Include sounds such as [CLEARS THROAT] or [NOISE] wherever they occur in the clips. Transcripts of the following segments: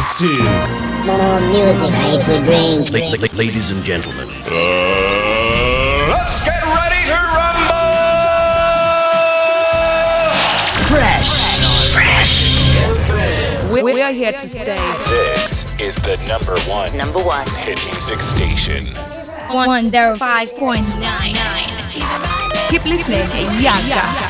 Thanks to more music I will bring. Ladies and gentlemen, uh, let's get ready to rumble. Fresh, fresh. fresh. We, we are here to stay. This is the number one, number one hit music station. One zero oh five point nine nine. Keep listening, yeah.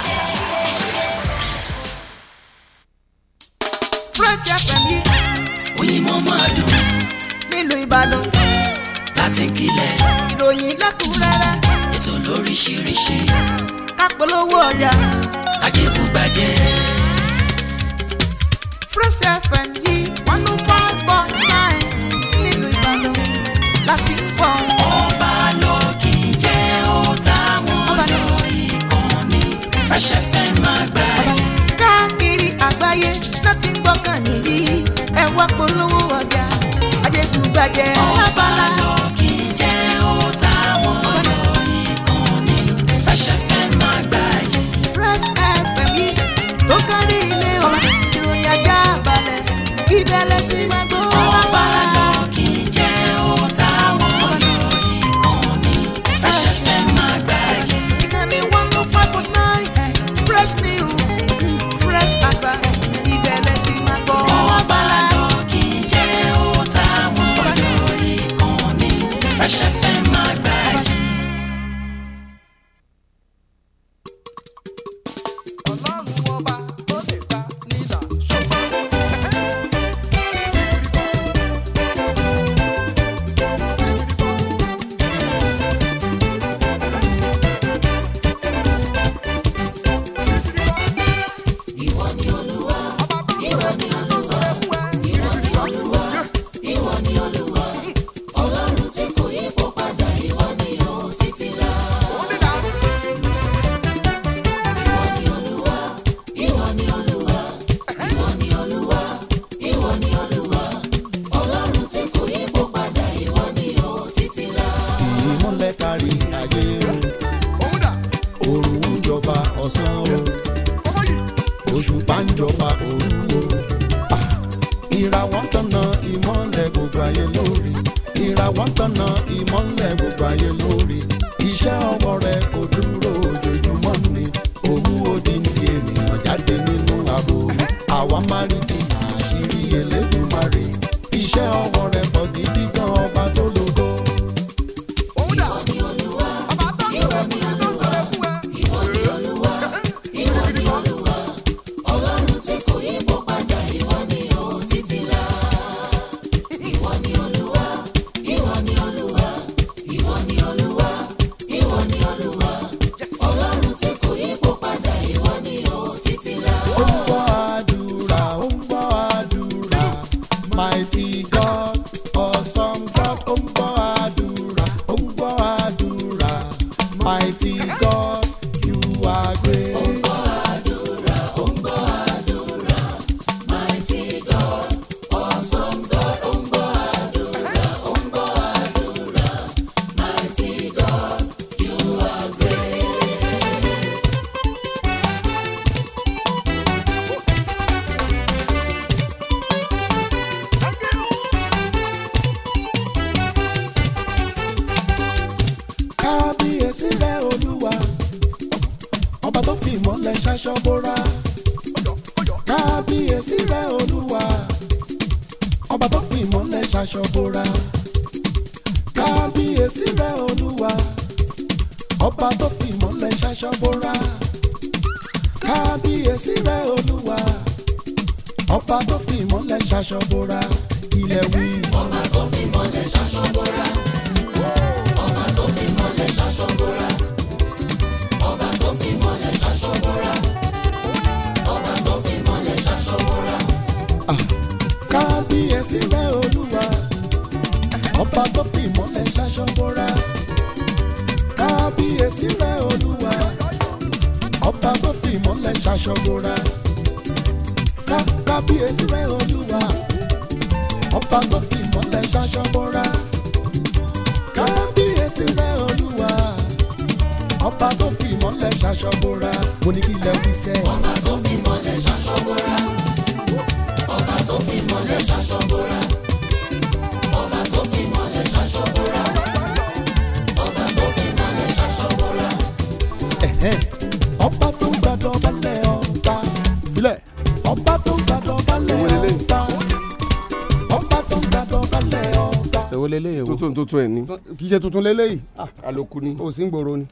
tuntun ẹ̀ ni. kì í ṣe tuntun lélẹ́yìí. Ah, àlòkù ni. o sì ń gbòòrò ni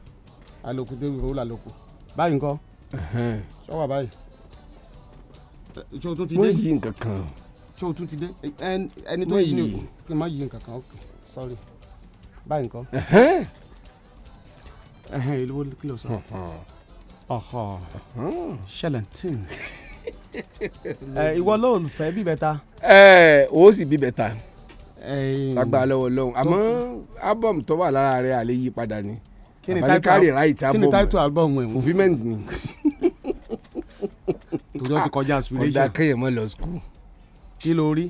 àlòkù tó gbòòrò làlòkù báyìí nǹkan. sọ́wọ́ báyìí. ṣé o tún ti dé. wọ́n yí nǹkan kan. ṣé o tún ti dé ẹni tó yí ni o kì í má yí nǹkan kan ok sorry báyìí nǹkan. ìlú wo kí ló sọ. ṣẹlẹ̀ntìn [LAUGHS] ìwọ ló ń fẹ́ bí bẹ́ta. ẹ ò sì bí bẹ́ta lágbà lọ́wọ́ lọ́hùn àmọ́ album tó wà lára rẹ̀ àlè yí padà ni àbálékárì right album kí ni title album ẹ̀ fulfilment ni. torí ó ti kọjá aspiration ah, ọ̀dà kẹ́yẹ̀ mọ́ lọ school. kí ló rí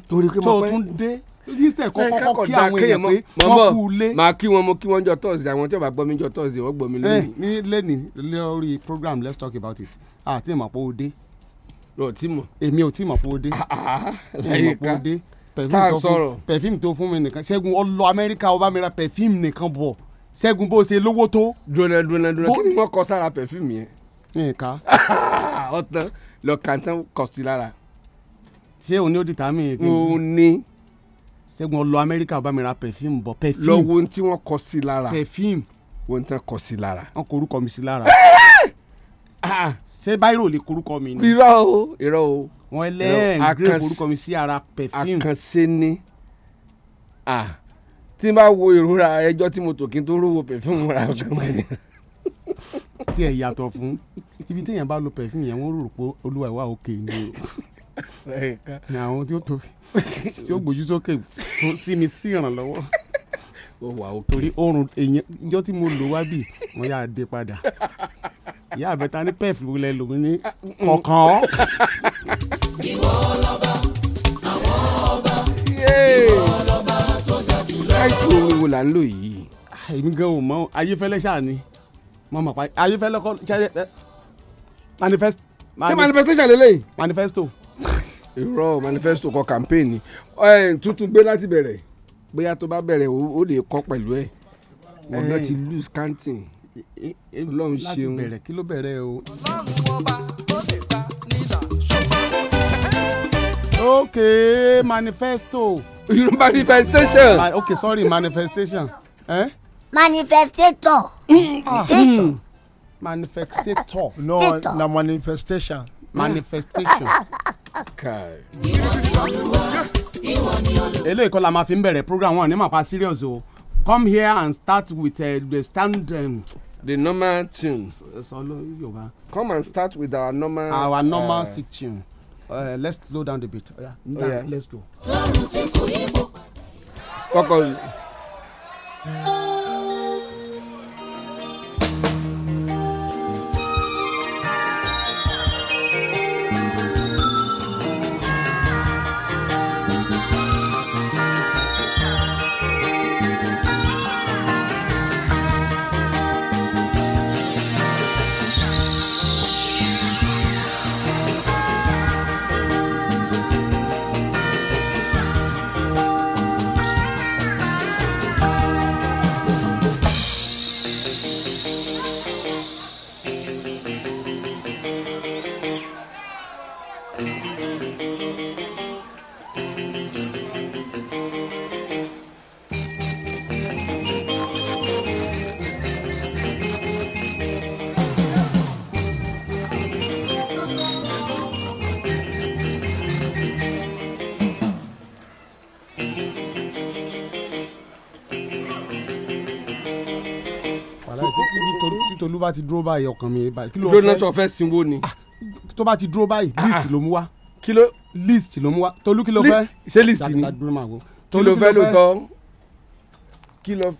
tó o tún dé jíṣẹ́ kọ́kọ́ kí àwọn èèyàn pé wọ́n kú lé. máa kí wọn mo kí wọn jọ tọ́sí àwọn tí wọ́n bá gbọ́ mi jọ tọ́sí wọ́n gbọ́ mi lónìí. Eh, ní lẹ́ni lórí program let's talk about it àti ìmọ̀pọ̀ òde. o ti mọ̀. èmi ò ti mọ̀pọ̀ òde. ìmọ̀pọ̀ òde perfume tó fún mi nìkan ṣẹ́gun ó lọ amẹ́ríkà ó bá mi ra perfume nìkan bọ̀ ṣẹ́gun bó ṣe lówó tó. dùnà dùnà dùnà kí ni wọ́n kọ sára perfume yẹn. nǹkan. [LAUGHS] ọ̀tán lọ kàntán kọ sí lára. ṣé òun ni ó di tàmí. òun ni. ṣẹ́gun ó lọ amẹ́ríkà ó bá mi ra perfume bọ̀ perfume. lọ wo ohun tí wọ́n kọ sí lára. perfume. wo ohun tí wọ́n kọ sí lára. wọ́n kọ orúkọ mi sí lára. [LAUGHS] Ah! ṣé báyìí rò lè korúkọ mi ni. irọ́ o irọ́ o wọn ẹlẹ́ẹ̀ ń gbé orúkọ mi sí ara perfume. àkànṣe ni tí n bá wo ìrora ẹjọ́ tí mo tò kí n tó rówó perfume ra ọ̀sán mọ́ ni. tí ẹ yàtọ̀ fún ibi téèyàn bá lo perfume yẹn wọ́n rò pé olúwa ìwà òkè ni o ni àwọn tí ó tó tí ó gbójú sókè sí mi sí ìrànlọ́wọ́ ó wà ó torí oorun èèyàn ìjọ tí mo lò wá bì wọn yà á dé padà ìyá àbẹ̀ta ní pef ló lẹ lòmí ní kọ̀ọ̀kan ìwọ lọ́ba àwọn ọba ìwọ lọ́ba tó ga jùlọ. táìtù orin wo là ń lò yìí. Ah, èmi gan ò mọ ayéfẹ́lẹ́ ṣáà ni mo mọ̀ pa ayéfẹ́lẹ́ kọ́ ṣẹ́ manifest. ṣé manifestation lélẹ́yìn. manifesto. [LAUGHS] irọ́ manifesto kọ campaign ni tuntun gbé láti bẹ̀rẹ̀ bóyá tó bá bẹ̀rẹ̀ ó lè kọ́ pẹ̀lú ẹ̀ ọ̀nà ti lose counting ọlọ́run ṣeun láti bẹ̀rẹ̀ kí ló bẹ̀rẹ̀ o. ọlọ́run ọba tó lè ta okay manifesto. manifestation. Uh, okay sorry manifestation. Eh? manifestator. Mm. Ah. Mm. manifestator. no na manifestation. manifestation. kai. eléyìí kọ́ la máa fi ń bẹ̀rẹ̀ program one. ní màá pa serious o come here and start with uh, the stand. Um, the normal tune. come and start with our normal. our normal uh, eh, sick tune. Uh, let's slow down the beat. Oya, oh, yeah. let's go. kọ́kọ́ yìí. tolú bá ti dúró báyìí ọkàn mi balẹ̀ kí ló fẹ́ dúró náà sọ fẹ́ sinwó ni. Ah, tó bá ti dúró báyìí ah, ah. list ló mú wá kí ló list ló mú wá tolú kí ló fẹ́ ṣé list ni kí ló fẹ́ lóòótọ́ kí ló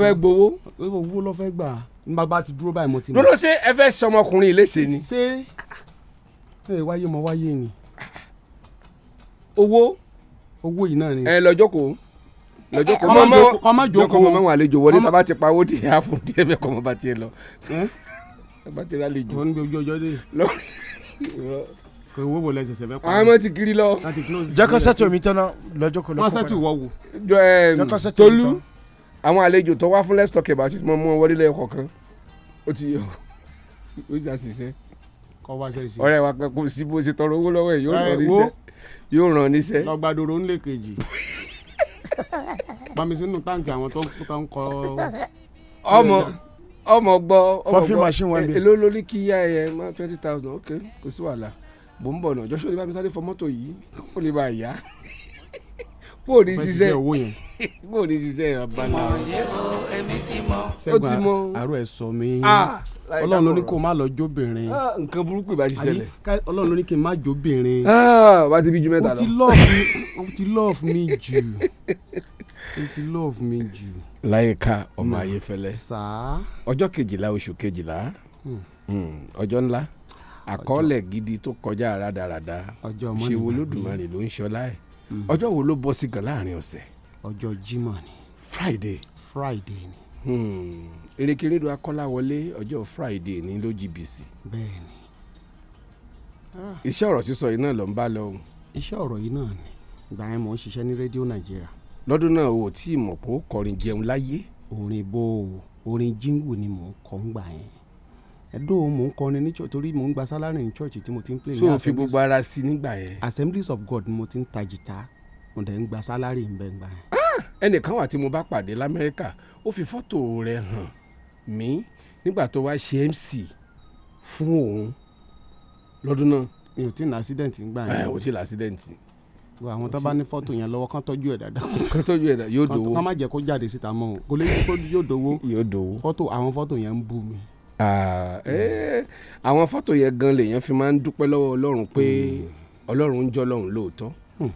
fẹ́ gbowó. owó ló fẹ́ gbà nígbà bá ti dúró báyìí mo ti. dúró ṣé ẹ fẹ́ sọmọkùnrin ìléṣe ni. ṣé ẹ wáyé mọ wáyé ni. owó. owó yìí náà ni. ẹ lọ jókòó lọ́jọ́ kọ́ mọ́ jókòó kọ́ mọ́ wọn àlejò wọlé tá a bá ti pa owó tí a fún díẹ̀ bẹ́ẹ̀ kọ́ mọ́ bá tiẹ̀ lọ. ẹ bá ti rà àlejò. wọ́n ń gbé ojú ọjọ́ dé. kò wọ́wọ́ lẹ ṣẹ̀ṣẹ̀ fẹ́ pa. àwọn ọmọ ti kiri lọ. jẹ́kọ́ sẹ́tù omi tán náà lọ́jọ́ kọ́ lọ́kọ́ wọ́n sẹ́tù wọ́ wo. tolú àwọn àlejò tó wá fún let's talk about it mọ́ mọ́ wọlé lẹ́ẹ̀kọ̀ọ̀kan ó ti yọ ó ti àṣìṣe ọ̀rẹ́ wa kan kò sí bó ṣe tọrọ owó lọ́wọ́ ẹ yóò ràn níṣẹ́. lọgbàdoro ńlẹ kejì pàmì sínú táǹkì àwọn tó ń kọ. ọmọ ọmọ gbọ́ ọmọ gbọ́ e, èló lórí kí yá ẹ mọ twenty thousand ok kò sí wàhálà bò ń bọ̀ náà jọ́sọ̀ ní bá mi sáré fọ mọ́tò yìí kó lè bá a yá. bó o ní ṣiṣẹ́ owó yẹn bó [LAUGHS] o ní ṣiṣẹ́ abala. ẹ̀ sọ mi ah, ọlọ́run ló ní kó má lọ jóbìnrin. Ah, nǹkan burúkú ìbá ṣiṣẹ́lẹ̀. ọlọ́run ló ní kí n má jóbìnrin. wá ah, ti bí ju mẹ́ta lọ. o ti love mi jù o ti love mi jù. láyéká ọmọ hmm. ayéfẹ́lẹ́ ọjọ́ kejìlá oṣù kejìlá hmm. Hmm, ńlá gidi tó kọjá rádaràda ṣe wo lódùmarè Mm. ọjọ́ wo ló bọ́ sí gan láàrin ọ̀sẹ̀. ọjọ́ Jímọ̀ ni. Friday. Friday ni. Hmm. erékerédò akọ́láwọlé ọjọ́ Friday ni ló jìbìsì. bẹ́ẹ̀ni. Ah. iṣẹ́ ọ̀rọ̀ sísọ yìí náà ló ń bá lọ. iṣẹ́ ọ̀rọ̀ yìí náà ni ìgbà yẹn mò ń ṣiṣẹ́ ní rédíò Nàìjíríà. lọ́dún náà o ò tí ì mọ̀ pé ó kọrin jẹun láyé. orin bó orin jíngù ni mò ń kọ́ ń gbà yẹn ẹ̀dọ́ mò ń kọrin ní church torí mò ń gba salary ní church tí mo ti ń play. so o fi gbogbo ara sí nígbà yẹn. assemblies of god mo ti ń ta jìtá mo dẹ̀ ń gba salary ń bẹ́ ń gbà yẹn. Ah! ẹnìkan wà tí mo bá pàdé lamẹ́ríkà ó fi fọ́tò rẹ̀ hàn mí nígbà tó wá ṣe mc fún òun lọ́dún náà. mi ò tí ì ní accident ń gbà yẹn. ẹ ò tí ì ní accident gbogbo àwọn tó bá ní fọ́tò yẹn lọ́wọ́ kán tọ́jú ẹ̀ dáadáa. [LAUGHS] kán tọ́jú ẹ̀ dáadáa yóò dòwó. kán má jẹ́ kó jáde síta mọ́ o kò lè yóò dòwó. yóò dòwó. fọ́tò àwọn fọ́tò yẹn ń bú mi. Ah, eh, àwọn fọ́tò yẹn gan lèèyàn fi máa ń dúpẹ́ lọ́wọ́ ọlọ́run pé hmm. ọlọ́run ń jọ́ ọlọ́run lóòótọ́ hmm.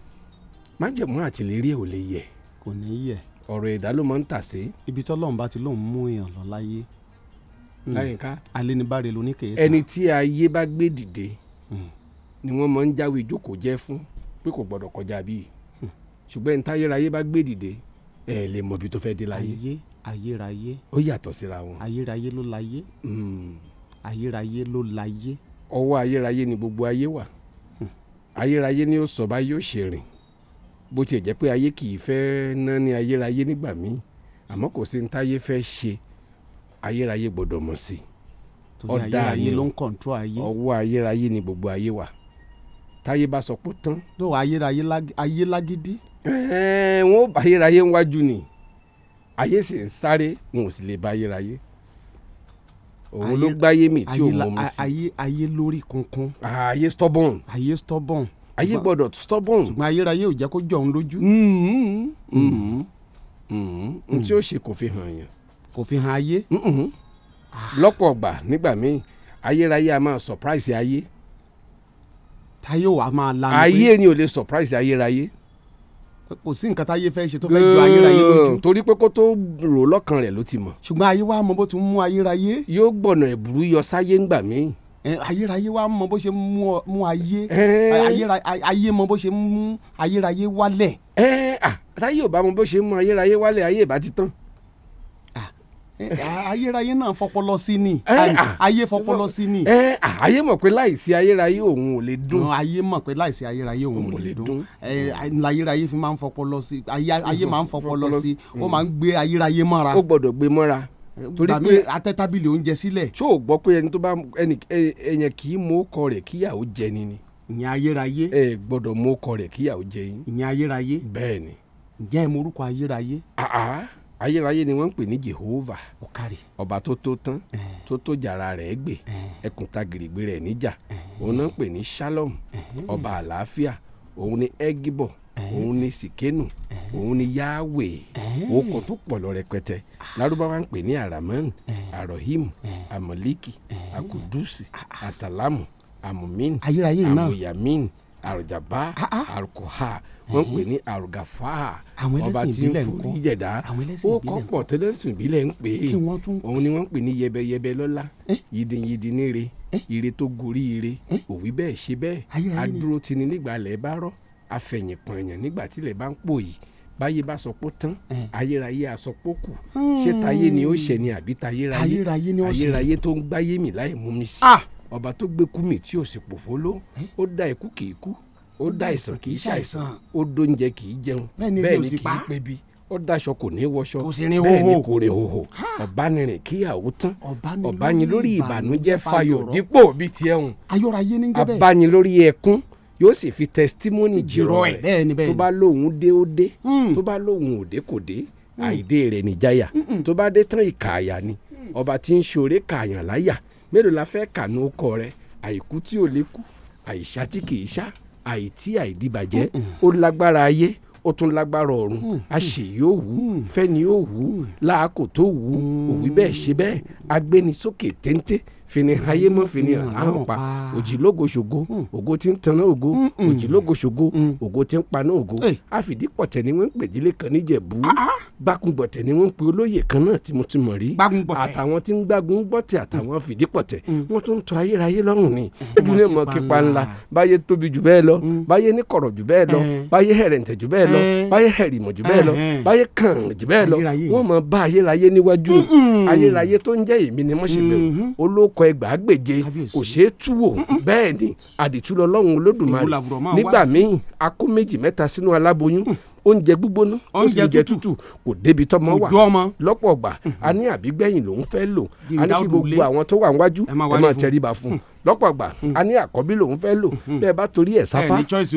májẹ̀mú àtìlérí ẹ̀ ò lè yẹ̀ kò ní yẹ̀ ọ̀rọ̀ ẹ̀dá ló máa ń tà sí. ibi tọ́lọ́run bá ti lóun mú èèyàn lọ láyé. Hmm. láyìnká alẹ́nibáre lóníkèé tán. ẹni tí ayé bá gbé dìde ni wọ́n máa ń jáwé ìjókòó jẹ́ fún pé kò gbọ́dọ̀ kọjá bíi ṣùgbọ́n ẹni táyéráyé bá gbé dìde ẹ lè mọ ibi tó fẹ́ dé láyé. ayé ayérayé. ó yàtọ̀ síra wọn. ayérayé ló láyé. Hmm. ayérayé ló láyé. ọwọ́ ayérayé ni gbogbo ayé wà hmm. ayérayé ni ó sọ bá yóò ṣe rìn bó tiẹ̀ jẹ́ pé ayé kì í fẹ́ ná ní ayérayé nígbà míì àmọ́ kò sí ní táyé fẹ́ ṣe ayérayé gbọ́dọ̀ mọ̀ sí i ọ̀dà ayé ló ń kọ̀ǹtró ayé ọwọ́ ayérayé ni gbogbo ayé wà táyé bá sọ pé tán. tó ayérayé ayé lágídí. ẹ̀ẹ́n wọ́n ayérayé ń wájú ni ayé sì ń sáré wọn ò sì lè bá ayérayé òun ló gbáyé mi tí òun mọ̀ mi sí. ayé ayé lórí kunkun. Ah, ayé stubborn. ayé stubborn. ayé gbọ́dọ̀ stubborn. ṣùgbọ́n ayérayé ò jẹ́ kó jọ òun lójú. Hmm, hmm, hmm, n tí ó ṣe kò fi hàn yàn. kò fi hàn ayé. Ah. lọ́pọ̀ ọgbà nígbà míì ayérayé a máa surprise ayé. táyé ò wá máa lanu pé ayé ni ò lè surprise ayérayé kò sí nǹkan táyé fẹ́ ṣe tó fẹ́ ju ayérayé lójú. torí pé kó tó rò lọ́kàn rẹ̀ ló ti mọ̀. ṣùgbọ́n ayé wa mọ bó ti mú ayérayé. yóò gbọ̀nà ẹ̀bùrú yọ sáyé ńgbà míì. ayérayé wa mọ bó ṣe mú ayé ayé mọ bó ṣe mú ayérayé wálẹ̀. ẹ ẹ àtàyè ò bá mọ bó ṣe mú ayérayé wálẹ̀ ayé ìbá ti tán. Eh, ah, ayérayé náà fọpọlọ sí ni eh, ah, ayé fọpọlọ sí ni. Eh, ah, ayé mọ̀ pé láìsí ayérayé òun ò lè dún. ayé mọ̀ pé láìsí ayérayé òun ò lè dún. ayérayé fi máa ń fọpọlọ sí ayé máa ń fọpọlọ sí ó máa ń gbé ayérayé mọ́ra. ó gbọ́dọ̀ gbé mọ́ra torí pé atẹ́tábìlì oúnjẹ sílẹ̀. tó o gbọ́ pé ẹni tó bá ẹni ẹyẹn kì í mú ọkọ rẹ̀ kíyàwó jẹ ni ni. ìyẹn ayérayé. ẹ gbọ́dọ̀ mú ọkọ rẹ̀ kíyàwó jẹ yín. ìyẹn ayérayé. bẹ́ẹ̀ ni. ǹjẹ́ ẹ mọ orúkọ ayérayé. àá ayérayé ni wọ́n ń pè ní Jehovah ọ̀kàrì ọba tó tó tán tó tó jàrá rẹ̀ gbè ẹkùn ta gèrègbè rẹ̀ níjà òun náà ń pè ní Shalom ọba àlàáfíà òun ni Egibor òun ni Sikenu òun ni Yahweh orúkọ tó pọ̀ lọ rẹpẹtẹ ah. lárúbáwá ń pè ní aramani arohim amoliki akudusi ah, ah. asalamu amumin amuyamin àròjàbá ah, ah. àròkọ̀há eh. wọ́n pè ní àrògàfà ọba tí ń fún ìjẹ̀dá ó kọ́pọ̀ tẹ́lẹ̀sùn ìbílẹ̀ ń pè é òun ni wọ́n pè ní yẹbẹyẹbẹ lọ́la eh. yìdìnyìdì níre eh. ire tó gorí ire òwí bẹ́ẹ̀ ṣe bẹ́ẹ̀ adúró tini nígbà lẹ̀ bá rọ́ afẹ̀yìnpọ̀ èèyàn nígbà tílẹ̀ bá ń pò yìí báyé bá sọ pé tán ayérayé àsọpọ̀ kù ṣé hmm. tayé ni ó ṣẹ̀ ni àbí tayérayé ayérayé tó ń gbáyé mi láì mú mi sí. Ah! ọba tó gbé kúmi tí ò sì pòfóló ó dá ikú kì í kú ó dá ìsàn kì í ṣàìsàn ó dóúnjẹ kì í jẹun bẹ́ẹ̀ ni kì í pebi ó daṣọ kò ní wọṣọ bẹ́ẹ̀ ni kò rìn hòhò ọ̀bánirin kíyàwó tán ọ̀bánin lórí ìbànújẹ́ fayọ̀ dípò bíi ti ẹ̀hún abánin lórí ẹkún yóò sì fi testimony jìrọ̀ rẹ̀ tó bá lóun dé ó dé hmm. tó bá lóun ò dé kò dé hmm. àìdè rẹ̀ níjàyà hmm, tó bá dé tán ìkààyà ni ọba tí ń ṣoore kààyàn láyà mélòó la fẹ́ kànú ọkọ rẹ àìkú tí ò lè kú àìsá tí kì í sá àìtí àìdíbàjẹ́ ó lágbára ayé ó tún lágbára ọ̀run àṣè yóò wù fẹ́ni yóò wù láàkó tó wù òwí bẹ́ẹ̀ ṣe bẹ́ẹ̀ agbénisókè téńté fìníhàn ayé mọ́ fìníhàn ahọ́n pa òjìlógo ṣògo hmm. ògo tí ń tanná ògo hmm, hmm. òjìlógo ṣògo ògo tí ń paná ògo àfìdípọ̀tẹ̀ ni wọ́n ń pèjìlé kan níjẹ̀bú ah, ah. gbákùngbọ̀tẹ̀ ni wọ́n ń pe olóyè kan náà tí mo ti mọ̀ rí àtàwọn tí ń gbágun gbọ́tẹ̀ àtàwọn fìdípọ̀tẹ̀ wọ́n tún ń tọ́ ayérayé lọ́rùn ni ojú ní mọ̀ kípa ńlá báyé tóbi jù bẹ́ẹ̀ lọ báyé níkọ̀rọ̀ jù bẹ́ẹ̀ lọ eh. báyé hẹ̀rẹ̀ǹtẹ̀ jù bẹ́ẹ̀ lọ eh. báyé hẹ̀rìmọ̀ jù bẹ́ẹ̀ lọ eh. báyé kàn jù bẹ́ẹ̀ lọ wọ́n ọkọ̀ ẹgbàágbèje kò ṣeé tú wò bẹ́ẹ̀ ni àdìtú lọ́lọ́run olódùmarè nígbà míì a kó méjì mẹ́ta sínú aláboyún mm. oúnjẹ gbígbóná ó tútù kò débi tọmọ wà lọ́pọ̀ ọgbà a ní àbígbẹ̀yìn lòún fẹ́ lò a ní kí gbogbo àwọn tó wà níwájú ẹ máa tẹríba fún un mm lọ́pọ̀ àgbà a ní àkọ́bí lòun fẹ́ lò hmm. bẹ́ẹ̀ bá torí ẹ̀ sáfá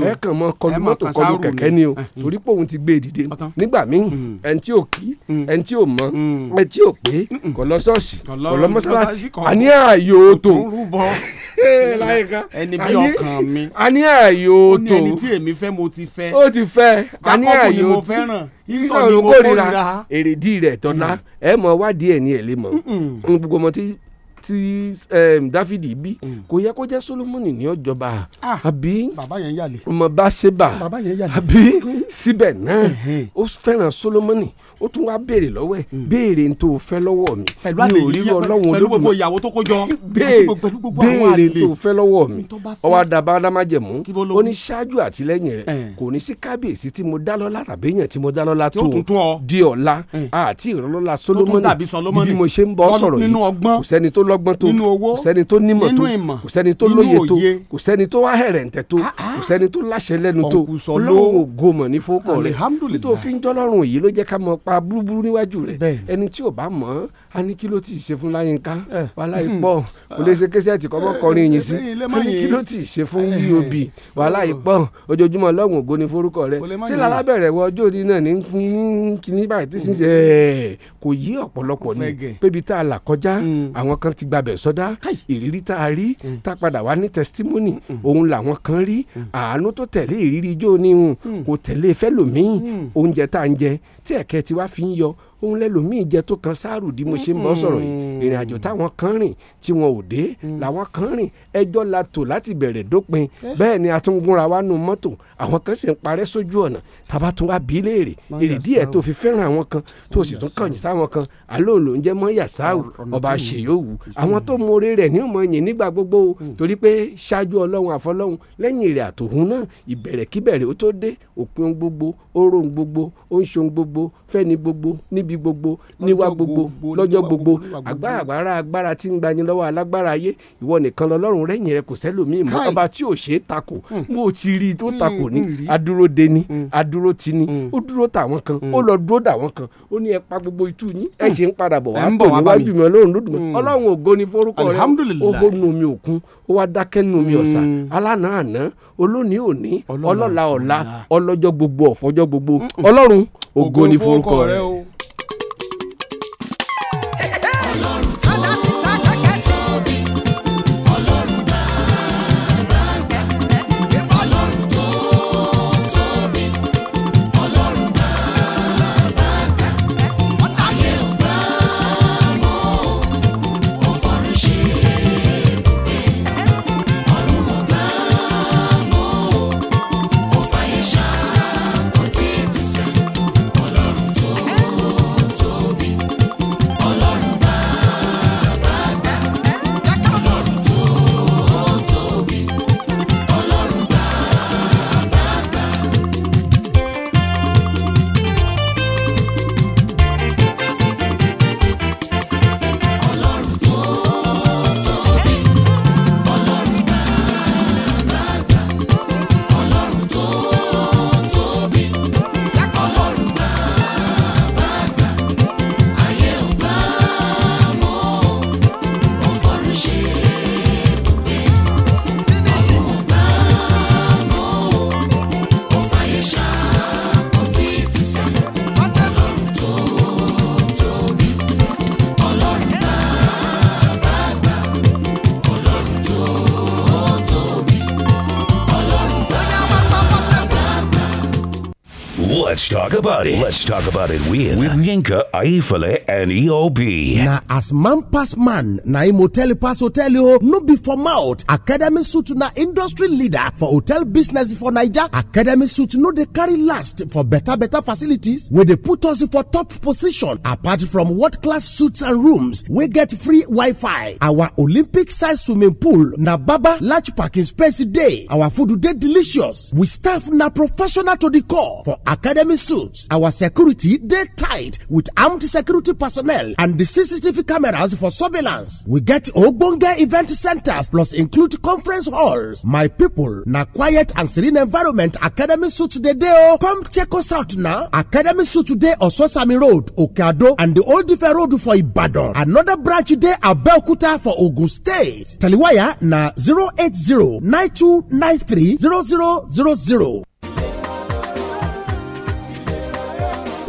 ẹ kàn mọ kọlu mọ́tò kọlu kẹ̀kẹ́ ni o hmm. torí pé òun ti gbé e dìde nígbà míì hmm. ẹni tí ò kí ẹni tí ò mọ ẹni tí ò pé kò lọ ṣọ́ọ̀ṣì kò lọ mọ́ṣáláṣí a ní ààyò tó [LAUGHS] ẹni bí ọkàn mi a ní ààyò tó ó ní ẹni tí èmi fẹ́ mo ti fẹ́ ó ti fẹ́ a ní ààyò tó ìsọ̀rọ̀ kórìíra èrèdí rẹ̀ tọ́lá ẹ mọ̀ wádìí ẹ̀ ní ẹ̀ lé mọ̀ gbogbo ọmọ tí um dáfídì bí mm. kò yẹ kó jẹ́ solomoni ní ọjọba ah, àbí ọmọ báṣeba àbí síbẹ̀ náà ó fẹ́ràn solomoni ó tún wá béèrè lọ́wọ́ ẹ̀ mm. béèrè tó fẹ́ lọ́wọ́ mi mi ò rí ọlọ́run béèrè tó fẹ́ lọ́wọ́ mi ọwọ́ adaba adamajẹmú ó ní ṣáájú àtìlẹ́yìn rẹ̀ kò ní sí kábíyèsí tí mo dá tàbí èèyàn tí mo dá tó di ọ̀la àti ìrọ̀lọ́lá solomoni bí mo ṣe ń bọ́ sọ̀rọ̀ yìí kò sẹ́ni tó lọ́ lọ́gbọ́n tó kò sẹ́ni tó nímọ̀ tó kò sẹ́ni tó lóye tó kò sẹ́ni tó ahẹ̀rẹ̀ǹtẹ̀ tó kò sẹ́ni tó láṣẹ lẹ́nu tó lọ́wọ́ gomọ̀ ní fọ́kọ̀ rẹ̀ tó fi ń jọ́lọ́rùn yìí ló jẹ́ ká mọ pa búrúburú níwájú rẹ̀ ẹni tí ò bá mọ̀ ọ́ a ní kí ló ti ṣe fún láyínká wàhálà hmm. ìpọ̀ kò lè ṣe késì àti kọ́mọ́ kọrin yìí sí a ní kí ló ti ṣe fún eob wàhálà ìpọ̀ ojoojúmọ́ lọ́gùn ògo ni forúkọ rẹ̀ sí lalábẹ̀rẹ̀ wọ ọjọ́ òní náà ní fún kíní báyìí tí sísè hmm. kò yí ọ̀pọ̀lọpọ̀ ni pébi tá a là kọjá hmm. àwọn kan ti ti gbabẹ̀ sọdá ìrírí tá a rí mm. tá a padà wá ní testimony mm. òun làwọn kan rí mm. àánú tó tẹ̀lé ìrírí ijó ni hùn kò tẹ̀lé fẹ́lòmíì oúnjẹ tá à ń jẹ tí ẹ̀kẹ́ tiwa fi ń yọ òun lẹ́lòmíì jẹ tó kan sáàrù di mo ṣe ń bọ́ sọ̀rọ̀ yìí ìrìn àjò táwọn kan rìn tí wọn ò dé mm. làwọn kan rìn ẹjọ́ la tò láti bẹ̀rẹ̀ dópin eh. bẹ́ẹ̀ ni a tún gúnra wa nu mọ́tò àwọn kan sì ń parẹ́ sójú ọ̀nà tàbá tún wá bí léèrè èrè díẹ̀ tó fi fẹ́ràn àwọn kan tó sì tún kàn sáwọn kan àlóò ló ń jẹ́ mọ́ yàsáù ọba ṣèyówù àwọn tó mọre rẹ̀ ní ọmọ yẹn nígbà gbogbo mm. torí pé ṣáájú ọlọ́run àfọlọ́run lẹ́yìn ìrìn àtòhún náà ìbẹ̀rẹ̀ kíbẹ̀rẹ̀ ó tó dé òpin gbogbo ó gbogbo ó gbogbo fẹ́ni níbi gbogbo níwá gbogbo lọ́jọ́ gbogbo agbára agbára tí ń gbani lọ́wọ́ alágbára ayé ìwọ nìkan lọ́lọ́run rẹ́yìn rẹ kò sẹ́lòmíì mọ́ ọba tí ò ṣe é takò hmm. mo ti rí i tó hmm, takò ní hmm, adúró de ni adúró ti ni ó dúró tàwọn kan ó lọ dúró dàwọn kan ó ní ẹ pa gbogbo itú yín ẹ ṣe ń padà bọ̀ wá tó níwájú mi ọlọ́run lódùmọ̀ ọlọ́run ògo ni forúkọ rẹ ó hó nu mi òkun ó wá dákẹ́ nu mi ọ̀sà alánà àná olónìí òní ọlọ́la ọ̀la ọlọ́jọ́ gbogbo ọ̀fọ́jọ́ gbogbo ọlọ́run ògo ni forúkọ rẹ talk about it. Let's talk about it with, with Yinka, Aifale, and EOB. Na as man pass man, na hotel pass hotel o, oh, no be for mouth. Academy suit na industry leader for hotel business for Naija. Academy suit no they carry last for better better facilities wey they put us for top position apart from what class suits and rooms we get free Wi-Fi. Our Olympic size swimming pool na baba large parking space day. Our food dey delicious. We staff na professional to the core for Academy suits. Our security they tight with armed security personnel personnel and the CCTV cameras for surveillance. We get Ogbonge event centers plus include conference halls. My people, na quiet and serene environment Academy Suit today Oh, Come check us out now. Academy Suit today Ososami Road, Okeado and the Old Ife Road for Ibadan. Another branch today Abeokuta for Ogun State. Taliwaya na 080 9293 0000.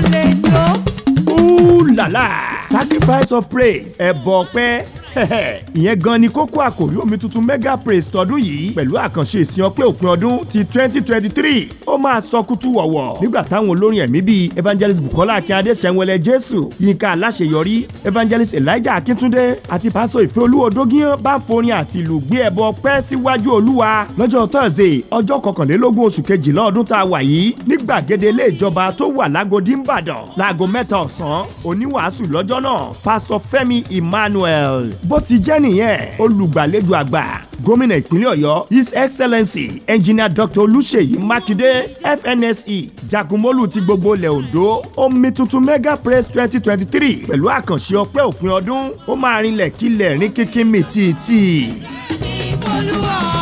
lè jó. Ooh la la! Sacrifice of praise, ẹ̀bọ̀ pẹ́. [LAUGHS] ìyẹn gan ni kókó àkòrí omi tuntun mega praise tọdún yìí pẹ̀lú àkànṣe ìsìn ọpẹ́ òpin ọdún ti twenty twenty three ó máa sọ kútú wọ̀wọ̀ nígbà táwọn olórin ẹ̀mí bíi evangelist bukola akínyadé sẹ́wọ̀lẹ̀ jésù yínká aláṣeyọrí evangelist elijah akíntúndé àti pásọ ìfẹ́ olúwo dógíyàn bá forin àti ìlú gbé ẹbọ pẹ́ síwájú olúwa lọ́jọ́ thursday ọjọ́ kọkànlélógún oṣù kejìlá ọdún tá a wà yìí ní gbàgede ilé ìjọba tó wà lágodi ńbàdàn láago mẹ́ta ọ̀sán oníwàásù lọ́jọ́ náà pásọ fẹ́mi emmanuel bó ti jẹ́ nìyẹn olùgbàlejò àgbà gómìnà ìpínlẹ̀ ọ̀yọ́ his excellency engineer dr olùṣèyí mákindé fnse jagunmólú ti gbogbo ilẹ̀ ondo omi tuntun mega press twenty twenty three pẹ̀lú àkànṣe ọpẹ́ òpin ọdún ó máa rinlẹ̀ kílẹ̀ rin kíkín mi tìtì. olúwa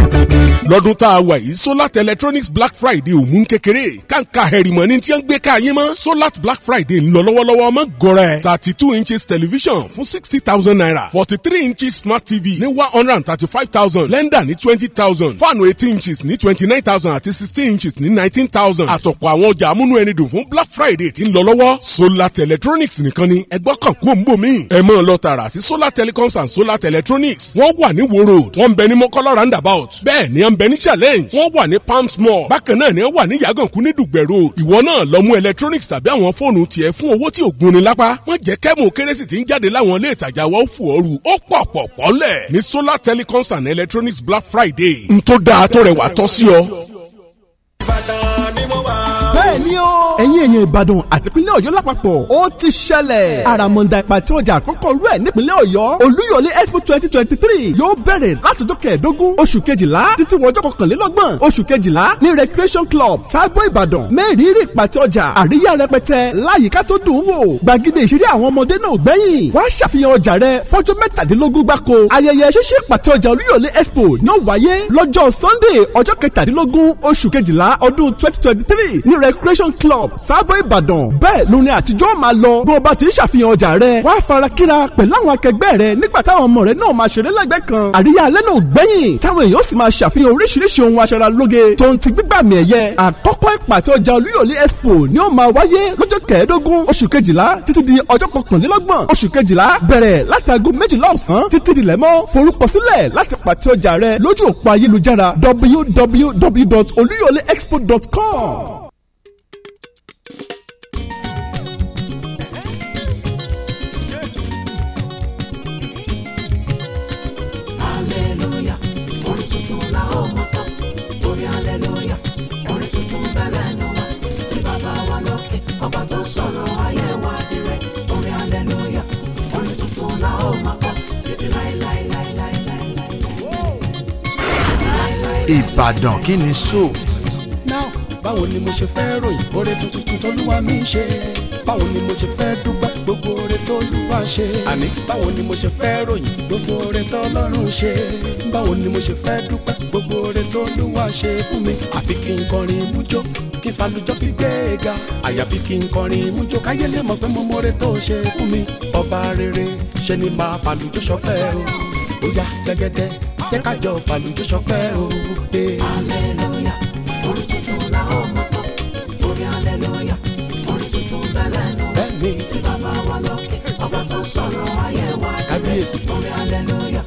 lọ́dún tá a wà yìí solat electronics black friday ò mú kékeré kàǹkà hẹ̀rìmọ̀ ni tí wọ́n gbé ká mọ́ solat black friday ń lọ lọ́wọ́lọ́wọ́ ọmọ gọ̀rẹ́ thirty two inches television fún sixty thousand naira forty three inches smart tv ní one hundred and thirty five thousand blender ní twenty thousand fáànù eighteen inches ní twenty nine thousand àti sixteen inches ní nineteen thousand àtọ̀pọ̀ àwọn ọjà amúnú ẹni dùn fún black friday tí ń lọ lọ́wọ́ solat electronics nìkan ni ẹgbọ́ kan kú òǹbò mi ẹ mọ̀ lọ tààrà sí solat telecoms and solat electronics wọ́n wà ní wo road wọ́n ń bẹ ní mọ́kọ́lá ń bẹ ní challenge wọ́n wà ní palms mall bákan náà ni wọ́n wà ní yàgànkú ní dùgbẹ̀rù ìwọ náà lọ mú electronics tàbí àwọn fóònù tiẹ̀ fún owó tí ò gunni lápá wọ́n jẹ́ kẹ́mù kérésì tí ń jáde láwọn ilé ìtajà wa ó fò ooru ó pọ̀ pọ̀ pọ̀ lẹ̀ ní solar telecoms and electronics black friday n tó dáa tó rẹwà tọ́ sí ọ. ìbàdàn bẹ́ẹ̀ ni o. ẹ̀yin èèyàn ìbàdàn àti ìpínlẹ̀ ọ̀yọ́ lápapọ̀ ó ti ṣẹlẹ̀ àràmọ̀ǹdà ìpàtí ọjà àkọ́kọ́ rú ẹ̀ nípínlẹ̀ ọ̀yọ́ olúyọ̀lé expo twenty twenty three yóò bẹ̀rẹ̀ látọjọ́ kẹẹ̀ẹ́dógún oṣù kejìlá títí wọjọ́ kọkànlélọ́gbọ̀n oṣù kejìlá ní recreation club cyber ìbàdàn mẹ́rìírí ìpàtí ọjà àríyá rẹpẹtẹ láyìíká tó dùn ún wò gbàgede ìṣeré àwọn ọmọdé náà gbẹ̀yìn wá ṣàfihàn ọjà rẹ fọ́jọ́ mẹ́tàdínlógún gbáko ayẹyẹ ṣíṣe ìpàtí ọjà olúyọ̀lé expo náà wáyé lọ́jọ́ sunday ọjọ́ kẹtàdínlógún oṣù kejìlá ọdún twenty twenty three ní rec celebration club sábò ìbàdàn bẹ́ẹ̀ lóni àtijọ́ máa lọ bó o bá ti ń ṣàfihàn ọjà rẹ wàá fara kíra pẹ̀lú àwọn akẹgbẹ́ rẹ nígbà táwọn ọmọ rẹ náà máa ṣeré lẹ́gbẹ̀ẹ́ kan àríyá alẹ́ náà gbẹ̀yìn táwọn èèyàn sì máa ṣàfihàn oríṣiríṣi ohun aṣara lóge tó ń ti gbígbàmì ẹ̀yẹ àkọ́kọ́ ìpàtẹ ọjà olúyọ̀lé expo ni ó máa wáyé lọ́jọ́ kẹẹ̀ẹ́dógún oṣù kejìlá títí di ọjọ́ kọkànlélọ́gbọ̀n oṣù kejìlá bẹ̀rẹ̀ látago méjìlá ọ̀sán títí Ìbàdàn kí ni so. now báwo ni mo ṣe fẹ́ ròyìn oore tuntun tólúwa mi ṣe báwo ni mo ṣe fẹ́ dúpẹ́ gbogbo oore tólúwa ṣe àní báwo ni mo ṣe fẹ́ ròyìn gbogbo oore tọ́lọ́run ṣe báwo ni mo ṣe fẹ́ dúpẹ́ gbogbo oore tólúwa ṣe fún mi àfi kí n kọrin mújó kí falujọ́ fi gbé e ga àyàfi kí n kọrin mújó káyé lè mọ̀ pé mo mọ̀re tó ṣe fún mi ọba rere ṣe ni máa falujọ́ ṣọpẹ́ o ó yá gẹ́gẹ́dẹ́ jẹ́ ká jọ fàlùjọ ṣọpẹ́ o. aleluya orin tuntun la ó mọ̀ pọ̀ orin aleluya orin tuntun bẹ̀rẹ̀ nù. bẹ́ẹ̀ni sí bàbá wa lókè ọba tó sọ̀rọ̀ ayé wa rẹ̀ orin aleluya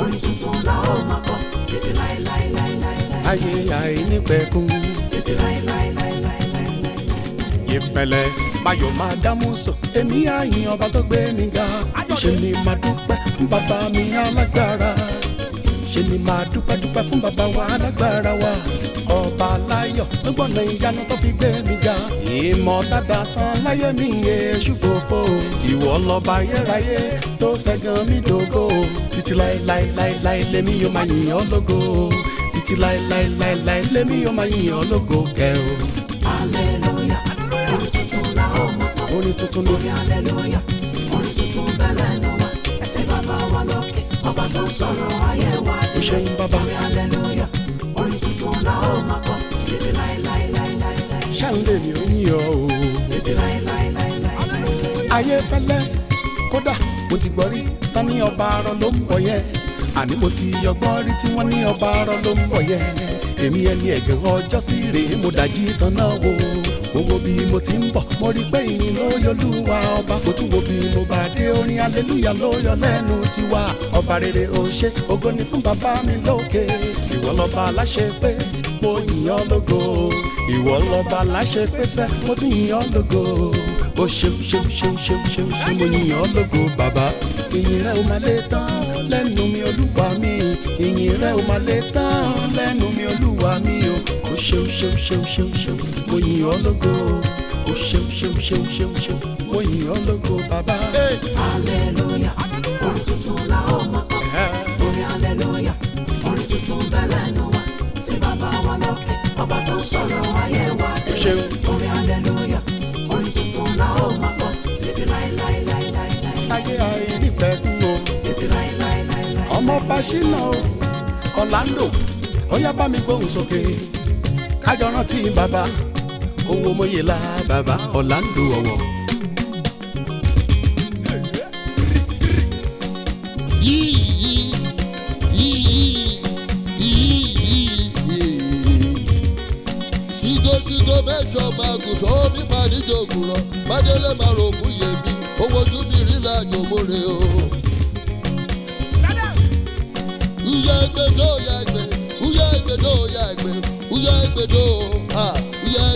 orin tuntun la ó mọ̀ pọ̀ títí láéláéláéláé. ayé àìnípẹ̀kun. títí láéláéláéláéláé. ìfẹ̀lẹ̀ báyọ̀ máa dámú sọ. èmi àyìn ọba tó gbé mi ga. ṣe ni màá dúpẹ́ bàbá mi alágbára ṣe ni máa dúpẹ́ dúpẹ́ fún bàbá wa alágbára wa ọba aláyọ̀ tó gbọ́nà ìyanu tó fi gbé mi ga ìmọ̀ tàdá san láyé mi èṣù gbòfo ìwọ lọ́ba ayérayé tó ṣẹ́gun mi dògo títí láéláéláé lèmi yóò máa yìn ọ́ lógo títí láéláéláé lèmi yóò máa yìn ọ́ lógo kẹ́ o. aleluya aleluya orin tuntun la ó mọ̀ pọ̀ tuntun ni orin aleluya. bàbá. orin hallelujah orin tuntun la ó máa kọ títí láéláéláéláé. ṣáà lè ní oyin ọ o. títí láéláéláéláé. ayé fẹ́lẹ́ kódà mo ti gbọ́ rí ta ní ọba arọ ló ń bọ̀ yẹ àní mo ti yọgbọ́n rí tí wọ́n ní ọba arọ ló ń bọ̀ yẹ èmi ẹni ẹ̀gẹ́ ọjọ́ sí rèé mo dàjí tán náà wò ó mo wo bí mo ti ń bọ̀ mo rí pé ìyìn ló yọlúwa ọba mo tún wo bí mo bá dé orin aleluya ló yọ lẹ́nu tiwa ọba rere ó ṣe ògo ni fún bàbá mi lókè ìwọ lọ́ba aláṣẹ pé mo yìn ọ́ lógo ìwọ lọ́ba aláṣẹ pé sẹ́ mo tún yìn lógo ó ṣeun ṣeun ṣeun ṣeun ṣeun ṣeun mo yìn ọ́ lógo bàbá ìyìn rẹ̀ ó máa lé tán lẹ́nu mi olúwa mi ìyìn rẹ̀ ó máa lé tán lẹ́nu mi olúwa mi o o ṣeun ṣeun ṣeun ṣeun ṣeun mo yìn ọ́ lógo o ṣeun ṣeun ṣeun ṣeun ṣeun mo yìn ọ́ lógo bàbá. aleluya orin tuntun la ó máa kọ orin aleluya orin tuntun bẹ́ẹ̀ lẹ́nu wa sí bàbá wa lókè bàbá tó sọ̀rọ̀ ayé wa dé orin aleluya orin tuntun la ó máa kọ títí láéláé láéláé. ayé ayé nípẹ̀kun o títí láéláé láéláé. ọmọ fásinà o Orlando ó yá bá mi gbóhùn sókè kájọ rántí bàbá owó mọ́yẹ́lá bàbá ọ̀làǹdó ọ̀wọ̀. ṣìgòṣìgò mẹ́sàn-án máa gùn tó mi máa níjọ́ gùn lọ bá délé máa rò fún.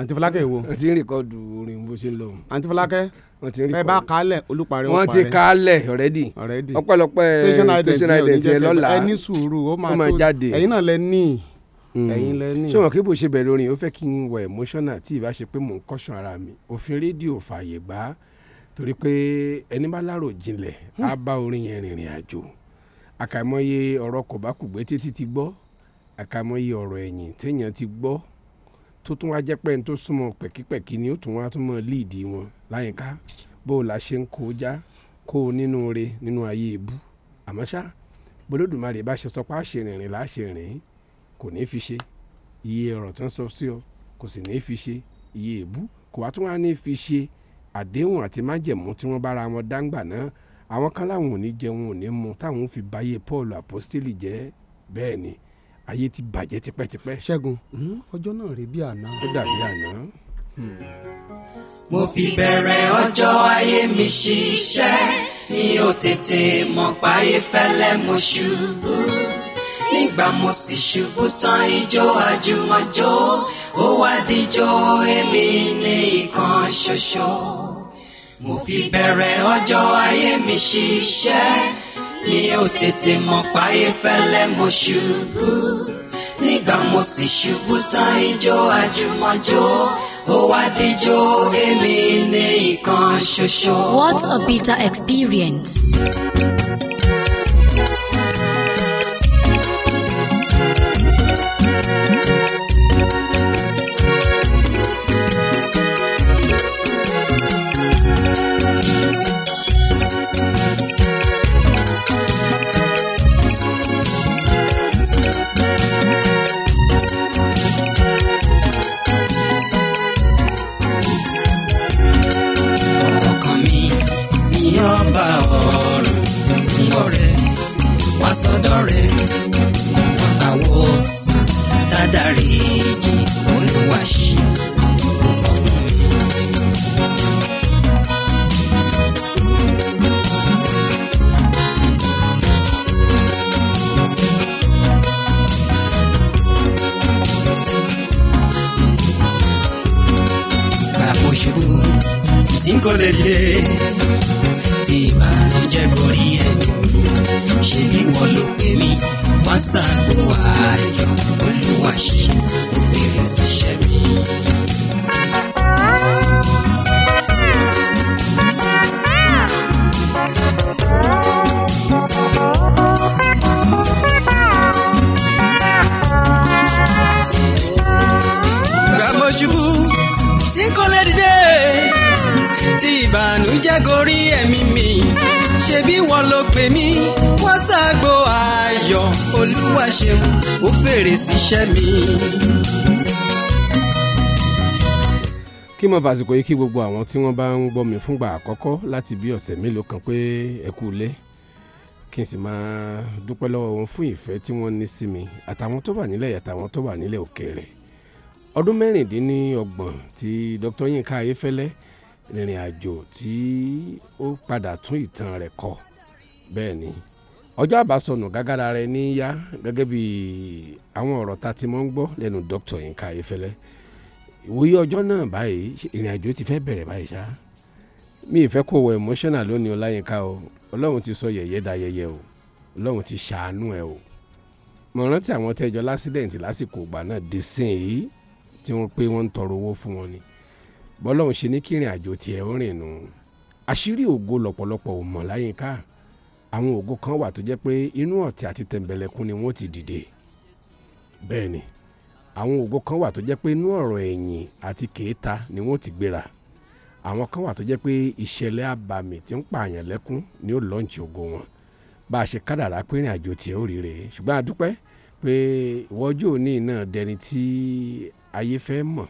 àǹtí fúlákẹ́ wo. wọ́n ti ń rìkọ́dù orin bó ṣe ń lọ. àǹtí fúlákẹ́ ẹ bá kálẹ̀ olùparí wọn parẹ́. wọ́n ti kálẹ̀ ọ̀rẹ́dì ọpẹ́lọpẹ́ station identity ẹ lọ́la ẹ ní sùúrù ó máa jáde ẹ̀yin náà lẹ ní hmm. ẹ̀yin lẹ ní. ṣé wọn kí bó ṣe bẹ̀rẹ̀ orin ó fẹ́ kí n wọ emotional tí ìbá ṣe pé mò ń kọ́ṣọ́ ara mi òfin rédíò fààyè gbà torí pé ẹni bá lárò jinlẹ̀ hmm. á bá orin yẹn rìnrìn àjò àkàìmọye ọ̀rọ̀ kò bá kùgbẹ́ títí ti gbọ́ àkàìmọye ọ̀rọ̀ ẹ̀yìn téèyàn ti gbọ́ tó tún wá jẹ́ pé ẹni tó súnmọ́ pẹ̀kípẹ̀kí ni ó tún wá tún mọ́ líìdì wọn láyìnká bó o la ṣe ń kó o já kó o nínú re nínú ayé ebu àmọ́ ṣá bolódùmarè bá ṣe sọ pé àṣẹ rìnrìn láṣẹ rìn kò ní fi ṣe iye ọ̀rọ̀ tó ń sọ sí ọ kò sì ní fi ṣe iye ebu kò wá tún wá ní fi ṣe àdéhùn àti májẹ̀mú tí wọ́n bára wọn dáńgbà náà àwọn kan láwọn ò ní jẹun ò ní mu táwọn fi báyé Paul apostoli jẹ́ bẹ́ẹ̀ ni ayé ti bàjẹ́ tipẹ́tipẹ́. ṣẹ́gun hmm? ọjọ́ náà rí bí àná. ó dàbí àná. Hmm. mo fi bẹ̀rẹ̀ ọjọ́ ayé mi ṣiṣẹ́ mi ò tètè mọ̀ páyé fẹ́lẹ́ mo ṣubú nígbà mo sì ṣubú tán ijó àjùmọ̀jó ó wá díjó èmi ní ìkan ṣoṣo mo fi bẹ̀rẹ̀ ọjọ́ ayé mi ṣiṣẹ́ mi ò tètè mọ̀ páyé fẹ́lẹ́ mo ṣubú nígbà mo sì ṣubú tán ijó àjùmọ̀jó ó wá díjó èmi ní ìkan ṣoṣo. What a bitter experience. bá ọ̀rùn ọ̀rẹ́ wá sọ́dọ̀ rẹ̀ wọ́n tàwọ̀ sàn tádàrí jì olúwa púpọ̀ fún mi. Bàbá òṣèlú tí n kò lè dé tí ìbànújẹ́ gorí ẹ̀mí ṣe bí wọ́n ló pè mí wọ́n ṣàgbọ́ ayọ̀ olúwa ṣe ó fèrè mi. tí ìbànújẹ́ gorí ẹ̀mí mi ṣebí wọ́n ló pè mí wọ́n ṣàgbo ayọ̀ olúwa ṣeun ó fèrè síṣẹ́ mi. kí mo fàsìkò yìí kí gbogbo àwọn tí wọ́n bá ń gbọ́ mi fúngbà àkọ́kọ́ láti bí ọ̀sẹ̀ mélòó kan pé ẹ kú lé kí n sì máa dúpẹ́ lọ́wọ́ wọn fún ìfẹ́ tí wọ́n ní sí mi àtàwọn tó wà nílẹ̀ àtàwọn tó wà nílẹ̀ òkèèrè ọdún mẹ́rìndínlọ́gbọ̀n tí Dr. Yinka Ayéfẹ́lẹ́ rìnrìn àjò tí ó padà tún ìtàn rẹ̀ kọ bẹ́ẹ̀ ni ọjọ́ àbásọnù gágára rẹ̀ ní yá gẹ́gẹ́ bí àwọn ọ̀rọ̀ ta ti mọ́ ń gbọ́ lẹ́nu dr yinka ayefẹ́lẹ́ ìwòye ọjọ́ náà báyìí ìrìn àjò ti fẹ́ bẹ̀rẹ̀ báyìí ṣá mi ìfẹ́ kò wọ emotional lónìí ọláyínká o ọlọ́run ti sọ yẹ̀yẹ́ da yẹyẹ o ọlọ́run ti ṣàánú ẹ o mo rántí àwọn tẹ́jọ́ lásìdẹ̀ǹtì lásìkò ìgbà náà dé sìn yìí tí wọ́n pé wọ́n ń tọrọ owó fún wọn ni bọ́lọ́hún ṣe ní kírìn àjò tiẹ̀ ó rìn nù àṣírí ògo lọ́pọ̀lọpọ̀ ò mọ̀ láyínká àwọn ògo kan wà tó jẹ́ pé inú ọ̀tẹ̀ àti tẹ̀m̀bẹ̀lẹ̀kún ni wọ́n ti dìde bẹ́ẹ̀ ni àwọn ògo kan wà tó jẹ́ pé inú ọ̀rọ̀ ẹ̀yìn àti kèéta ni wọ́n ti gbéra àwọn kan wà tó jẹ́ pé ìṣẹ̀lẹ̀ abàmì tí ń pààyàn lẹ́kún ni ó lọ́ǹtì ògo wọn bá a ṣe kádàrá pé ìrìn àjò tiẹ̀ ó rí rèé ṣùgbọ́n a dúpẹ́ pé ìwọ́jú òní náà dẹni tí ayé fẹ́ mọ̀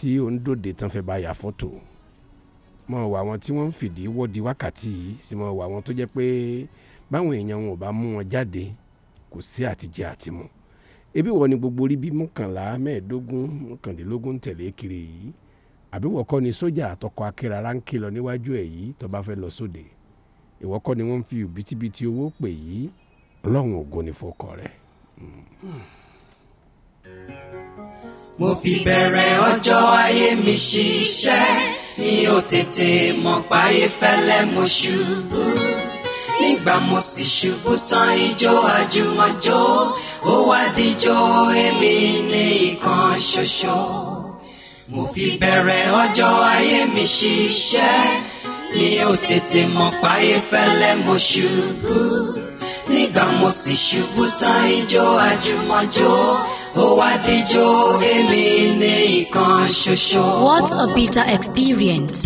tí òǹdòdè tán fẹ́ bá ya fọ́tò mọ̀ wà wọn tí wọ́n ń fìdí wọ́di wákàtí yìí sì mọ̀ wà wọn tó jẹ́ pé báwọn èèyàn wọn ò bá mú wọn jáde kò sí àtijẹ àtimu ebi wọ ni gbogbo orí bíi mọ́kànlá mẹ́ẹ̀ẹ́dógún mọ́kàndínlógún ń tẹ̀lé kiri yìí àbí wọ́n kọ́ ni sójà àtọkọ akẹ́ra ránkì lọ níwájú ẹ̀ yìí tó bá fẹ́ lọ sóde ìwọ kọ́ ni wọ́n ń fi òbítíbitì owó pè yìí ọlọ́run ògo ni fọkọ rẹ̀. Hmm mo fi bẹ̀rẹ̀ ọjọ́ ayé mi ṣiṣẹ́ mi ò tètè mọ̀ páyé fẹ́lẹ́ mo ṣubú nígbà mo sì ṣubú tán ijó àjùmọ̀jó ó wá díjó èmi ní ìkan ṣoṣo mo fi bẹ̀rẹ̀ ọjọ́ ayé mi ṣiṣẹ́ mi ò tètè mọ̀ páyé fẹ́lẹ́ mo ṣubú nígbà mo sì ṣubú tán ijó àjùmọ̀jó ó wá díjó èmi ní ìkan ṣoṣo. What a bitter experience.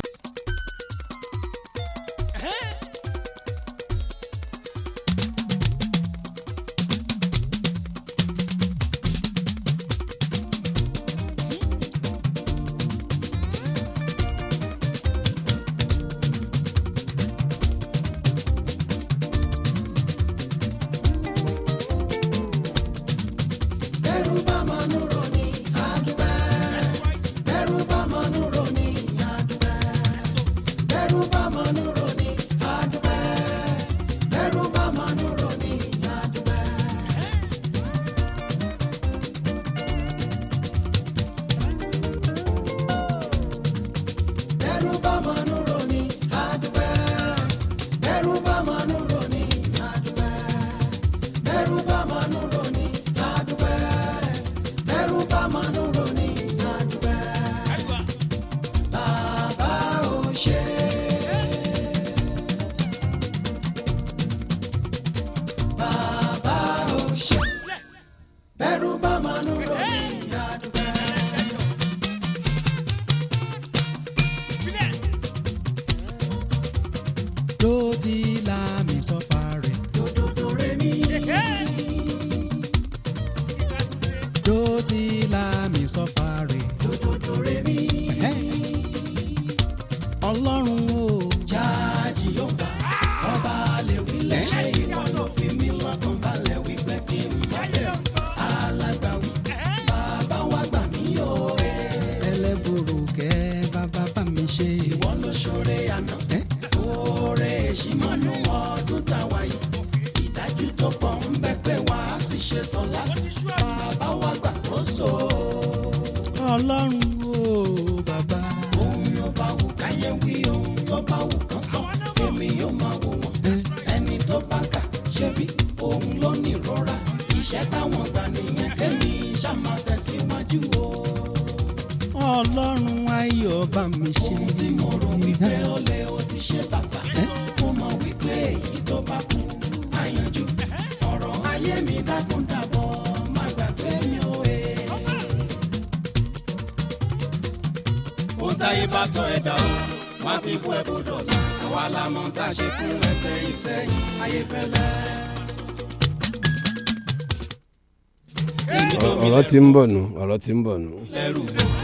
tí ń bọ̀ nù ọ̀rọ̀ tí ń bọ̀ nù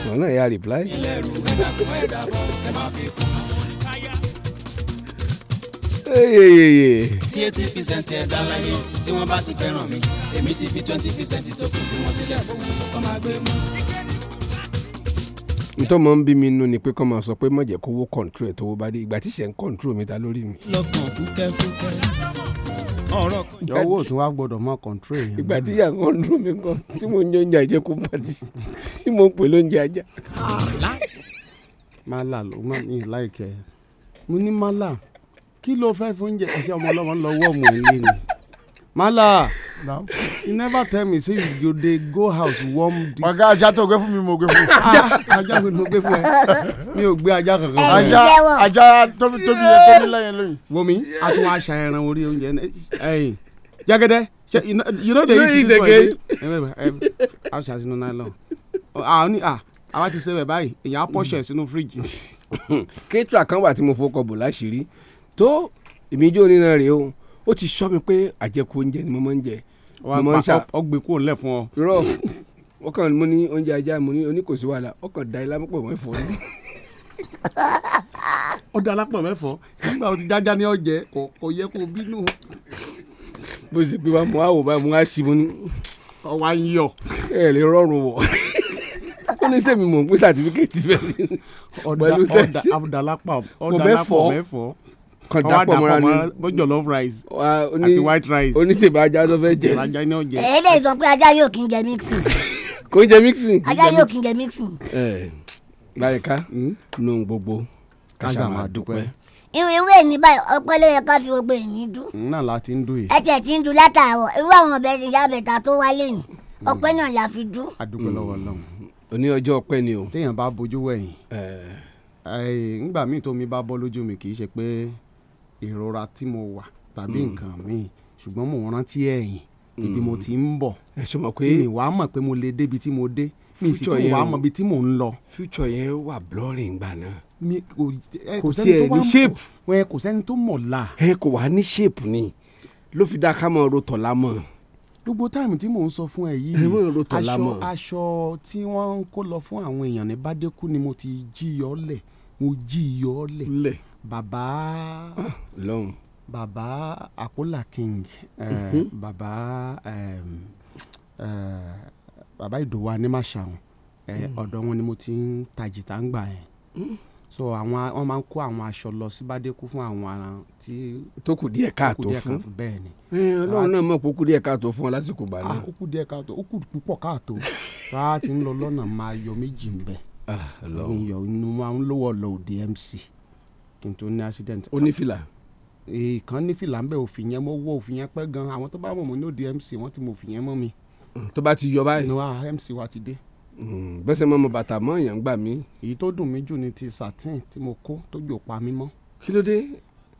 wọn náà yà reply. tí eighty percent ẹ̀dá láyé tí wọ́n bá ti fẹ́ràn mi èmi ti fi twenty percent tó kù bí wọ́n sílẹ̀ fún mi kọ́ máa gbé mú. ntọ́ mọ̀ ń bí mi nú ni pé kọ́ máa sọ pé mọ̀jẹ̀ kówó control ẹ̀ tó wó bá dé ìgbà tíṣẹ̀ ń control mi ta lórí mi. lọ́kàn fúkẹ́fúkẹ́ ọ̀rọ̀ kan. owó tí wàá gbọ́dọ̀ máa kọ̀ǹtró èèyàn. ìgbà tí ìyá kan dúró mi kan tí mo ń jẹ oúnjẹ àjẹ kó pàtì tí mo ń pè lóúnjẹ ajá. mala ló má ní láìkẹ́ mo ní mala kí ló fẹ́ fún oúnjẹ ẹ̀ṣẹ́ ọmọ ọlọ́mọ ń lọ wọ́ọ̀mù ẹ̀ lé ni mala you never tell me say you dey go house warm the. ọ̀gá ajá tó gbé fún mi mo gbé fún. ajá mi mo gbé fún ẹ mi ò gbé ajá kankan. ajá ajá tóbi tóbi yẹ tóbi lẹ́yìn lóyún. wo mi a tún wá aṣa ẹran orí oúnjẹ ẹyìn jẹgẹdẹ you know the eating they eat this one again. a ṣe àṣìnà náà lọ àwa ti ṣe bẹ̀ báyìí èyàn á pọ̀ṣẹ̀ sínú fíríjì. kétra kan wà tí mo fọkọ̀ bò láṣìírí tó ìmíjó nínú rèé o ó ti sọ mi pé àjẹkù oúnjẹ ni mo máa ń jẹ mo ń ṣá ọgbẹ kúrò lẹ fún ọ. irọ́ wọ́n kàn mo ní oúnjẹ ajá mo ní oníkòsí wàhálà wọ́n kàn da ilá pọ̀ mẹ́fọ́ ni. ó da alápọ̀ mẹ́fọ́ nígbà tó jájá ní ọ̀jẹ̀ kò yẹ kó bínú. bó ṣe pé mo á wò báyìí mo á sì mo ní. ọwọ́ ń yọ. ẹ lè rọrùn wọ̀ ó ní sẹ́mi mò ń pín sàtífíkẹ́tì bẹ́ẹ̀ ni. ọ̀dà ọ̀dà alápọ̀ mẹ́fọ́ kan dapọ̀ mọ́ra ni bó jollof rice àti white rice oníṣèbà ajá ló fẹ́ jẹ. ẹlẹ́yìn sọ pé ajá yóò kí n jẹ mixing. [LAUGHS] kò ń jẹ mixing. ajá yóò kí n jẹ mixing. báyìí ká hmm? nu gbogbo ká ṣáà máa dúpẹ́ irú irú èmi báyìí ọpẹ́ ló yẹ ká fi gbogbo èmi dùn. náà la ti ń dùn yìí. ẹ tiẹ̀ ti ń dùn látàárọ̀ irú àwọn ọbẹ̀ ìyá àbẹ̀ta tó wá lẹ́yìn hmm. ọpẹ́ náà la fi dùn. adúgbò lọ́wọ́ Ọlọ́run. Hmm. òní ọjọ́ ọpẹ́ ni o. téèyàn bá bójú wẹ̀yìn. ǹgbà míì tómi bá bọ́ lójú mi kì í ṣe pé ìrora tí mo wà tàbí hmm. nǹkan míì ṣùgbọ́n mò rántí ẹ̀yìn ibi mo hmm. ti ń bọ̀ tí mi wàá mọ̀ pé mo lè débi tí mo dé mi sì tún wàá mọ̀ ibi tí mò ń lọ. future yẹn wà blurring gbà náà. mi kò ẹ kò sẹ́ni tó wà mọ̀ kò sí ẹ ní shape. ẹ kò sẹ́ni tó mọ̀ la. ẹ kò wá ní shape ni ló fi dá ká mọ̀ ro tọ̀la mọ̀ gbogbo táìmù tí mò ń sọ fún ẹ yìí aṣọ aṣọ tí wọ́n ń kó lọ fún àwọn èèyàn ní bàdékù ni mo ti jí yọ ọ lẹ̀ mo jí yọ ọ lẹ̀ bàbá lọ́hùn bàbá àpólà king uh, mm -hmm. bàbá um, uh, bàbá ìdòwà ní màṣàwọn ọ̀dọ̀ wọn ni mo ti ń ta jìtá ń gbà yẹn mm. so àwọn wọn máa ń kó àwọn aṣọ lọ sí bàdékù fún àwọn ara tí. tó kù díẹ̀ káàtó fún bẹ́ẹ̀ ni. ọlọ́run náà mọ̀ pé ó kù díẹ̀ káàtó fún ọ lásìkò bá náà. Ah, ó kù díẹ̀ káàtó ó kù púpọ̀ káàtó tá a ti ń lọ lọ́nà máa yọ méjì ń bẹ̀. Ah, ọlọ́run ìyọ̀ inú máa ń lówó lọ òde mc kí n tó ní accident. ó ní fìlà. ìkan ní fìlà ń bẹ òfin yẹn mo wọ òfin yẹn pẹ́ gan àwọn tó bá mọ̀ mọ́ ní òde mc wọ́n ti mọ òfin yẹn mọ́ mi. Mm, tó bá ti yọ báyìí. no mc wa ti dé. Mm, bẹ́sẹ̀ mọ́ mo bàtà mọ́ èèyàn gbà mí. èyí tó dùn mí jù ni ti satin tí mo kó tó jò pa mí mọ́. kí ló dé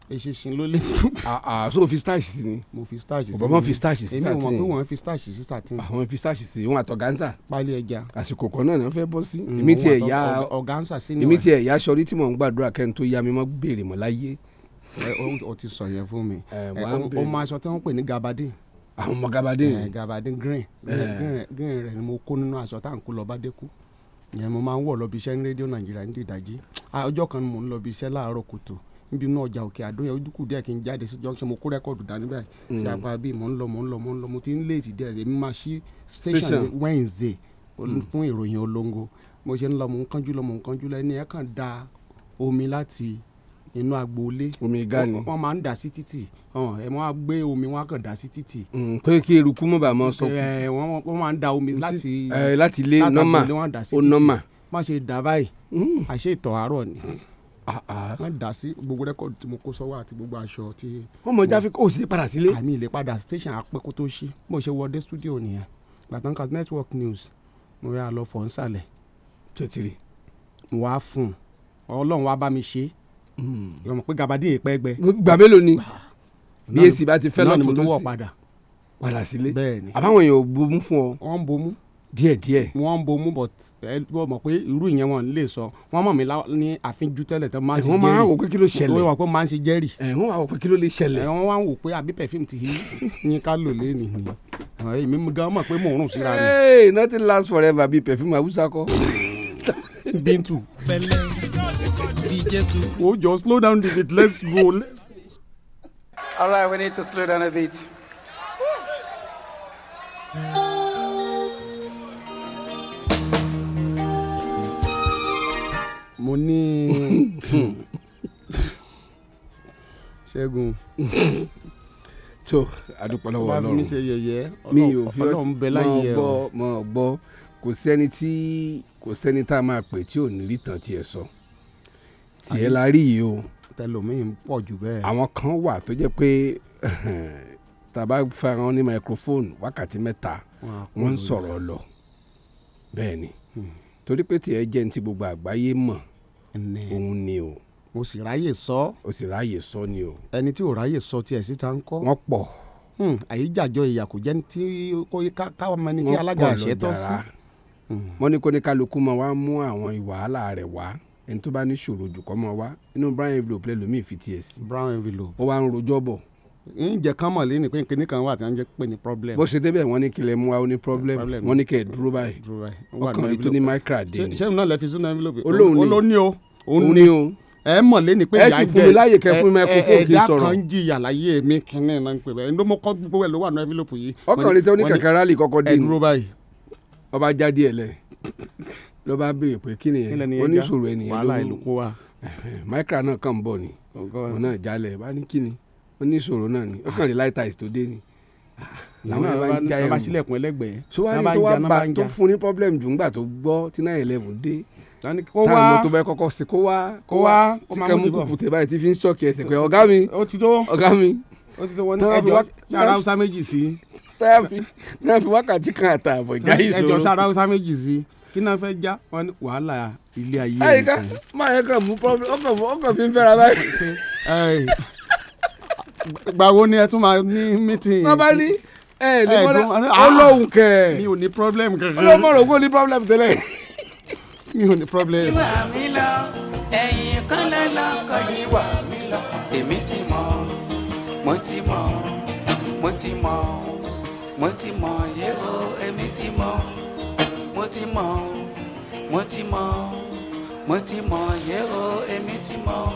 eṣinṣin ló lè fún. àà so fi starch sí ni. mo fi starch sí ni òbámọ́ fi starch sí satin èmi ò mọ̀ pé wọ́n fi starch sí satin. àwọn ah, fi starch sí wọn àtọ̀ gánsà. pálí ẹja. àsìkò kan náà ni wọ́n fẹ́ bọ́ sí. Mm, èmi ti ẹ̀ ya ọ̀gánsà sí ni wọ́n. èmi ti ẹ̀ ya sọrí tí mò ń gbàdúrà kẹ́ni tó ya mi mọ́ béèrè mọ́ láyé. o ti sọ yẹn fún mi o máa sọ tí wọ́n pè ní gabadin. àwọn ọmọ gabadin. gabadin green green rẹ ni mo kó nínú aṣọ tá à ń kó lọ bá dé kú yẹn mo máa ń wọ̀ lọ bí iṣẹ́ ní rédíò nàìjíríà ní ìdájí ọjọ́ kan ni mò ń lọ bí iṣẹ́ láàárọ̀ kùtù níbi inú ọjà òkè àdó yẹn ojú kù díẹ̀ kí n jáde sí junction mo kó rẹ́kọ̀dù dání báyìí sí hmm. apá bíi mò ń lọ mò ń lọ mò ń lọ mo ti ń léètì díẹ̀ èmi máa ṣí station Wednesday hmm. fún ìròyìn olóńgó mo ṣe ń lọ mò ń kánjú lọ mò ń kánjú lọ ẹni ẹ kàn da omi láti inú agboolé omi ga ni wọn máa ń dà sí títì ẹ wọn á gbé omi wọn á kàn dà sí títì. Hmm, pé kí eruku mọ̀ bá mọ̀ sọ. ẹ wọn máa ń da omi láti ilé nọ́mà ó nọ́mà. má ṣe dà báyìí àṣẹ ìtọ̀ àárọ̀ ni wọ́n ah, ah. dà sí gbogbo rẹ́kọ̀dù tí mo kó sọ́wọ́ àti gbogbo aṣọ tí. wọ́n mọ̀ jáfe kó o sì padà sílé. àmì ilé padà station apẹ́ tó ṣí mo ṣe wọlé studio nìyẹn gbàtàn kan network news mo yà lọ fọ̀ nsàlẹ̀. tètèrè. mo wá fún un ọlọ́run wá bá mi ṣe é hmm. yọmọ pé gabadí èèpẹ́ gbẹ. gbà mélòó ni ah. bí bá ti fẹ́ lọ́tún lọ́sì padà sílé àbáwọn èèyàn ò bomú fún ọ. wọ́n bomú díẹ̀díẹ̀. wọ́n ń bomú but ẹ wọ́n mọ̀ pé irú ìyẹn wọn lè sọ wọ́n mọ̀ mí ní àfinjú tẹ́lẹ̀ tẹ́ máa ń ṣe jẹ́rì. wọ́n máa ń wò pé kí ló ṣẹlẹ̀. wọ́n wà pé máa ń ṣe jẹ́rì. wọ́n wà pé kí ló lè ṣẹlẹ̀. wọ́n wá wò pé àbí perfume ti yín [LAUGHS] ká lò lé nìyí. èmi gan mọ̀ pé mò ń rùn síra mi. hey nothing lasts forever bí perfume awúsá kọ. bintu. pẹ̀lẹ́ bí o jọ slow down the beat let's go. all right we need to slow down a bit. mo ní [LAUGHS] ṣẹ́gun tó àdúpọ̀ lọ́wọ́ ọlọ́run bá fi mi ṣe yẹ̀yẹ́ mi ò fi ọlọ́run bẹ láyé ẹ̀ o mọ̀ gbọ́ kò sẹ́ni tí kò sẹ́ni tá a máa pè tí ò ní rí tàn tiẹ̀ sọ tiẹ̀ la rí yìí o tẹlomiin pọ̀ jù bẹ́ẹ̀. àwọn kan wà tó jẹ́ pé [LAUGHS] tàbá fẹ́ràn ní microphone wákàtí mẹ́ta wọ́n ń sọ̀rọ̀ lọ bẹ́ẹ̀ ni hmm. torí pé tiẹ̀ jẹ́ ní ti gbogbo àgbáyé mọ̀ òun ni o. mo sì ráyè sọ. o sì ráyè sọ ni o. ẹni tí ò ráyè sọ tiẹ̀ síta ń kọ́. wọ́n pọ̀. Hmm, àyíjàjọ ìyà kò jẹ́ tí kò káwọn ẹni tí alága àṣẹ tọ́ sí. Hmm. wọ́n ní kó ní kálukú mọ wá mú àwọn ìwàhálà rẹ̀ wá ẹni tó bá ní ṣòro jù kọ́ mọ wá inú brown envelope lẹ́lòmíì fi tiẹ̀ sí. brown envelope. ó wá ń rojọ́ bọ̀ ǹjẹ́ kán mọ̀ lé ní pé kíní kan wà tí wọ́n jẹ́ pé ní problem. bó ṣe débẹ̀ wọ́n ní kílẹ̀ mú wa ó ní problem wọ́n ní kẹ́ ẹ̀ dúró báyìí ọkàn yìí tó ní micra dé ni. ṣé ìnáwó lẹ fi sínú envelope. olóhùn ni olóhùn ni o òun ni ẹ mọ̀ lé ní pé ìyá jẹ ẹ̀dá kan ń jìyà láyé mi kínní náà ń pè bẹ́ẹ̀ ló mọ́ kọ́ gbogbo ẹ̀ ló wà ní envelope yìí. ọkàn lè tẹ oníkàkà rálì kọkọ dín ní ọba jáde ẹ lẹ ló bá béèrè pé kí nìyẹn oníṣòro ẹnìyẹn ló ń wò micra náà kàn ń bọ̀ ni òun náà jalè bá ní kí ni oníṣòro náà ni ọkàn lè láì tàìsì tó dé ni ah, làwọn yàrá ń já ẹrù sọwárí tó wá bá tó fún ní pọ́blẹ́mù jù ńgbà tó gbọ́ tí náà eleven dé tani kó wá táwọn mọ́tò bá kọ́kọ́ sí kó wá kó wá tí kan mú kùkù tẹ̀ báyìí tí fi ń ṣọ́ọ̀kì ẹsẹ̀ pé ọ̀gá mi ọ̀gá mi wọn ní ẹjọ́ sára hausa méjì sí. náà fi wákàtí kan àtààbọ̀ ìjà ìṣòro ẹjọ́ sára hausa méjì sí kí náà fẹ́ já wọn ní wàhálà ilé ayé rẹ. ayika máa yẹ kàn mú pọ́blẹ́mù ọkọ̀ fi ń fẹ́ra báyìí. gbàwo ni ẹ tún máa ní mítìn. wọ́n bá ní ẹ ní mọ́ra ọlọ́hùn kẹ̀. mi ò ní pọ́blẹ́mù kankan. ọlọ́mọ̀ràn kò ní pọ́blẹ́mù tẹ́lẹ̀ mi ò ní problem. ìwà mi lọ ẹ̀yìn kan lọ́lọ́kọ̀ ìwà mi lọ èmi ti mọ̀ mo ti mọ̀ mo ti mọ̀ mo ti mọ̀ yé èmi ti mọ̀ mo ti mọ̀ mo ti mọ̀ mo ti mọ̀ yé èmi ti mọ̀.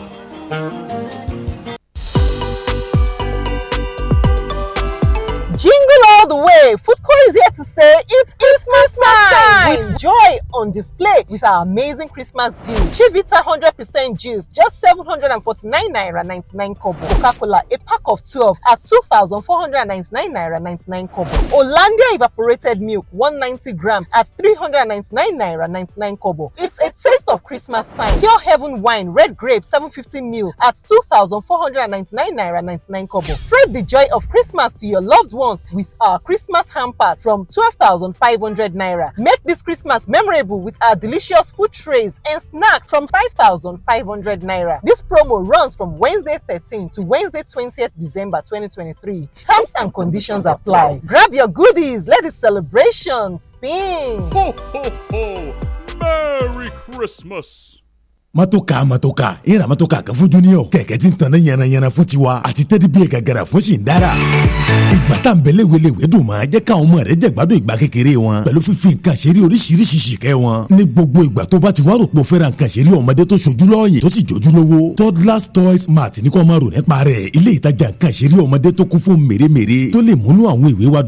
Jingle away, Foodco is here to say it's Christmas, time. with joy on display with our amazing Christmas deal. Chivita 100% juice, just 749 naira 99 kobo. Coca-Cola, a pack of 12 at 2,499 naira 99 kobo. Olandia evaporated milk, 190 gram at 399 naira 99 kobo. It's a taste of Christmas time. Pure Heaven wine, red grape, 750 mil at 2,499 naira 99 kobo. Spread the joy of Christmas to your loved ones with our Christmas hampers from 12,500 naira. Make this Christmas memorable with our delicious food trays and snacks from 5,500 naira. This promo runs from Wednesday 13 to Wednesday 20th December 2023. Terms and conditions apply. Grab your goodies. Let the celebration spin. Ho, ho, ho. Merry Christmas. mọ́tòkà mọ́tòkà ìrà mọ́tòkà kan fún junior kẹ̀kẹ́ tí ń tanná yànnayànna fún tiwa àti tẹ́dí bíi gàgàrà fún sì ń dára. ìgbà tá n bẹ̀lẹ̀ welewe dùn máa jẹ́ káwọn ọmọ rẹ̀ jẹ̀gbádùn ìgbà kékeré wọn pẹ̀lú fífi nǹkan oríṣiríṣi ṣìkẹ́ wọn. ní gbogbo ìgbà tó bá ti wá rògbò fẹ́ra nǹkan ọmọdé tó ṣojú lọ́ọ̀yẹ̀ tó sì jójú lówó. toddlers toys mart ní kò máa rò nípa rẹ̀ ilé ìtajà nǹkan ṣeré ọmọdé tó kún fún mèremère tó lè múnú àwọn ìwé wa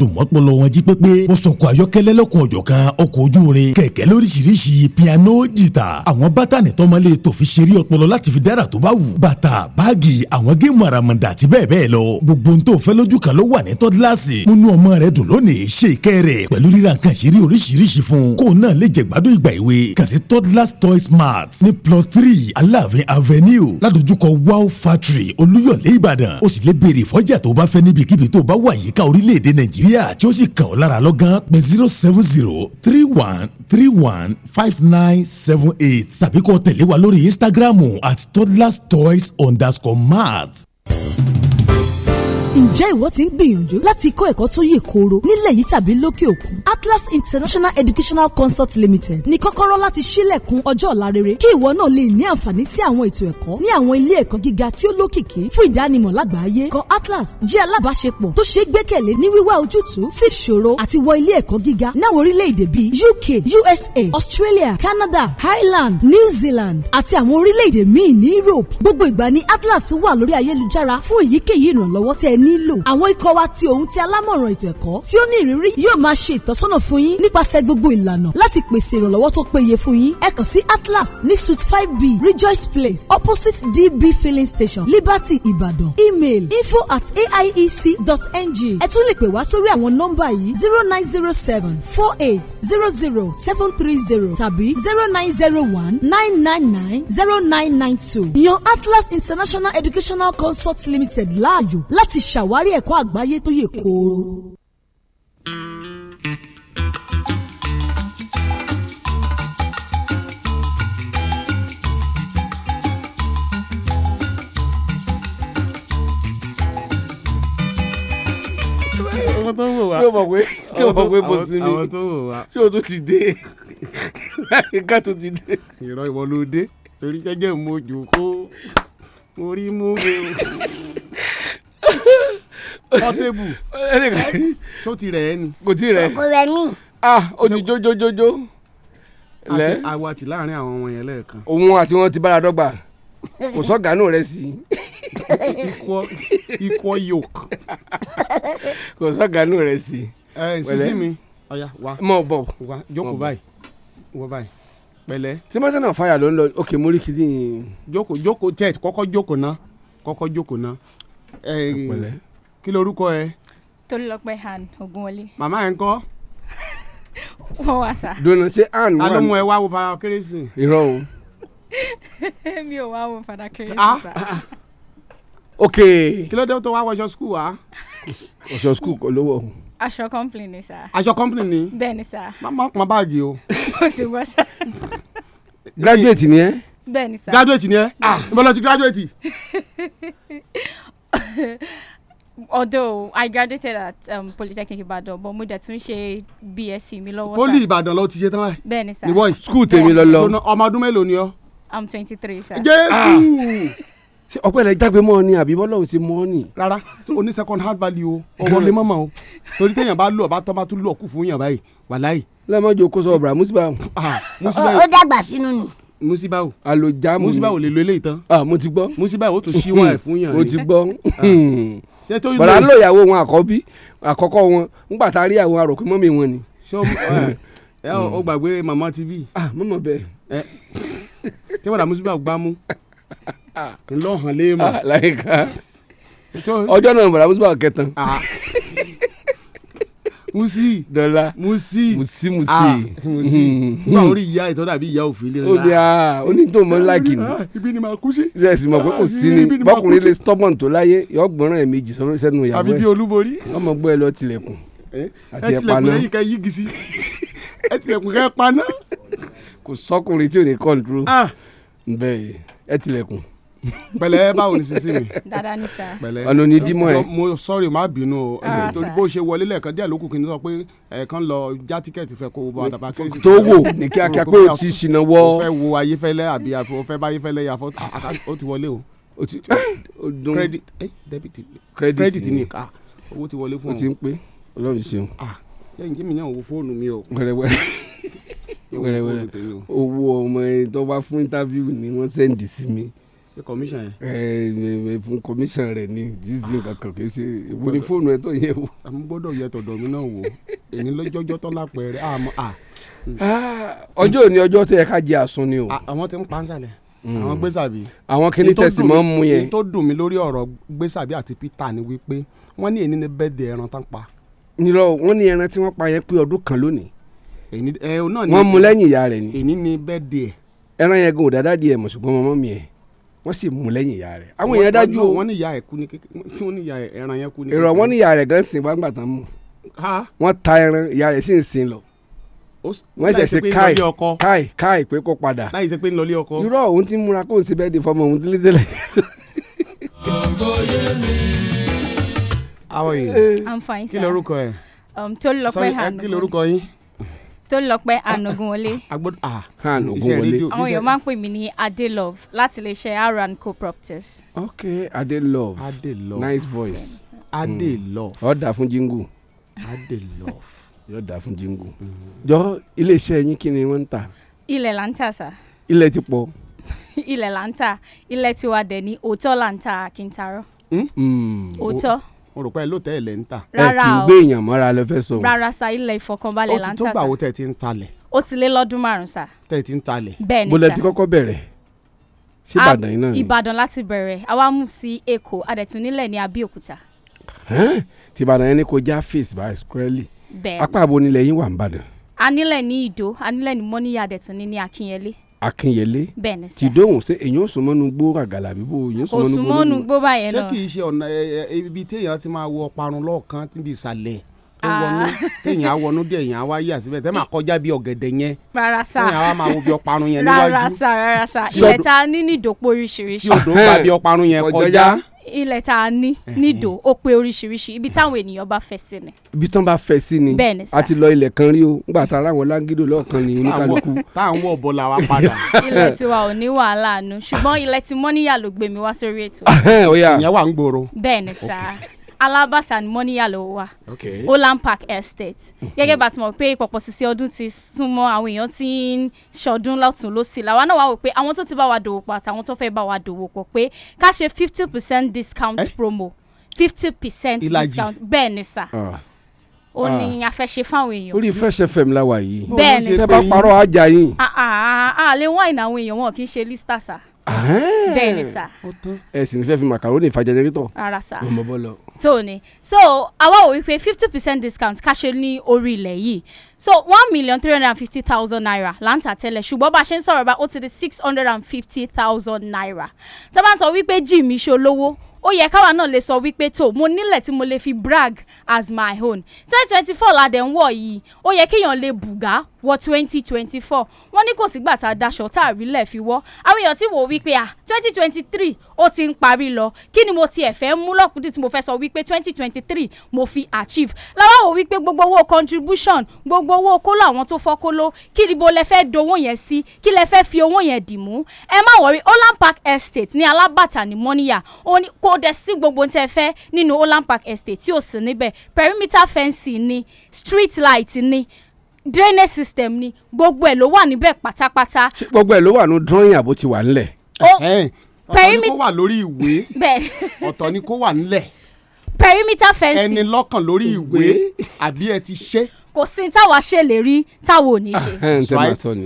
piano jìtà àwọn bátànì ètò fi ṣeré ọpọlọ láti fi dára tó bá wù. bàtà báàgì àwọn géèmù àràmàǹdà àti bẹ́ẹ̀ bẹ́ẹ̀ lọ. gbogbo n tó fẹ́ lójú kan ló wà ní tọ́dílàsì. múnú ọmọ rẹ dùn lónìí ṣe ìkẹ́ rẹ̀ pẹ̀lú ríra nǹkan ṣeré oríṣiríṣi fún. kó náà lè jẹ gbádùn ìgbà ìwé kàn sí tọ́dílàs toy smart ní plot three aláàfin avenue ládojúkọ wow factory olúyọ̀lé ìbàdàn. o sì lè béèrè fọ́jà tó bá fẹ́ níbikíbi tó bá wà yíká orílẹ̀-èdè nàìjíríà tí ó sì zero seven zero three one three one five nine seven eight tàbí kó tẹ̀lé lórí Instagram at toddlerstoys underscore mart ǹjẹ́ ìwọ ti ń gbìyànjú láti kó ẹ̀kọ́ tó yè kooro nílẹ̀ yìí tàbí lókè òkun Atlas International Educational Consult Limited ní kọ́kọ́rọ́ láti ṣílẹ̀kùn ọjọ́ ọ̀la rere kí ìwọ náà lè ní àǹfààní sí àwọn ètò ẹ̀kọ́ ní àwọn ilé ẹ̀kọ́ gíga tí ó lókìkí fún ìdánimọ̀ lágbàáyé kan Atlas jẹ́ alábàáṣepọ̀ tó ṣe é gbẹ́kẹ̀lé ní wíwá ojútùú sí ìṣòro àti wọ ilé ẹ̀kọ́ gíga náwọn orílẹ̀-èdè bíi UK USA Australia Canada Ireland New Zealand àti àwọn orílẹ̀-èdè míì ní Europe gbogbo ìgbà ni Atlas wà lórí ayélujára fún èyíkéyìí ìrànlọ́wọ́ tẹ́ nílò àwọn ikọ̀ wa ti òun ti alámọ̀ràn ètò ẹ̀kọ́ tí ó ní ìrírí yóò máa ṣe ìtọ́sọ́nà fún yín nípasẹ̀ gbogbo ìlànà láti pèsè ìrànlọ́wọ́ tó péye fún yín ẹ kàn sí Atlas ní suite five b Rejoice Place opposite DB filling station Liberty Ìbàdàn email info at aiec.ng ẹ tún lè pè wá sórí àwọn nọ́mbà yìí zero nine zero seven four eight zero zero seven three zero tàbí zero nine zero one nine nine nine zero nine nine two yan Atlas International Educational Consult Limited láàyò láti ṣe ṣàwárí ẹ̀kọ́ àgbáyé tó yè kooro. àwọn tó ń wò wá ṣé o mọ̀ pé ṣé o mọ̀ pé mo sinmi ṣé o tó ti dé [LAUGHS] ká tó ti dé. ìrọ̀ ìwọ ló dé torí jẹ́jẹ́ mo kó mo mú mi. [LAUGHS] pọ́tébù tó ti rẹ̀ ẹ́ ni. kò ti rẹ̀ ẹ́ kò ah o ti jójójójó. àti àwa ti láàrin àwọn ọmọ yẹn lẹ́ẹ̀kan. òun àti wọn ti bára dọ́gba kò [LAUGHS] sọ́gàánú rẹ̀ sí ikọ ikọ yoke. kò sọ́gànú rẹ̀ sí. ẹ sisi mi ọya wa mọ bọ wa jókòó báyìí wọ báyìí pẹ̀lẹ́. timothy náà fàyà ló ń lọ òkè mórí kìíní. jókòó jókòó tẹ kọ́kọ́ jókòó ná kọ́kọ́ jókòó ná kí lorúkọ ẹ. Tolúlọpẹ́ Han Ògúnwọlé. màmá ẹ ń kọ́. wọ́n wá sá. dùnà sí Han wà. alóhùn ẹ wá wo fada kérésì. irọ́ o. [LAUGHS] mi ò wá wo fada kérésì ah. sá. ok. kí ló dé tó wá wọṣọ skul wa. [LAUGHS] wọṣọ skul kò lówó. aṣọ company ni sá. aṣọ company ni. bẹ́ẹ̀ ni sá. má má kàn báàgì o. [LAUGHS] mo ti gbọ́ sá. graduate ni ẹ. bẹ́ẹ̀ ni sá. graduate ni ẹ. ah n bọ́lá ti graduate. [LAUGHS] although i graduated at um, polytechnic Ìbàdàn but mo dẹ̀ tún ṣe bsc mi lọ́wọ́ sá. poli Ìbàdàn lọ ti ṣe tán báyìí. bẹ́ẹ̀ni sá níwọ yìí. skul tèmi lọlọ. ọmọ ọdún mélòó ni ọ. i'm twenty three sá. jésù. Ah. ṣé ọpẹ́ rẹ jágbe mọ́ ni àbí bọ́lá ò ti mọ́ ni. rárá o ní second hand value o ọwọ́ lè mọ́mọ́ o torí téèyàn bá lù ọba tó bá tún lù ọkù fún yàn báyìí wàláì. lẹ́ẹ̀mọ́jọ kó sọ ọ̀bùrà ah, mùsùlùmí. ó dàgbà sínú nù musibawo alojamu musibawo lè lo eléyìí tán. ah mo ti gbọ́. musibawo tún ṣí wọn fún yàn. mo ti gbọ́. Ah. ṣé tó yẹ. bọ̀dá ló ìyàwó wọn àkọ́bí àkọ́kọ́ wọn nígbà tá a rí àwọn àròkè mọ́mì wọn ni. ṣé o [LAUGHS] gbàgbé mama tv. ah mọ̀mọ́ bẹ́ẹ̀. ṣé bọ̀dá musibawo gbá mú. [LAUGHS] ńlọ hàn lé mọ̀. Ah, ọjọ́ náà bọ̀dá musibawo kẹtàn. Ah. [LAUGHS] musi dọla musi musi musi ah musi hmm. nígbà orí ìyá ìtọ́ dàbí ìyá òfin lé rẹ. ó ní a ah, ó ní tó mọ ah, láàkì ni ibi ni màá kú sí. sẹ́ẹ̀sì mọ̀ pé kò sí ni bọ́kùnrin lè stubborn tó láyé yọ gbọ́nràn ẹ̀ méjì sẹ́nu ìyàwó ẹ̀ àbí bí olúborí. ọmọ gbọ́ ẹ lọ tilẹ̀kùn eh, àti ẹ̀ paná ẹ tilẹ̀kùn lẹ́yìn ká yí gisi ẹ tilẹ̀kùn ká ẹ paná. kò sọkùnrin tí ò ní control ah. bẹ́ẹ̀ ẹ tilẹ̀kùn pẹ̀lẹ́ báwo ni sisi mi. dáadáa ni sá. pẹ̀lẹ́ ọ̀nà ni dímọ̀ ẹ̀. mo sọ̀rọ̀ má bínú o ah, torí bó ṣe wọlé lẹ́ẹ̀kan díẹ̀ lókùn kí n sọ pé ẹ̀ẹ̀kan lọ já tíkẹ́ẹ̀tì fẹ́ kó o bá dàbà kérésì. tó wò ní kíákíá pé o ti ṣìnà wọ. o fẹ́ wo ayéfẹ́lẹ́ àbí o fẹ́ bá ayéfẹ́lẹ́ yà fọ́ o ti wọlé o. o ti eh, dun eh, credit credit ni ah, owó ti wọlé fún ọ. o ti ń pé ọlọ́run ṣeun. yẹ́n ah, jí mi náà wo fóònù mi o. wẹ́rẹ́wẹ́rẹ́ [LAUGHS] wẹ́rẹ́wẹ́rẹ́ owó ọmọ tó bá fún interview ni wọ́n sẹ́ǹdì sí mi ṣe commission yẹn. ẹ ẹ fún commission rẹ ni jíjí ah. kankan kì í ṣe ìwọ ni fóònù ẹ tó yẹ wò. àmú gbọ́dọ̀ yẹ tọ̀dọ̀ mi náà wò èyí lọ́jọ́jọ́ tán lápẹẹrẹ àmọ́ à. Ah, ọjọ́ òní ọjọ́ tó yẹ ká jẹ àsun ni o. àwọn tí ń pa hmm. ń sàlẹ̀ àwọn gbèsàbí. àwọn kìíní tẹ̀sí mọ́ ń mu yẹn. tó dùn mí lórí ọ̀rọ̀ gbèsàbí àti Peter ni wípé wọ́n ní èyí ni bẹ́ẹ̀dẹ̀ ẹran tán pa. nílò wọ́n ní ẹran tí wọ́n pa yẹn pé ọdún kan lónìí. wọ́n mu lẹ́yìn ìyá rẹ̀ ni. èyí ni bẹ́ẹ̀dẹ̀ ẹ̀. ẹran yẹn gan ò dáadáa di ẹ̀ mọ̀ ṣùgbọ́n mọ́mọ́ mi ẹ̀ wọ́n sì mú lẹ́yìn ìyá rẹ̀ àwọn èèyàn dájú o wọ́n ní ìyá ẹ̀ kú ní kékeré tí wọ́n ní ìyá ẹran yẹn kú ní kékeré èrò wọ́n ní ìyá rẹ̀ gan sin wá gbà tán mú wọ́n ta ẹran ìyá rẹ̀ sì ń sin lọ wọ́n ṣẹ̀ ṣe káì káì káì pé kó padà láì ṣe pé ń lọlé ọkọ irọ́ òun ti múra kó n ṣe bẹ́ẹ̀ di fọmọ òun délé délé. How are you? I'm fine, sir. kí lorúkọ ẹ? Um, Tolúlọpẹ́ hàn. kí lorúkọ yín? tolúlọpẹ́ anogunwọlé. [LAUGHS] Ah, anogunwọlé àwọn èèyàn máa ń pè mí ní adelove láti iléeṣẹ́ aran co properties. ok adelove adelove nice voice. Ade hmm. Love. dà fún jingu. adelove yóò dà fún jingu. Hmm. jọ iléeṣẹ́ yín kí ni wọ́n ń tà. ilẹ̀ là ń tà sá. ilẹ̀ ti pọ̀. [LAUGHS] ilẹ̀ là ń tà ilẹ̀ tiwa dẹ̀ ní òótọ́ là ń tà kí hmm. òótọ́. Mm? Mm mo rò pé ẹ lóòótọ́ ẹ lẹ́ ń tà. rárá o ẹ kì í gbé èèyàn mọ́ra lẹ fẹ́ sọ. rárá sa ilẹ̀ ìfọkànbalẹ̀ là ń tà sa. ó ti tó gbàwó tẹ̀ ti ń talẹ̀. ó ti lé lọ́dún márùn-ún sa. tẹ̀ ti ń talẹ̀. bẹ́ẹ̀ ni sa bọ́lẹ̀ ti kọ́kọ́ bẹ̀rẹ̀ sí ìbàdàn yìí náà ìbàdàn láti bẹ̀rẹ̀ àwa mú sí èkó adẹ̀tún nílẹ̀ ní abẹ́òkúta. ti ìbàdàn yẹn ni kò já face by squarely. bẹ́ẹ̀ apá àbò nílẹ̀ yín wà ń bàdàn. anílẹ̀ ní ìdó anílẹ̀ ní mọ́níyà adẹ̀tún ni ní akínyẹlé akínyẹlé ti dóhùn ṣé èyàn sùnmọ́nu gbó ràgàlà bíbó èyàn sùnmọ́nu gbó báyẹn náà. ṣé kì í ṣe ọ̀nà ibi téèyàn ti máa wọ parun lọ́ọ̀kan níbi ìsàlẹ̀ tó ah. wọnú téèyàn á wọnú dé èyàn á wá yà síbẹ̀ tẹ́ máa kọjá bí ọ̀gẹ̀dẹ̀ yẹn téèyàn á wá máa wo bí ọparun yẹn níwájú. rárá sá rárá sá ilẹ̀ ta ní nìdòpọ̀ oríṣiríṣi. tí odò bá bí ọparun yẹn kọjá ilẹ̀ tá a ní nídò ó pé oríṣiríṣi ibi táwọn ènìyàn bá fẹ́ sí ni. ibi tán bá fẹ́ sí ni bẹ́ẹ̀ ni sá a ti lọ ilẹ̀ kan rí o nígbà tá a ráwọ̀ lágídò lọ́ọ̀kan ni oníkálukú. tá à ń la wa padà. [LAUGHS] ilẹ̀ tiwa ò ní wàhálà nu ṣùgbọ́n ilẹ̀ tí mọ́níyà ló gbé mi wá sórí ètò. ìyẹn wà ń gbòòrò. bẹ́ẹ̀ ni Albert and Monialo wa okay. Olan Park Estate mhm. gẹ́gẹ́ bá ti mọ̀ pé pọ̀pọ̀ sísè ọdún ti súnmọ́ àwọn èèyàn ti ń ṣọdún lọ́tún lọ́sì làwa náà wá wò pé àwọn tó ti bá wa dòwò pọ̀ àtàwọn tó fẹ́ bá wa dòwò pọ̀ pé ká ṣe fifty percent discount eh? promo fifty percent discount bẹ́ẹ̀ ni sà. Uh ó ah. ní a fẹ́ fáwọn èèyàn. orí Fresh FM la wà yìí. bẹ́ẹ̀ ni sẹ́yìn tẹ́ bá parọ́ àjà yín. àà ah, àà lè wáìnì àwọn èèyàn wọn kì í ṣe lísítà sà. Ah. bẹ́ẹ̀ ni sà. ẹ sì ní fẹ́ fi macaroni fa jẹnẹrétọ̀. rárá sà tó o ní so àwa wò wípé fifty percent discount káṣe ní orí ilẹ̀ yìí so one million three hundred and fifty thousand naira là ń tà tẹ́lẹ̀ ṣùgbọ́n bá a ṣe ń sọ̀rọ̀ bá ó ti di six hundred and fifty thousand naira tá a bá ń sọ wípé jì ṣe olówó ó yẹ káwa náà lè sọ wípé tó mo nílẹ̀ tí mo lè fi brag as my own twenty twenty four la dẹ̀ ń wọ̀ yìí ó yẹ kéèyàn lè bùgá wọ twenty twenty four wọ́n ní kò sígbà tá a daṣọ tá a rí lẹ̀ fi wọ́ àwọn èèyàn ti wò wípé ah twenty twenty three ó ti ń parí lọ kí ni mo tiẹ̀ fẹ́ mú lọ́kùnrin tí mo fẹ́ sọ wípé twenty twenty three mo fi achieve láwọn wò wípé gbogbo owó contribution gbogbo owó kóló àwọn tó fọ́kóló kí ni mo lẹ fẹ́ dowó yẹn sí kí lẹ fẹ́ fi owó yẹn dì mú ẹ má wọrí Holland Park Estate ní alábàtà ní mọ́níyà kò dẹ̀ sí gbogbo tẹ́ fẹ́ nínú Holland Park Estate tí ò sí níbẹ̀ perimeter fence ni street light ni drainage system ni gbogbo ẹ̀ ló wà níbẹ̀ pátápátá. gbogbo ẹ̀ ló wà ní drawing àbó ti wà nílẹ̀ ọ̀tọ̀ ni kó wà lórí ìwé ọ̀tọ̀ ni kó wà nílẹ̀ perimeter fencing ẹni lọ́kàn lórí ìwé àbí ẹ ti ṣe kò sí táwa ṣe lè rí táwa ò ní ṣe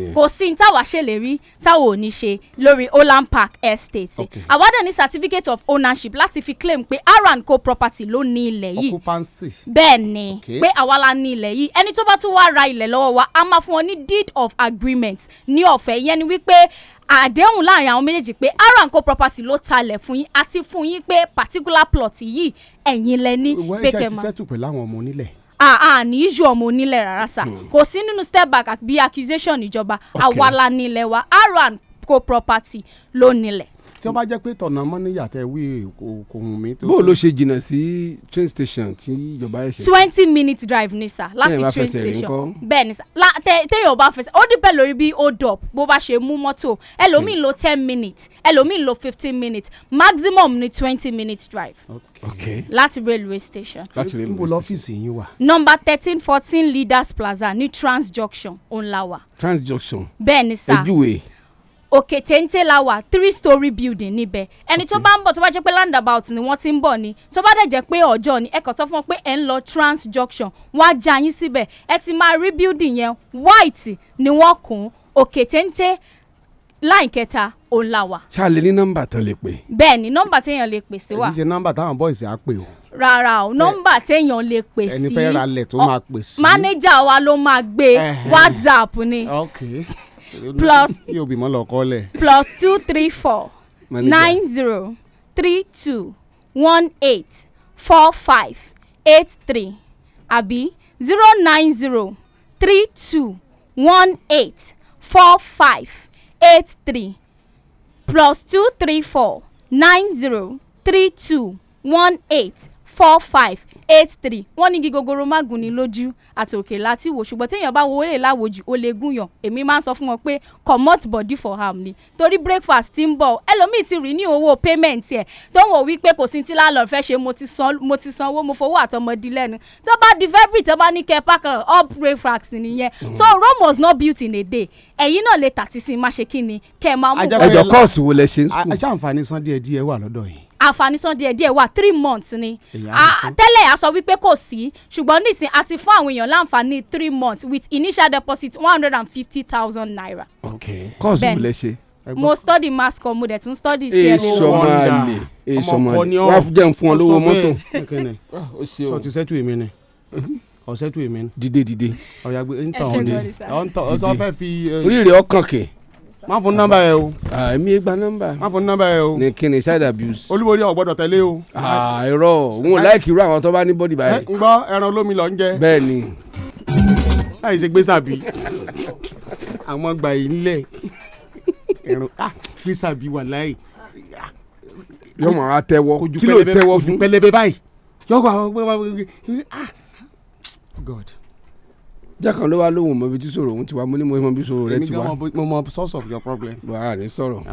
[LAUGHS] kò sí táwa ṣe lè rí táwa ò ní ṣe lórí Olan Park Estate àwádà ní certificate of ownership láti fi claim pé co property ló ní ilẹ̀ yìí occupancy bẹ́ẹ̀ ni pé àwa la ní ilẹ̀ yìí ẹni tó bá tún wá ra ilẹ̀ lọ́wọ́ wa a máa fún wọn ní deed of agreement ní ọ̀fẹ́ yẹn ni wípé àdéhùn láàrin àwọn méjèèjì pé aranko property ló talẹ̀ fún yín àti fún yín pé particular plot yìí ẹ̀yin lẹ ní pékèmá. wọ́n ti sẹ́tù pẹ̀lú àwọn ọmọ onílẹ̀. àà ní í ju ọmọ onílẹ̀ rárá sá kò sí nínú step back bí accusation ìjọba àwa la nílẹ̀ wa aranko property ló nílẹ̀ tí wọ́n bá jẹ́ pé tọ̀nà mọ́níyà tẹ wí kò hùn mí. bó o ló ṣe jìnnà sí train station tí ìjọba ẹ̀ ṣe. twenty minute drive ni sà láti train station bẹ́ẹ̀ ni sà téèyàn bá fẹsẹ̀ ó dìbẹ̀ lórí bí hold up bó bá ṣe mú mọ́tò ẹlòmíì lo ten minutes ẹlòmíì lo fifteen minutes maximum ni twenty minute drive. Okay. láti railway station. láti railway station. níbo lọ́fíìsì yín wà. number thirteen fourteen leaders plaza ní transjunction òǹlàwà. transjunction. bẹ́ẹ̀ ni sà. ojúwe. E òkè téńté la wà three story building níbẹ̀ ẹni tó bá ń bọ̀ tó bá jẹ́ pé landabout ni wọ́n ti ń bọ̀ ni tó bá dẹ̀ jẹ́ pé ọjọ́ ni ẹ kàn sọ fún wọn pé ẹ ń lọ trans junction wọ́n á já yín síbẹ̀ ẹ ti máa rí building yẹn white ni wọ́n kùn òkè téńté láì kẹta òun la wà. ṣáàlì ní nọ́mbà tán lè pè. bẹ́ẹ̀ ni nọ́mbà téèyàn lè pè sí wa. èyí ṣe nọ́mbà táwọn bọ́ìsì á pè o rárá o nọmba téèyàn lè pè sí ẹni fẹ́ ra lẹ̀ tó máa pè sí mánéjà wa ló máa gbé whatsapp ni. okay plus two three four nine zero three two one eight four five eight three àbí zero nine zero three two one eight four five eight three plus two three four nine zero three two one eight four five eight three wọ́n ní gígogoro má gùn ní lójú àti òkè láti wò ṣùgbọ́n téèyàn bá wọlé láwòjù ó lè gùn èmi máa ń sọ fún wọn pé comot body for harm ni torí breakfast ti ń bọ̀ ẹlòmíì ti rí ní owó payment ẹ̀ tó ń wò wípé kò sí ti lálọ́ọ̀ fẹ́ ṣe mo ti sanwó mo fowó àtọmọdé lẹ́nu tó bá di february tó bá ní kẹ́ pack up breakfast nìyẹn so Rome was not built in a day ẹ̀yin náà lè tàtí sí i má ṣe kí ni kẹ́ ẹ máa mú. ẹjọ kọ́ọ̀sì wo lẹ ṣe ń sùn. aṣáǹfààní san díẹ̀ díẹ̀ wà lọ́dọ̀ yìí àǹfààní san díẹ̀ díẹ̀ wà three months ni tẹ́lẹ̀ a sọ wípé kò sí ṣùgbọ́n nísìn a ti fún àwọn èèyàn láǹfààní three months with initial deposit one hundred and fifty thousand naira. okay kọ́ọ̀sì wò lẹ ṣe. mo study mass com mo dẹ̀ tún study clo. èso máa lè èso máa lè wá jẹ́ n fún ọ lówó mọ́tò. Ah, sọ ti sẹ́tù èmi ni ọ̀sẹ̀ [LAUGHS] tù èmi ni. dìde dìde. ọ̀yàgbé ń tàn ọ́ ni ọ̀sán fẹ́ fi. Eh, orí rẹ̀ ọkàn kẹ̀ má fún nọ́mbà yẹ o. èmi gba nọ́mbà. má fún nọ́mbà yẹ o. ní kíni side abuse. olúborí ò gbọ́dọ̀ tẹ̀lé o. irọ́ n ò láìkì irú àwọn tó bá ní bọ́dì báyìí. ń gbọ́ ẹran olómi lọ ń jẹ. bẹ́ẹ̀ ni. láì ṣe gbèsè àbí àwọn gbà yìí ńlẹ̀ ẹran gbèsè àbí wà láì. yóò mọ̀ wá tẹ́wọ́ kí ló tẹ́wọ́ fún. ojú pẹlẹbẹ báyìí yọ̀ọ́ God jákàn ló wá lóhùn mọ ibi tí sọ̀rọ̀ òun ti wá mo ní mo mọ ibi sọ̀rọ̀ rẹ ti wá. èmi gan mo mọ source of your problem. wà á ní sọ̀rọ̀.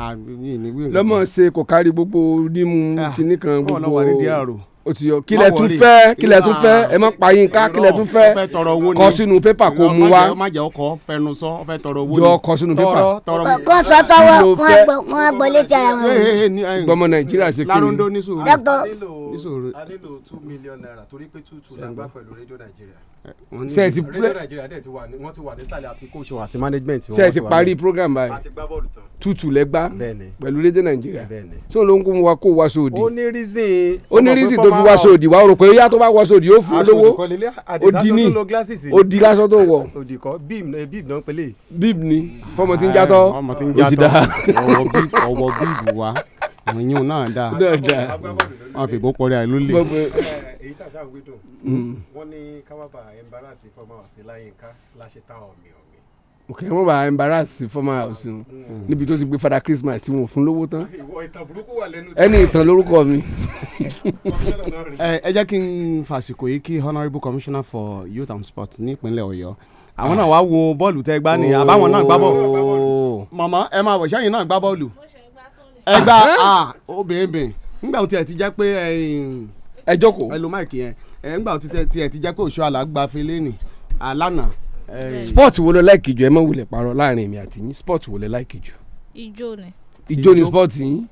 lọ́mọ ṣe kò kárí gbogbo nímú kinní kan gbogbo. ọ̀nà wà ní dr o ti yọ kílẹ̀ tún fẹ́ kílẹ̀ tún fẹ́ ẹ má pa yín ká kílẹ̀ tún fẹ́ kọ sínú pépà kó mu wá. má jẹ́ ọkọ fẹnu sọ fẹ́ tọrọ owó ni. yọ kọ sínú pépà. kọ́ sọ tọwọ́ kọ́ agbọ̀ létí ara wọn. gbọmọ nàìjíríà ṣe kí ni níṣòro. a nílò two million naira torí pé two two la gbà pẹ̀lú radio nigeria. sẹ́ẹ̀sì pẹ́ radio nigeria dẹ̀ ti wà ní wọ́n ti wà nísàlẹ̀ àti coach wọn àti management wọn. sẹ́ẹ̀sì parí program báyìí two two lẹ gbà pẹ̀lú radio nigeria tí ló ń kó wa kó wa sóòdì. ó ní reason ó ní reason tó fi wa sóòdì wa rò pé ó tó bá wa sóòdì ó fún lówó odi ní odi lásán tó wọ. odi kọ bíìm bíìm náà pélé. bíìm ni fọmọ tí ń jatọ òsì dáa. ọwọ bíìm wa àwọn yíyún náà dáa wọn fi ìbò pọ̀rí àìlú lè. èyí tàṣà ń gbẹdùn mm. wọn ní kábàbà embarrassing fọmọ ọsẹ láyínká láṣẹ tá ọmọ ọmọ. ok wọn bá embarrassing fọmọ ọsẹ níbi tó ti gbé fada Christmas tí wọn ò fún lówó tán. ẹni ìtàn lórúkọ mi. [LAUGHS] ẹ jẹ́ kí n fàsìkò yìí kí honourable commissioner for youth and sports nípínlẹ̀ Ọ̀yọ́ àwọn náà wá wo bọ́ọ̀lù tẹ́ gbá ni àbáwọn náà gbá bọ́ọ̀lù oh. màmá ẹ máa wọ̀ sẹ́yìn náà gbá bọ́ọ̀lù. ẹ gba ah. Ah, obìnrin bìn tí ẹ ti jẹ pé eh, ẹ jókòó ẹ lo máìkì yẹn nígbà tí ẹ ti jẹ pé òṣù àlágbá fẹlẹ́nì alánà. Ah, eh, sport wo ló láìkì jù ẹ mọ̀ wulẹ̀ parọ́ láàrin èmi àti yín sport wo ló láìkì jù. ijó ni. ìjó ni sport yín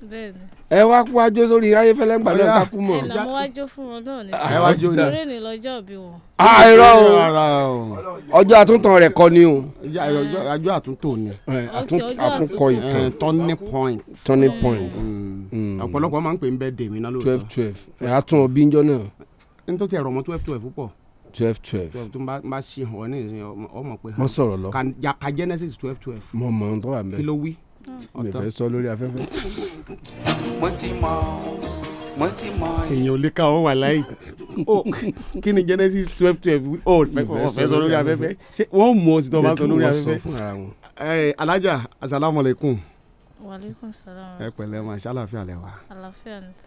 ẹ wá kú wájó sórí ayéfẹ́lẹ́ ńgbà náà ká kú mọ̀. ẹ làwọn wájó fún wọn náà ni lórí ni lọ́jọ́ òbí wọn. àìrọ o ọjọ́ àtúntàn rẹ̀ kọ́ ni o. ọjọ́ àtúntò ni àtúnkọ ìtàn turning point. turning point. Mm. Mm. ọ̀pọ̀lọpọ̀ máa ń pè ń bẹ́ dèmí náà lóòótọ́. twelve twelve ẹ̀ á tún ọ bí ń jọ náà. n tó ti ẹ̀rọ mọ́ twelve twelve púpọ̀ twelve twelve. twelve tó ń bá ṣe hàn ọ́ ní ìsinyìí ọmọ pé. mo sọ̀rọ̀ lọ. ka Genesis twelve twelve. mo mọ̀ ohun tó wà mi ò fẹ́ sọ lórí afẹ́fẹ́. mo ti mọ èèyàn lè ka wọn wà láyé kí ni Genesis twelve twelve ó fẹ́ sọ lórí afẹ́fẹ́ ṣé wọ́n mọ̀ ọ́ sí tó bá sọ lórí afẹ́fẹ́. alájà asalaamualeykum. Walaikum salam. Ẹ pẹ̀lẹ́ ma ṣe àlàáfíà lẹ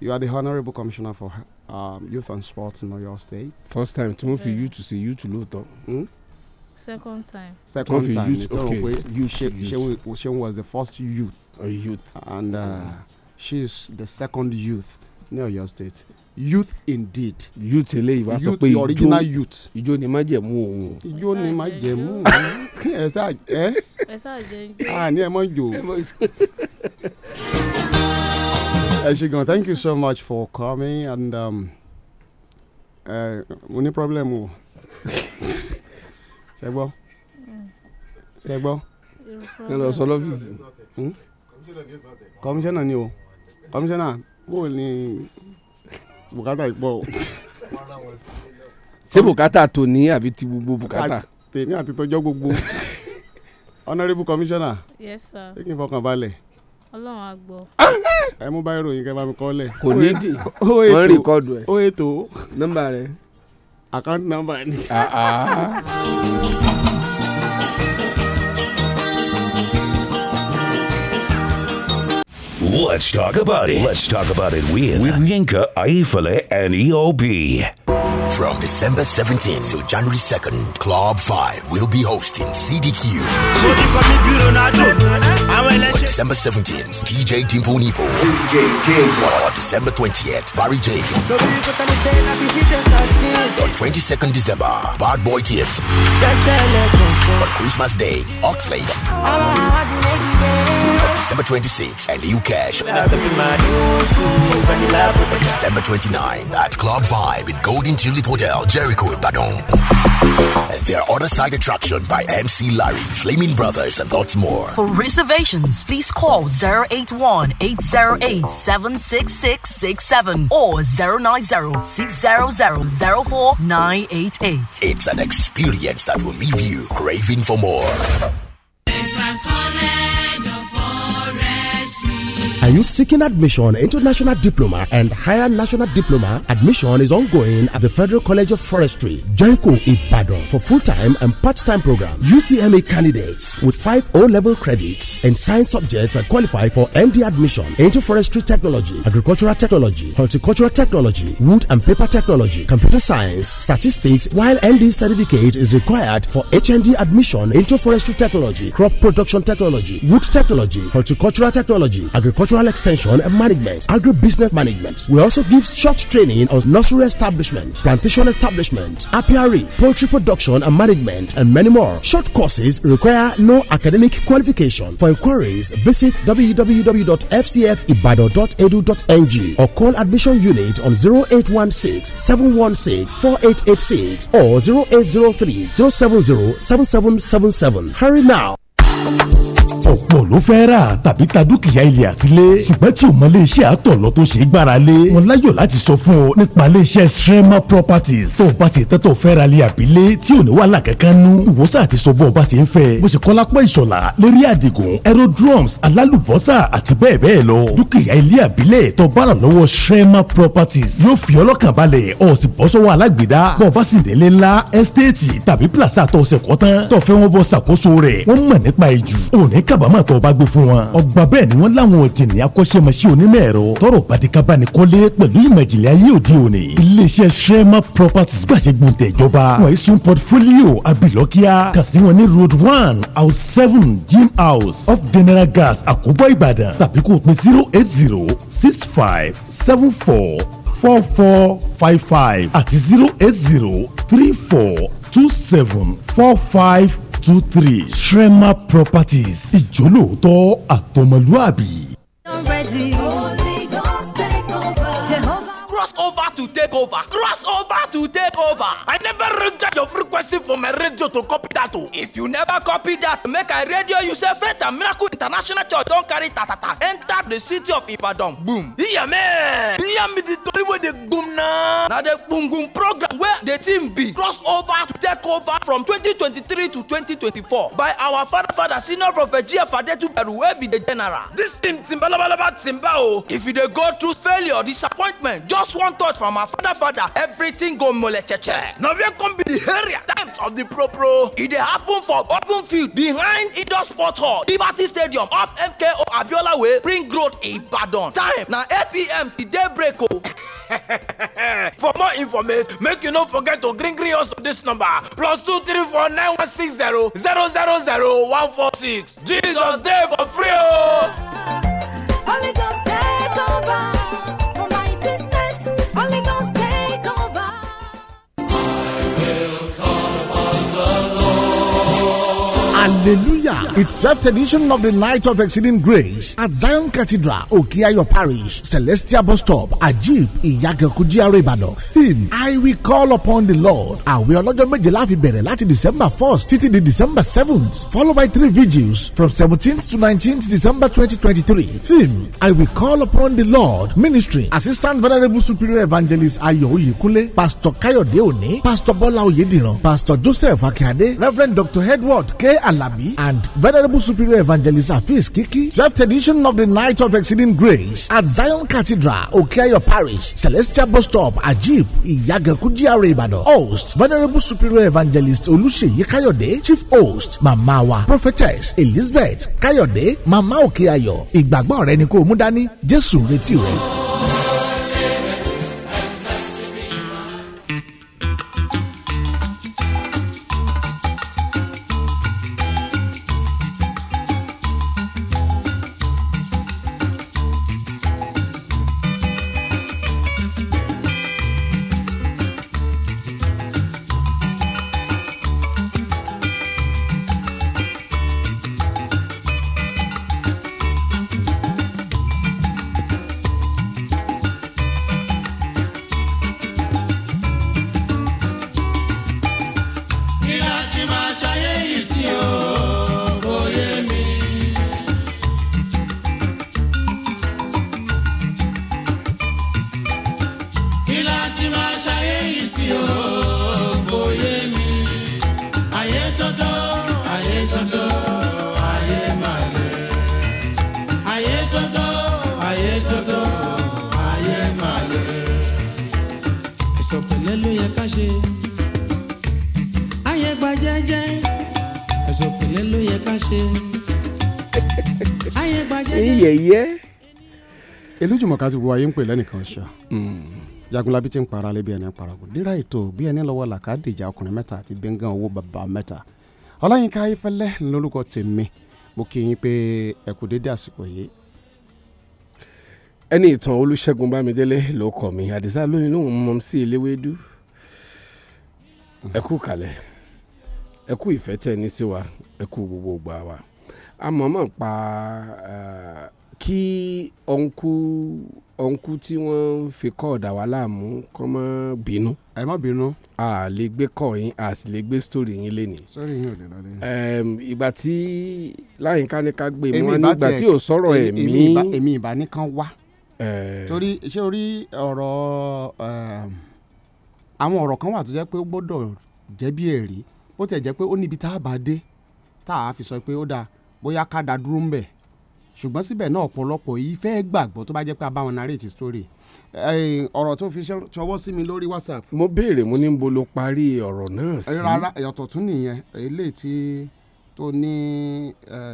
You are the honourable commissioner for um, youth and sports in Oyo State. First time tí wọ́n fi youth ṣe youth lóòótọ́. Hmm? second time. second time youth okay youth she she was she was the first youth. a youth and uh, uh. she's the second youth ní Ọ̀yọ́ state youth indeed. youth eléyìí wá sọ pé ijó original youth. ijó ni má jẹ̀mú òun. ijó ni má jẹ̀mú òun. [LAUGHS] ẹ sá ẹ. ẹ sá jẹ ijó. a ní ẹ mọ [LAUGHS] jò. ẹ ṣe gan thank you so much for coming and um, mo um, ní uh, problem [LAUGHS] ṣe gbọ́ ṣe gbọ́ kí ló sọ lọ́fíìsì hmm? kọmíṣánná ni o kọmíṣánná bó o ní bùkátà ìpọ̀ o. ṣé bùkátà tó ní àbí ti gbogbo bùkátà. tèmi àti tọjọ́ gbogbo honourable commissioner. yes sir. ṣé kí n fọkàn balẹ̀ ọlọ́run á gbọ́. ẹ mú báyìí ròyìn kẹ́ bá mi kọ́ lẹ̀. kò ní dì wọ́n rìkọ́dù ẹ̀. ó ètò. nọ́mbà rẹ̀. akaun nama ni. Ah. Uh-uh. [LAUGHS] Let's talk about it. Let's talk about it with, with Yinka, Aifale, and EOB. From December 17th to January 2nd, Club 5 will be hosting CDQ. On December 17th, DJ Dimpo Nipo. On December 20th, Barry J. On 22nd December, Bad Boy Tips. On Christmas Day, Oxlade. December 26 at New Cash. December 29 at Club Vibe in Golden Tulip Hotel, Jericho in Badon. And there are other side attractions by MC Larry, Flaming Brothers, and lots more. For reservations, please call 081 808 76667 or 090 600 It's an experience that will leave you craving for more. Are you seeking admission into National Diploma and Higher National Diploma? Admission is ongoing at the Federal College of Forestry, Janko Ibadan, for full time and part time program. UTMA candidates with 5 O level credits and science subjects are qualified for ND admission into Forestry Technology, Agricultural Technology, Horticultural Technology, Wood and Paper Technology, Computer Science, Statistics, while ND certificate is required for HND admission into Forestry Technology, Crop Production Technology, Wood Technology, Horticultural Technology, Agricultural Extension and Management, Agribusiness Management. We also give short training on nursery establishment, plantation establishment, apiary, poultry production and management, and many more. Short courses require no academic qualification. For inquiries, visit www.fcfibadan.edu.ng or call admission unit on 0816 716 4886 or 0803 070 7777. Hurry now! ọ̀pọ̀ ló fẹ́ rà tàbí ta dúkìá ilẹ̀ àtìlé ṣùgbọ́n tí o mọ iléeṣẹ́ àtọ̀lọ́ tó ṣe é gbára lé wọn láyọ̀ láti sọ fún ọ nípa iléeṣẹ́ Shrema Properties tó o bá ṣe tẹ́tọ̀ fẹ́ ra ilé àbílé tí ò ní wàhálà kankan nú ìwọ́sà àti sọ bọ́ ọ bá ṣe ń fẹ́ bó ṣe kọ́lápọ̀ ìṣọ̀lá lérí àdìgún aerodrums alálùbọ́sà àti bẹ́ẹ̀ bẹ́ẹ̀ lọ dúkìá ilé àbílẹ̀ tó bára lọ́wọ́ Shrema Properties yóò fi ọlọ́kàn tó o bá gbé fún wọn. ọgbà bẹ́ẹ̀ ni wọ́n láwọn òjìní akọ́ṣẹ́mọṣẹ́ onímọ̀ ẹ̀rọ tọrọ bàdìkábàní kọ́lé pẹ̀lú ìmọ̀ ayé òde òní. iléeṣẹ́ sẹ́mà properties gbàṣẹ gbòǹtẹ̀ ìjọba wọ́n sun portfolio abilọ́kíá kà sí wọn ní road one house seven gym house of general gas àkóbọ̀ ìbàdàn tàbí kò pin zero eight zero six five seven four four four five five àti zero eight zero three four two seven four five two three shrema properties ìjólóòótọ́ àtọmọlúàbí. cross over to take over. Crossover to take over. I never reject your frequency for my radio to copy that o. Oh. If you never copy that, make I radio you say Faith and Miracle International Church don carry tatata enter the city of Ibadan. Boom. Hear me. Hear me the tori wey dey gbum na. Na the gbungun program wey the team be. Crossover to take over from 2023 to 2024 by our father father senior prophet G.F. Adetuberu wey be the general. This team timba labalaba timba o. If you dey go through failure, disappointment, just one thought for from our father father everything go molecheche. na where come be the area times of the pro pro. e dey happen for open field behind indoor sport hall liberty stadium off mko abiola way ring road ibadan time na 8pm till daybreak o. [LAUGHS] for more information make you no forget to gree gree us on this number plus two three four nine one six zero zero zero zero one four six jesus dey for free o. Holy Ghost take over. Hallelujah. It's 12th edition of the Night of Exceeding Grace at Zion Cathedral, Okiayo Parish, Celestia Bus Stop, Ajib, Iyaganku GRA Theme, I will call upon the Lord. Àwẹ̀ ọlọ́jọ́ méje la fi bẹ̀rẹ̀ láti December 1st títí di December 7th, followed by three vigils from 17th to 19th December 2023. Theme, I will call upon the Lord. Ministry, Assistant Venerable Superior Evangelist Ayo Oyekunle, Pastor Kayode Oni, Pastor Bola Oyediran, Pastor Joseph Akade, Reverend Dr. Edward K. Alabi. Alami and Venerable Superior Evangelist Afis Kiki. 12th edition of the Night of Exceeding Grace at Zion Cathedral, Okeayo Parish, Celestial Bus Stop, Ajib, Iyagaku GRA Ibadan. Host Venerable Superior Evangelist Oluseyi Kayode, Chief Host Mamawa Prophetess Elizabeth Kayode, Mama Okeayo. Ìgbàgbọ́ rẹ ni kò mú dání, gbogbo ayé ń pè lẹ́nìkan ṣá hmm. Jagunlabi ti ń para lé bí ẹni paragun dírà ètò bí ẹni lọ́wọ́ làkàdéjà ọkùnrin mẹ́ta àti bẹ́ngàn owó bàbá mẹ́ta Ọláyínká Ayéfẹ́lẹ́ lórúkọ tèmi mo kí yín pé ẹ kú dédé àsìkò yìí ẹni ìtàn olùṣègùn bámidélé ló kọ mi àdìsá lóyún ló ń mọ sí eléwédú ẹ kú kalẹ̀ ìfẹ́ tẹ́ ní sí wa ẹ gbogbo gbà wa a mọ̀ mọ̀ pa eh, kí ọ̀nkú ọ̀nkú tí wọ́n fi kọ́ ọ̀dà wa láàmú kọ́ mọ́ bínú. ẹ má bínú. a lè gbé kọ́ yín a sì lè gbé sítórì yín lénìí. sọ́rí yín ò lè lọ lẹ́yìn. ìgbà tí láyínká ní ká gbé mọ́ nígbà tí ò sọ̀rọ̀ ẹ̀mí. èmi ìbá nìkan wá. torí ṣé orí ọ̀rọ̀ àwọn ọ̀rọ̀ kan wà tó jẹ́ pé ó gbọ́dọ̀ jẹ́ bí ẹ̀rí ó tẹ̀ jẹ́ pé ó níbi tá a bá dé tá a fi sọ pé ó dáa bóyá ká da dúró ń bẹ̀ ṣùgbọ́n síbẹ̀ náà ọ̀pọ̀lọpọ̀ yìí fẹ́ gbàgbọ́ tó bá jẹ́ pé a bá wọn narrate story ọ̀rọ̀ tó fi ṣọwọ́ sí mi lórí whatsapp. mo béèrè mo ní bo ló parí ọ̀rọ̀ náà sí. rárá ìyàtọ̀ tún nìyẹn eléyìí tí tó ní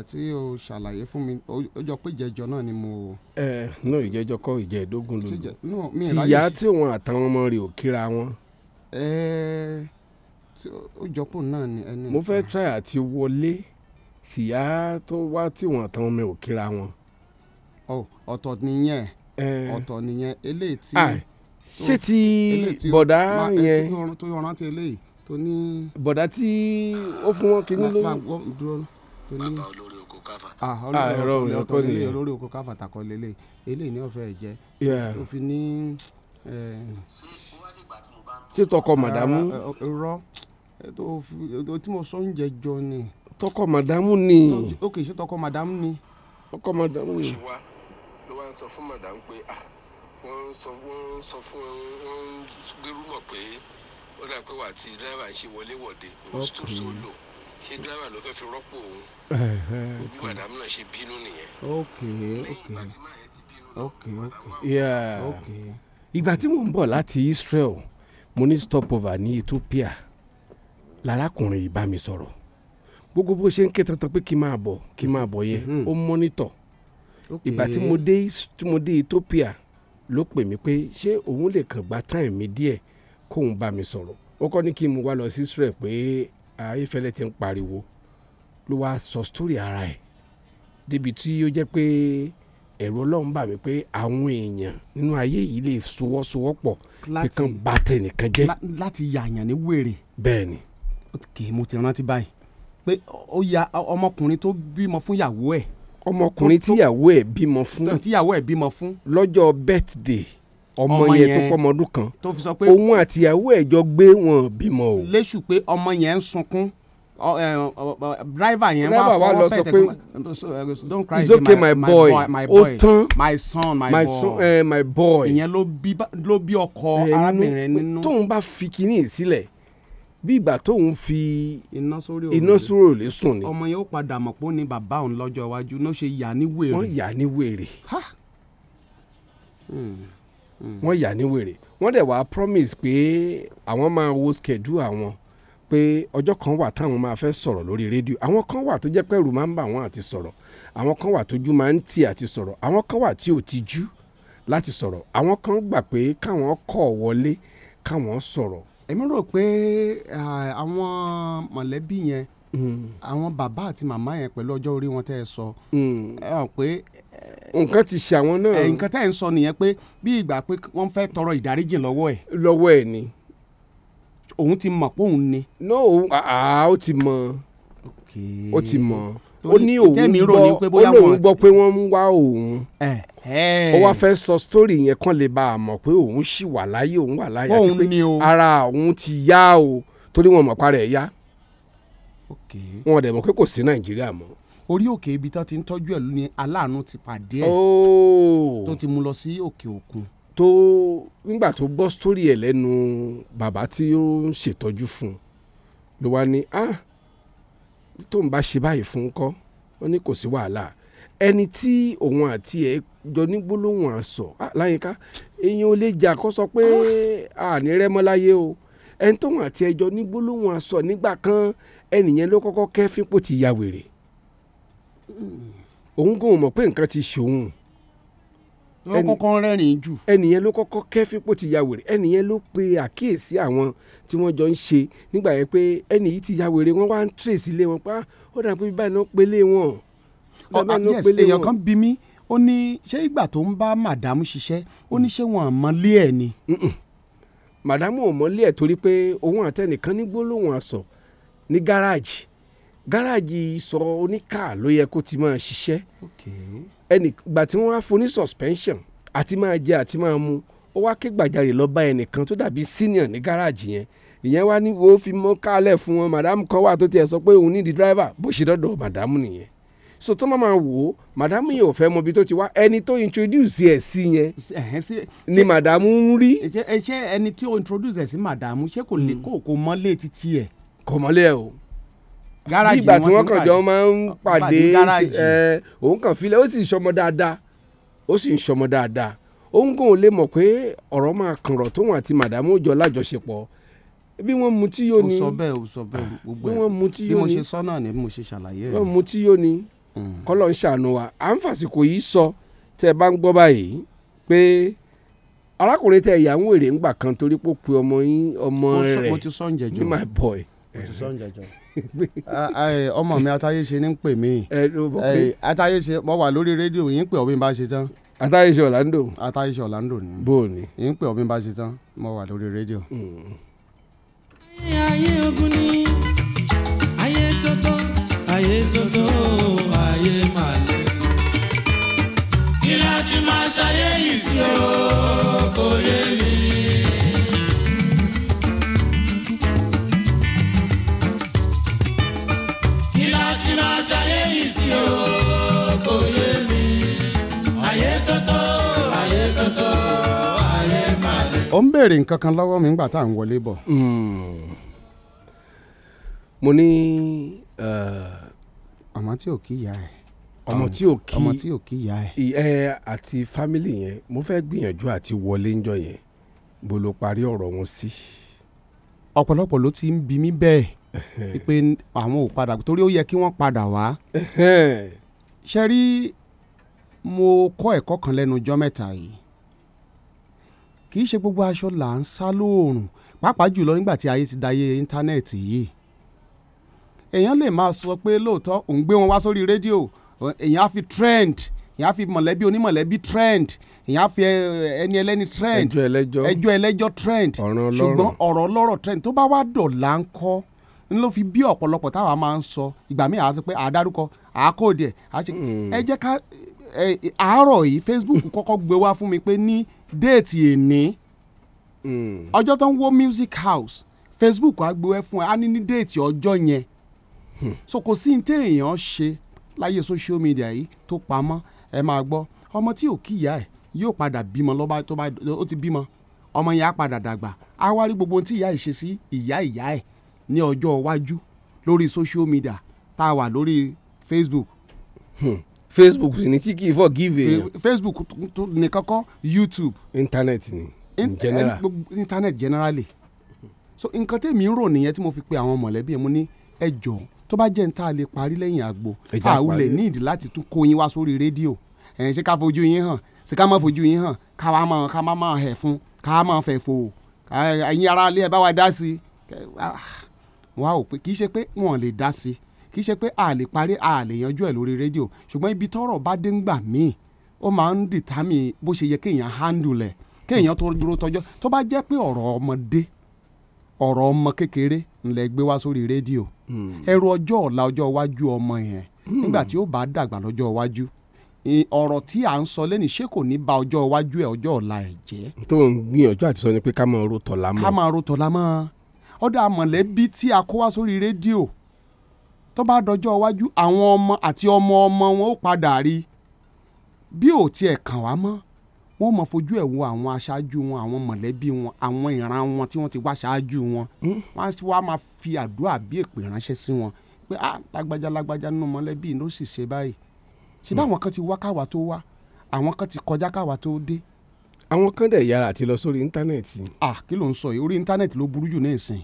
tí o ṣàlàyé fún mi ó jọ pé ìjẹjọ náà ni mo. ẹ náà ìjẹjọ kọ ìjẹẹdógún ló lò tìyá tí òun àtàwọn ọmọ rẹ̀ ò kíra wọn. ẹ ó jọ pé òun náà ni ẹni. mo fẹ́ try àti wọlé tìyá tó wá tí wọ́n tán mi ò kíra wọn. ọ̀tọ̀ nìyẹn ọ̀tọ̀ nìyẹn eléyìí tí. ṣé ti bọ̀dá yẹn. tó rántí eléyìí tó ní. bọ̀dá tí ó fún wọn kínní lórí. bàbá olórí oko káfà. ọlọ́run olórí oko lélẹ̀ olórí oko káfà tàkọ́ lélẹ̀ eléyìí ní ọ̀fẹ́ jẹ́ tó fi ní. ṣé tọkọ màdàmú. rọ tí mo sọ ń jẹ jọ ni tọkọ màdámù ni. ok ṣé tọkọ màdámù ni. tọkọ màdámù ni. òṣìwà ló wá ń sọ fún màdámù pé wọ́n ń sọ fún wọ́n ń mọ̀ pé ó dà pé wà á ti dírẹ́fà ń ṣe wọléwọ̀de òun stop solo ṣé dírẹ́fà ló fẹ́ fi rọ́pò òun bí màdámù náà ṣe bínú nìyẹn. ok ok ok ok yeah ok. ìgbà tí mò ń bọ̀ láti Israel mo ní stopover ní Ethiopia lárákùnrin ìbá mi sọ̀rọ̀ gbogbo bó ṣe ń ké tantan pé kí n máa bọ̀ kí n máa bọ̀ yẹn mm-hmm. ó mọ́nítọ̀ ìgbà tí mo dé tí mo dé Ethiopia ló pè mí pé ṣé òun lè kàn gba time mi díẹ̀ kóun bá mi sọ̀rọ̀ ó kọ́ ní kí n mú wá lọ sí Israel pé ayéfẹ́lẹ́ ti ń pariwo ló wá sọ story ara ẹ̀ débi tí ó jẹ́ pé ẹ̀rù ọlọ́run bà mí pé àwọn èèyàn nínú ayé yìí lè sowọ́sowọ́pọ̀ kíkan bá tẹnìkan jẹ́. láti yàyàn ní wèrè. bẹ́ẹ̀ni. ok mo ti rántí báyìí pé ó ya ọmọkùnrin tó bímọ fún ìyàwó ẹ̀. ọmọkùnrin tíyàwó ẹ̀ bímọ fún. tíyàwó ẹ̀ bímọ fún. lọ́jọ́ birthday ọmọ yẹn tó pọ́ ọmọdún kan òun àtìyàwó ẹ̀ jọ gbé wọn bímọ o. léṣù pé ọmọ yẹn ń sunkún driver yẹn wá fọwọ́ pẹ̀tẹ̀ pé uh, don't cry it's okay my, my boy my boy my son my, my boy son, uh, my boy ìyẹn ló bí ọkọ arábìnrin nínú. tóun bá fi kinní sílẹ̀ bí ìgbà tóun fi iná sórí òrùlé sùn ni. ọmọ yẹn ó padà mọ̀ pé ó ní bàbá òun lọ́jọ́ iwájú náà ṣe yà ní wèrè. wọ́n yà ní wèrè. Hmm. wọ́n yà ní wèrè wọ́n dẹ̀ wá promise pé àwọn máa wo schedule àwọn pé ọjọ́ kan wà táwọn máa fẹ́ sọ̀rọ̀ lórí rédíò àwọn kan wà tó jẹ́ pé ẹ̀rù máa ń bà wọ́n àti sọ̀rọ̀ àwọn kan wà tójú máa ń tì àti sọ̀rọ̀ àwọn kan wà tí ò ti jú láti sọ̀rọ̀ àwọn kan gbà pé káwọn kọ̀ wọlé káwọn sọ̀rọ̀ èmi rò pé àwọn mọ̀lẹ́bí yẹn hmm. àwọn bàbá àti màmá yẹn pẹ̀lú ọjọ́ orí wọn tẹ́ ẹ sọ hmm. ẹ hàn pé. nǹkan ti ṣe àwọn náà. nǹkan tẹ́ ẹ ń sọ nìyẹn pé bí ìgbà pé wọ́n fẹ́ tọrọ ìdáríjì lọ́wọ́ ẹ̀. lọ́wọ́ ẹ̀ ni. òun ti mọ̀ pé òun ni. no àá ó ti mọ̀ ó ti mọ̀ ó ní òun gbọ́ pé wọ́n ń wá òun ó wá fẹ́ sọ story yẹn kàn lè bá a mọ̀ pé òun ṣì wà láyé òun wà láyé àti pé ara òun ti yá o torí wọn mọ̀ parẹ́ yá wọn dẹ̀ mọ̀ pé kò sí nàìjíríà mọ́. orí òkè ibi tán ti ń tọ́jú ẹ̀ ní aláàánú ti pàdé ẹ̀ oh. tó ti mú lọ sí òkè òkun. tó nígbà tó gbọ́ story ẹ̀ lẹ́nu bàbá tí ó ń ṣètọ́jú fún un ló wá ní ah tóun bá ṣe báyìí fún un kọ́ ó ní kò sí wàhálà ẹni tí òun àti ẹ jọ ní gbólóhùn àsọ láyínká èyàn ò lè jà kó sọ pé àní rẹ mọ́láyé o ẹni tóun àti ẹ jọ ní gbólóhùn àsọ nígbà kan ẹnìyẹn ló kọ́kọ́ kẹ́ fípò ti ya wèrè òun kò mọ̀ pé nǹkan ti ṣòun wọ́n kọ́kọ́ rẹ́rìn-ín jù. ẹnìyẹn ló kọ́kọ́ kẹ́fípò ti ya ẹnìyẹn ló pe àkíyèsí àwọn tí wọ́n jọ ń ṣe nígbà yẹn pé ẹnì ti ya wọ́n wá ń tírèsí lé wọn pa ah, ó dà báyìí náà pélé wọn lọ́nà ló pélé wọn. èèyàn kan bí mi ó ní ṣé ìgbà tó ń bá màdámù ṣiṣẹ́ ó ní ṣé wọn àmọ́lé ẹ̀ ni. màdámù ò mọ́lé ẹ̀ torí pé òun àtẹnìkan ní gbólóhùn àsọ ní gáràjì gáràjì sọ oníkà ló yẹ kó ti máa ṣiṣẹ́ ẹnì tí wọ́n á fún suspension àti máa jẹ àti máa mu ó wá ké gbàjarè lọ bá ẹnìkan tó dàbí senior ní gáràjì yẹn ìyẹn wá ní wọ́n fi mọ́ kálẹ̀ fún wọn màdámù kan wà tó tiẹ̀ sọ pé òun ní di driver bó ṣe dọ́dọ̀ màdámù nìyẹn so tó máa ma wò ó màdàmú yẹn ò fẹ́ mọ ibi tó ti wá ẹni tó introduce ẹ̀ sí yẹn ni màdàmú ń rí. ẹ ṣe ẹni tí ó introduce ẹ sí màdàmú ṣé kò lè hmm. kó kó mọ́lé títí ẹ̀. kò mọ́lé ẹ o gáràjì ìgbà tí wọ́n kàn jọ máa ń pàdé ẹ òun kàn filẹ̀ ó sì ń ṣọmọ dáadáa ó sì ń ṣọmọ dáadáa òun kò lè mọ̀ pé ọ̀rọ̀ máa kànrọ̀ tóun àti màdàmú òjò lájọṣepọ̀ bí wọ́n mutí yóò ní. Ah, bí wọ́n mutí yóò ní. bí mo ṣe sọ náà ni mo ṣe ṣàlàyé rẹ̀. wọ́n mutí yóò ní kọ́lọ̀ ń ṣàánú wa à ń fàsìkò yìí sọ tẹ́ bá ń gbọ́ báyìí pé arákùnrin tẹ ìyàwó èrè ń gbà kan torí pé pe ọmọ yín ọmọ rẹ̀ ní my boy. ọmọ mi Atáyéṣe ní ń pè mí Atáyéṣe mo wà lórí rédíò yín pé ọ̀bí bá ṣe tán. Atáyéṣe Orlando. Atáyéṣe Orlando ni. bó yín pé ọ̀bí bá ṣe tán mo wà lórí rédíò. Hmm. ayé ogun ni ayé tọ́tọ́ ayé tótó ayé màlẹ. kí láti máa ṣayé yìí sí o kò yé mi. kí láti máa ṣayé yìí sí o kò yé mi. ayé tótó ayé tótó ayé màlẹ. ó ń béèrè nǹkan kan lọ́wọ́ mi nígbà tá à ń wọlé bọ̀. Hmm. mo ní. Uh, ọmọ tí ò kí ìyá ẹ̀ ọmọ tí ò kí ọmọ tí ò kí ìyá ẹ̀. ẹ àti fámìlì yẹn mo fẹ́ gbìyànjú àti wọlé ńjọ́ yẹn bó ló parí ọ̀rọ̀ wọn sí. ọ̀pọ̀lọpọ̀ ló ti ń bi mí bẹ́ẹ̀ pé àwọn ò padà torí ó yẹ kí wọ́n padà wá. ṣe rí mo kọ́ ẹ̀kọ́ kan lẹ́nu ọjọ́ mẹ́ta yìí kì í ṣe gbogbo aṣọ là ń sá lóòrùn pàápàá jùlọ nígbà tí ayé ti dayé íńtánẹ́ẹ̀tì yìí èèyàn lè máa sọ pé lóòótọ́ òun gbé wọn wá sórí rédíò èèyàn á fi trend èèyàn á fi mọ̀lẹ́bí onímọ̀lẹ́bí trend èèyàn á fi eh, ẹni ẹlẹ́ni trend ẹjọ́ ẹlẹ́jọ́ ẹjọ́ ẹlẹ́jọ́ trend ṣùgbọ́n ọ̀rọ̀ ọlọ́rọ̀ trend tó bá wá dọ̀là ń kọ́ n ló fi bí ọ̀pọ̀lọpọ̀ táwa máa ń sọ ìgbà míì àti pé àdárúkọ àákòdì ẹ̀ hmm. ẹ jẹ́ ká àárọ̀ yìí Facebook kọ́kọ́ gbé wá fún mi pé ní déètì èní hmm. ọjọ́ tó ń wo music house Facebook á gbé wá fún ẹ á ní ní déètì ọjọ́ yẹn so kò sí ní téèyàn ṣe láyé social media yìí tó pamọ́ ẹ máa gbọ́ ọmọ tí ò kíyà ẹ̀ yóò padà bímọ lọ́ba tó bá ó ti bímọ ọmọ yẹn á padà dàgbà á wá rí gbogbo ohun tí ìyá ẹ̀ ṣe sí ìyá ìyá ẹ̀ ní ọjọ́ iwájú lórí social media tá a wà lórí Facebook. Hmm. Facebook ni tí kì í forgive èèyàn. Facebook ní kọ́kọ́ YouTube. internet ni eh, general. internet generally so nǹkan tẹ̀mí ń rò nìyẹn tí mo fi pe àwọn mọ̀lẹ́bí ẹ̀ mo ní ẹ jọ̀ọ́ tó bá jẹ́ níta lè parí lẹ́yìn àgbo àwùlẹ̀ ní ìdí láti tún kó yín wá sórí rédíò ẹ̀ ṣé ká fojú yín hàn ṣé ká má fojú yín hàn ká wá máa ká má máa hẹ̀ fún ká má fẹ̀ fò ẹ̀yin ara ilé ẹ̀ bá wa dá sí i ah, wá ò pé kì í ṣe pé wọ́n lè dá sí i kì í ṣe pé a lè parí a lè yanjú ẹ̀ lórí rédíò ṣùgbọ́n ibi tọ́rọ̀ bá dé ńgbà míì ó máa ń dìtámì bó ṣe yẹ kéèyàn handle kéèyàn tó dúró tọjọ́ tó bá jẹ́ pé ọ̀rọ̀ ọmọdé ọ̀rọ̀ ọmọ kékeré ńlẹ̀ gbé wá sórí rédíò ẹrù ọjọ́ ọ̀la ọjọ́ iwájú ọmọ yẹn nígbà tí ó bá dàgbà lọ́jọ́ iwájú ọ̀rọ̀ tí à ń sọ lẹ́nu ṣé kò ní ba ọjọ́ iwájú ẹ̀ ọjọ́ ọ̀la ẹ̀ jẹ́. tó ń gbìyànjú àti sọ ni pé ká máa ro tọ̀la mọ́. ká máa ro tọ̀la mọ́ ọ̀dọ̀ àmọ̀lẹ́bí tí a kó wá sórí rédíò tó bá dọjọ́ iwájú àwọn ọmọ àti ọmọ ọmọ wọn ó padà rí bí ò tiẹ̀ kàn wá mọ́ wọn ò mọ̀ fojú ẹ̀ wo àwọn aṣáájú wọn àwọn mọ̀lẹ́bí wọn àwọn ìran wọn tí wọ́n ti wá aṣáájú wọn hmm? wọ́n wá máa fi àdúrà bí èpè ránṣẹ́ sí wọn pé ah lágbájá lágbájá nínú mọ̀lẹ́bí ló sì ṣe báyìí ṣé báwọn kan ti wá káwa tó wá àwọn kan ti kọjá káwa tó dé. àwọn kan dẹ̀ yára àti lọ sórí íńtánẹ́ẹ̀tì. ah kí ló ń sọ yìí orí íńtánẹ́ẹ̀tì ló burú jù ní ìsìn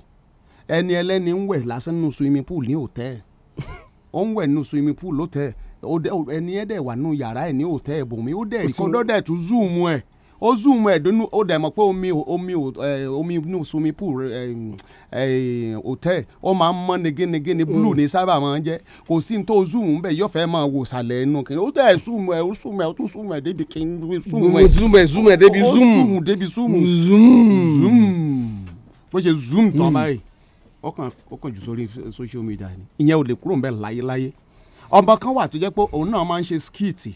ẹni ẹlẹ́ni ń wẹ̀ lásán nínú swimming pool ní hòtẹ́ẹ̀ ó ń wẹ̀ nínú swimming pool lótẹ́ẹ̀ ẹni ẹ dẹ̀ wà nù yàrá ẹ̀ ní òtẹ́ ẹ̀bùnmi ó dẹ̀ rí kọ́ńdọ́ tún zoom ẹ̀ ó zoom ẹ̀ dúnú ó dẹ̀ mọ̀ pé omi omi omi inú swimming pool òtẹ́ ó máa ń mọ́ negenege ni blue mm. ni sábà máa ń jẹ́ kò sí tó zoom ń yóò fẹ́ máa wò sàlẹ̀ inú kìnìún ó dẹ̀ zoom ẹ̀ ó zoom ẹ̀ ó tún zoom ẹ̀ débi kìnìún zoom ẹ̀ zoom ẹ̀ débi zoom ó zoom débi zoom zoom bó ṣe zoom tán mm. báyìí ó kàn ó kàn jù sórí social media ni ìyẹn ò lè kúrò ń bẹ̀ láyéláyé. ọmọ kan wà tó jẹ́ pé òun náà máa ń ṣe skiti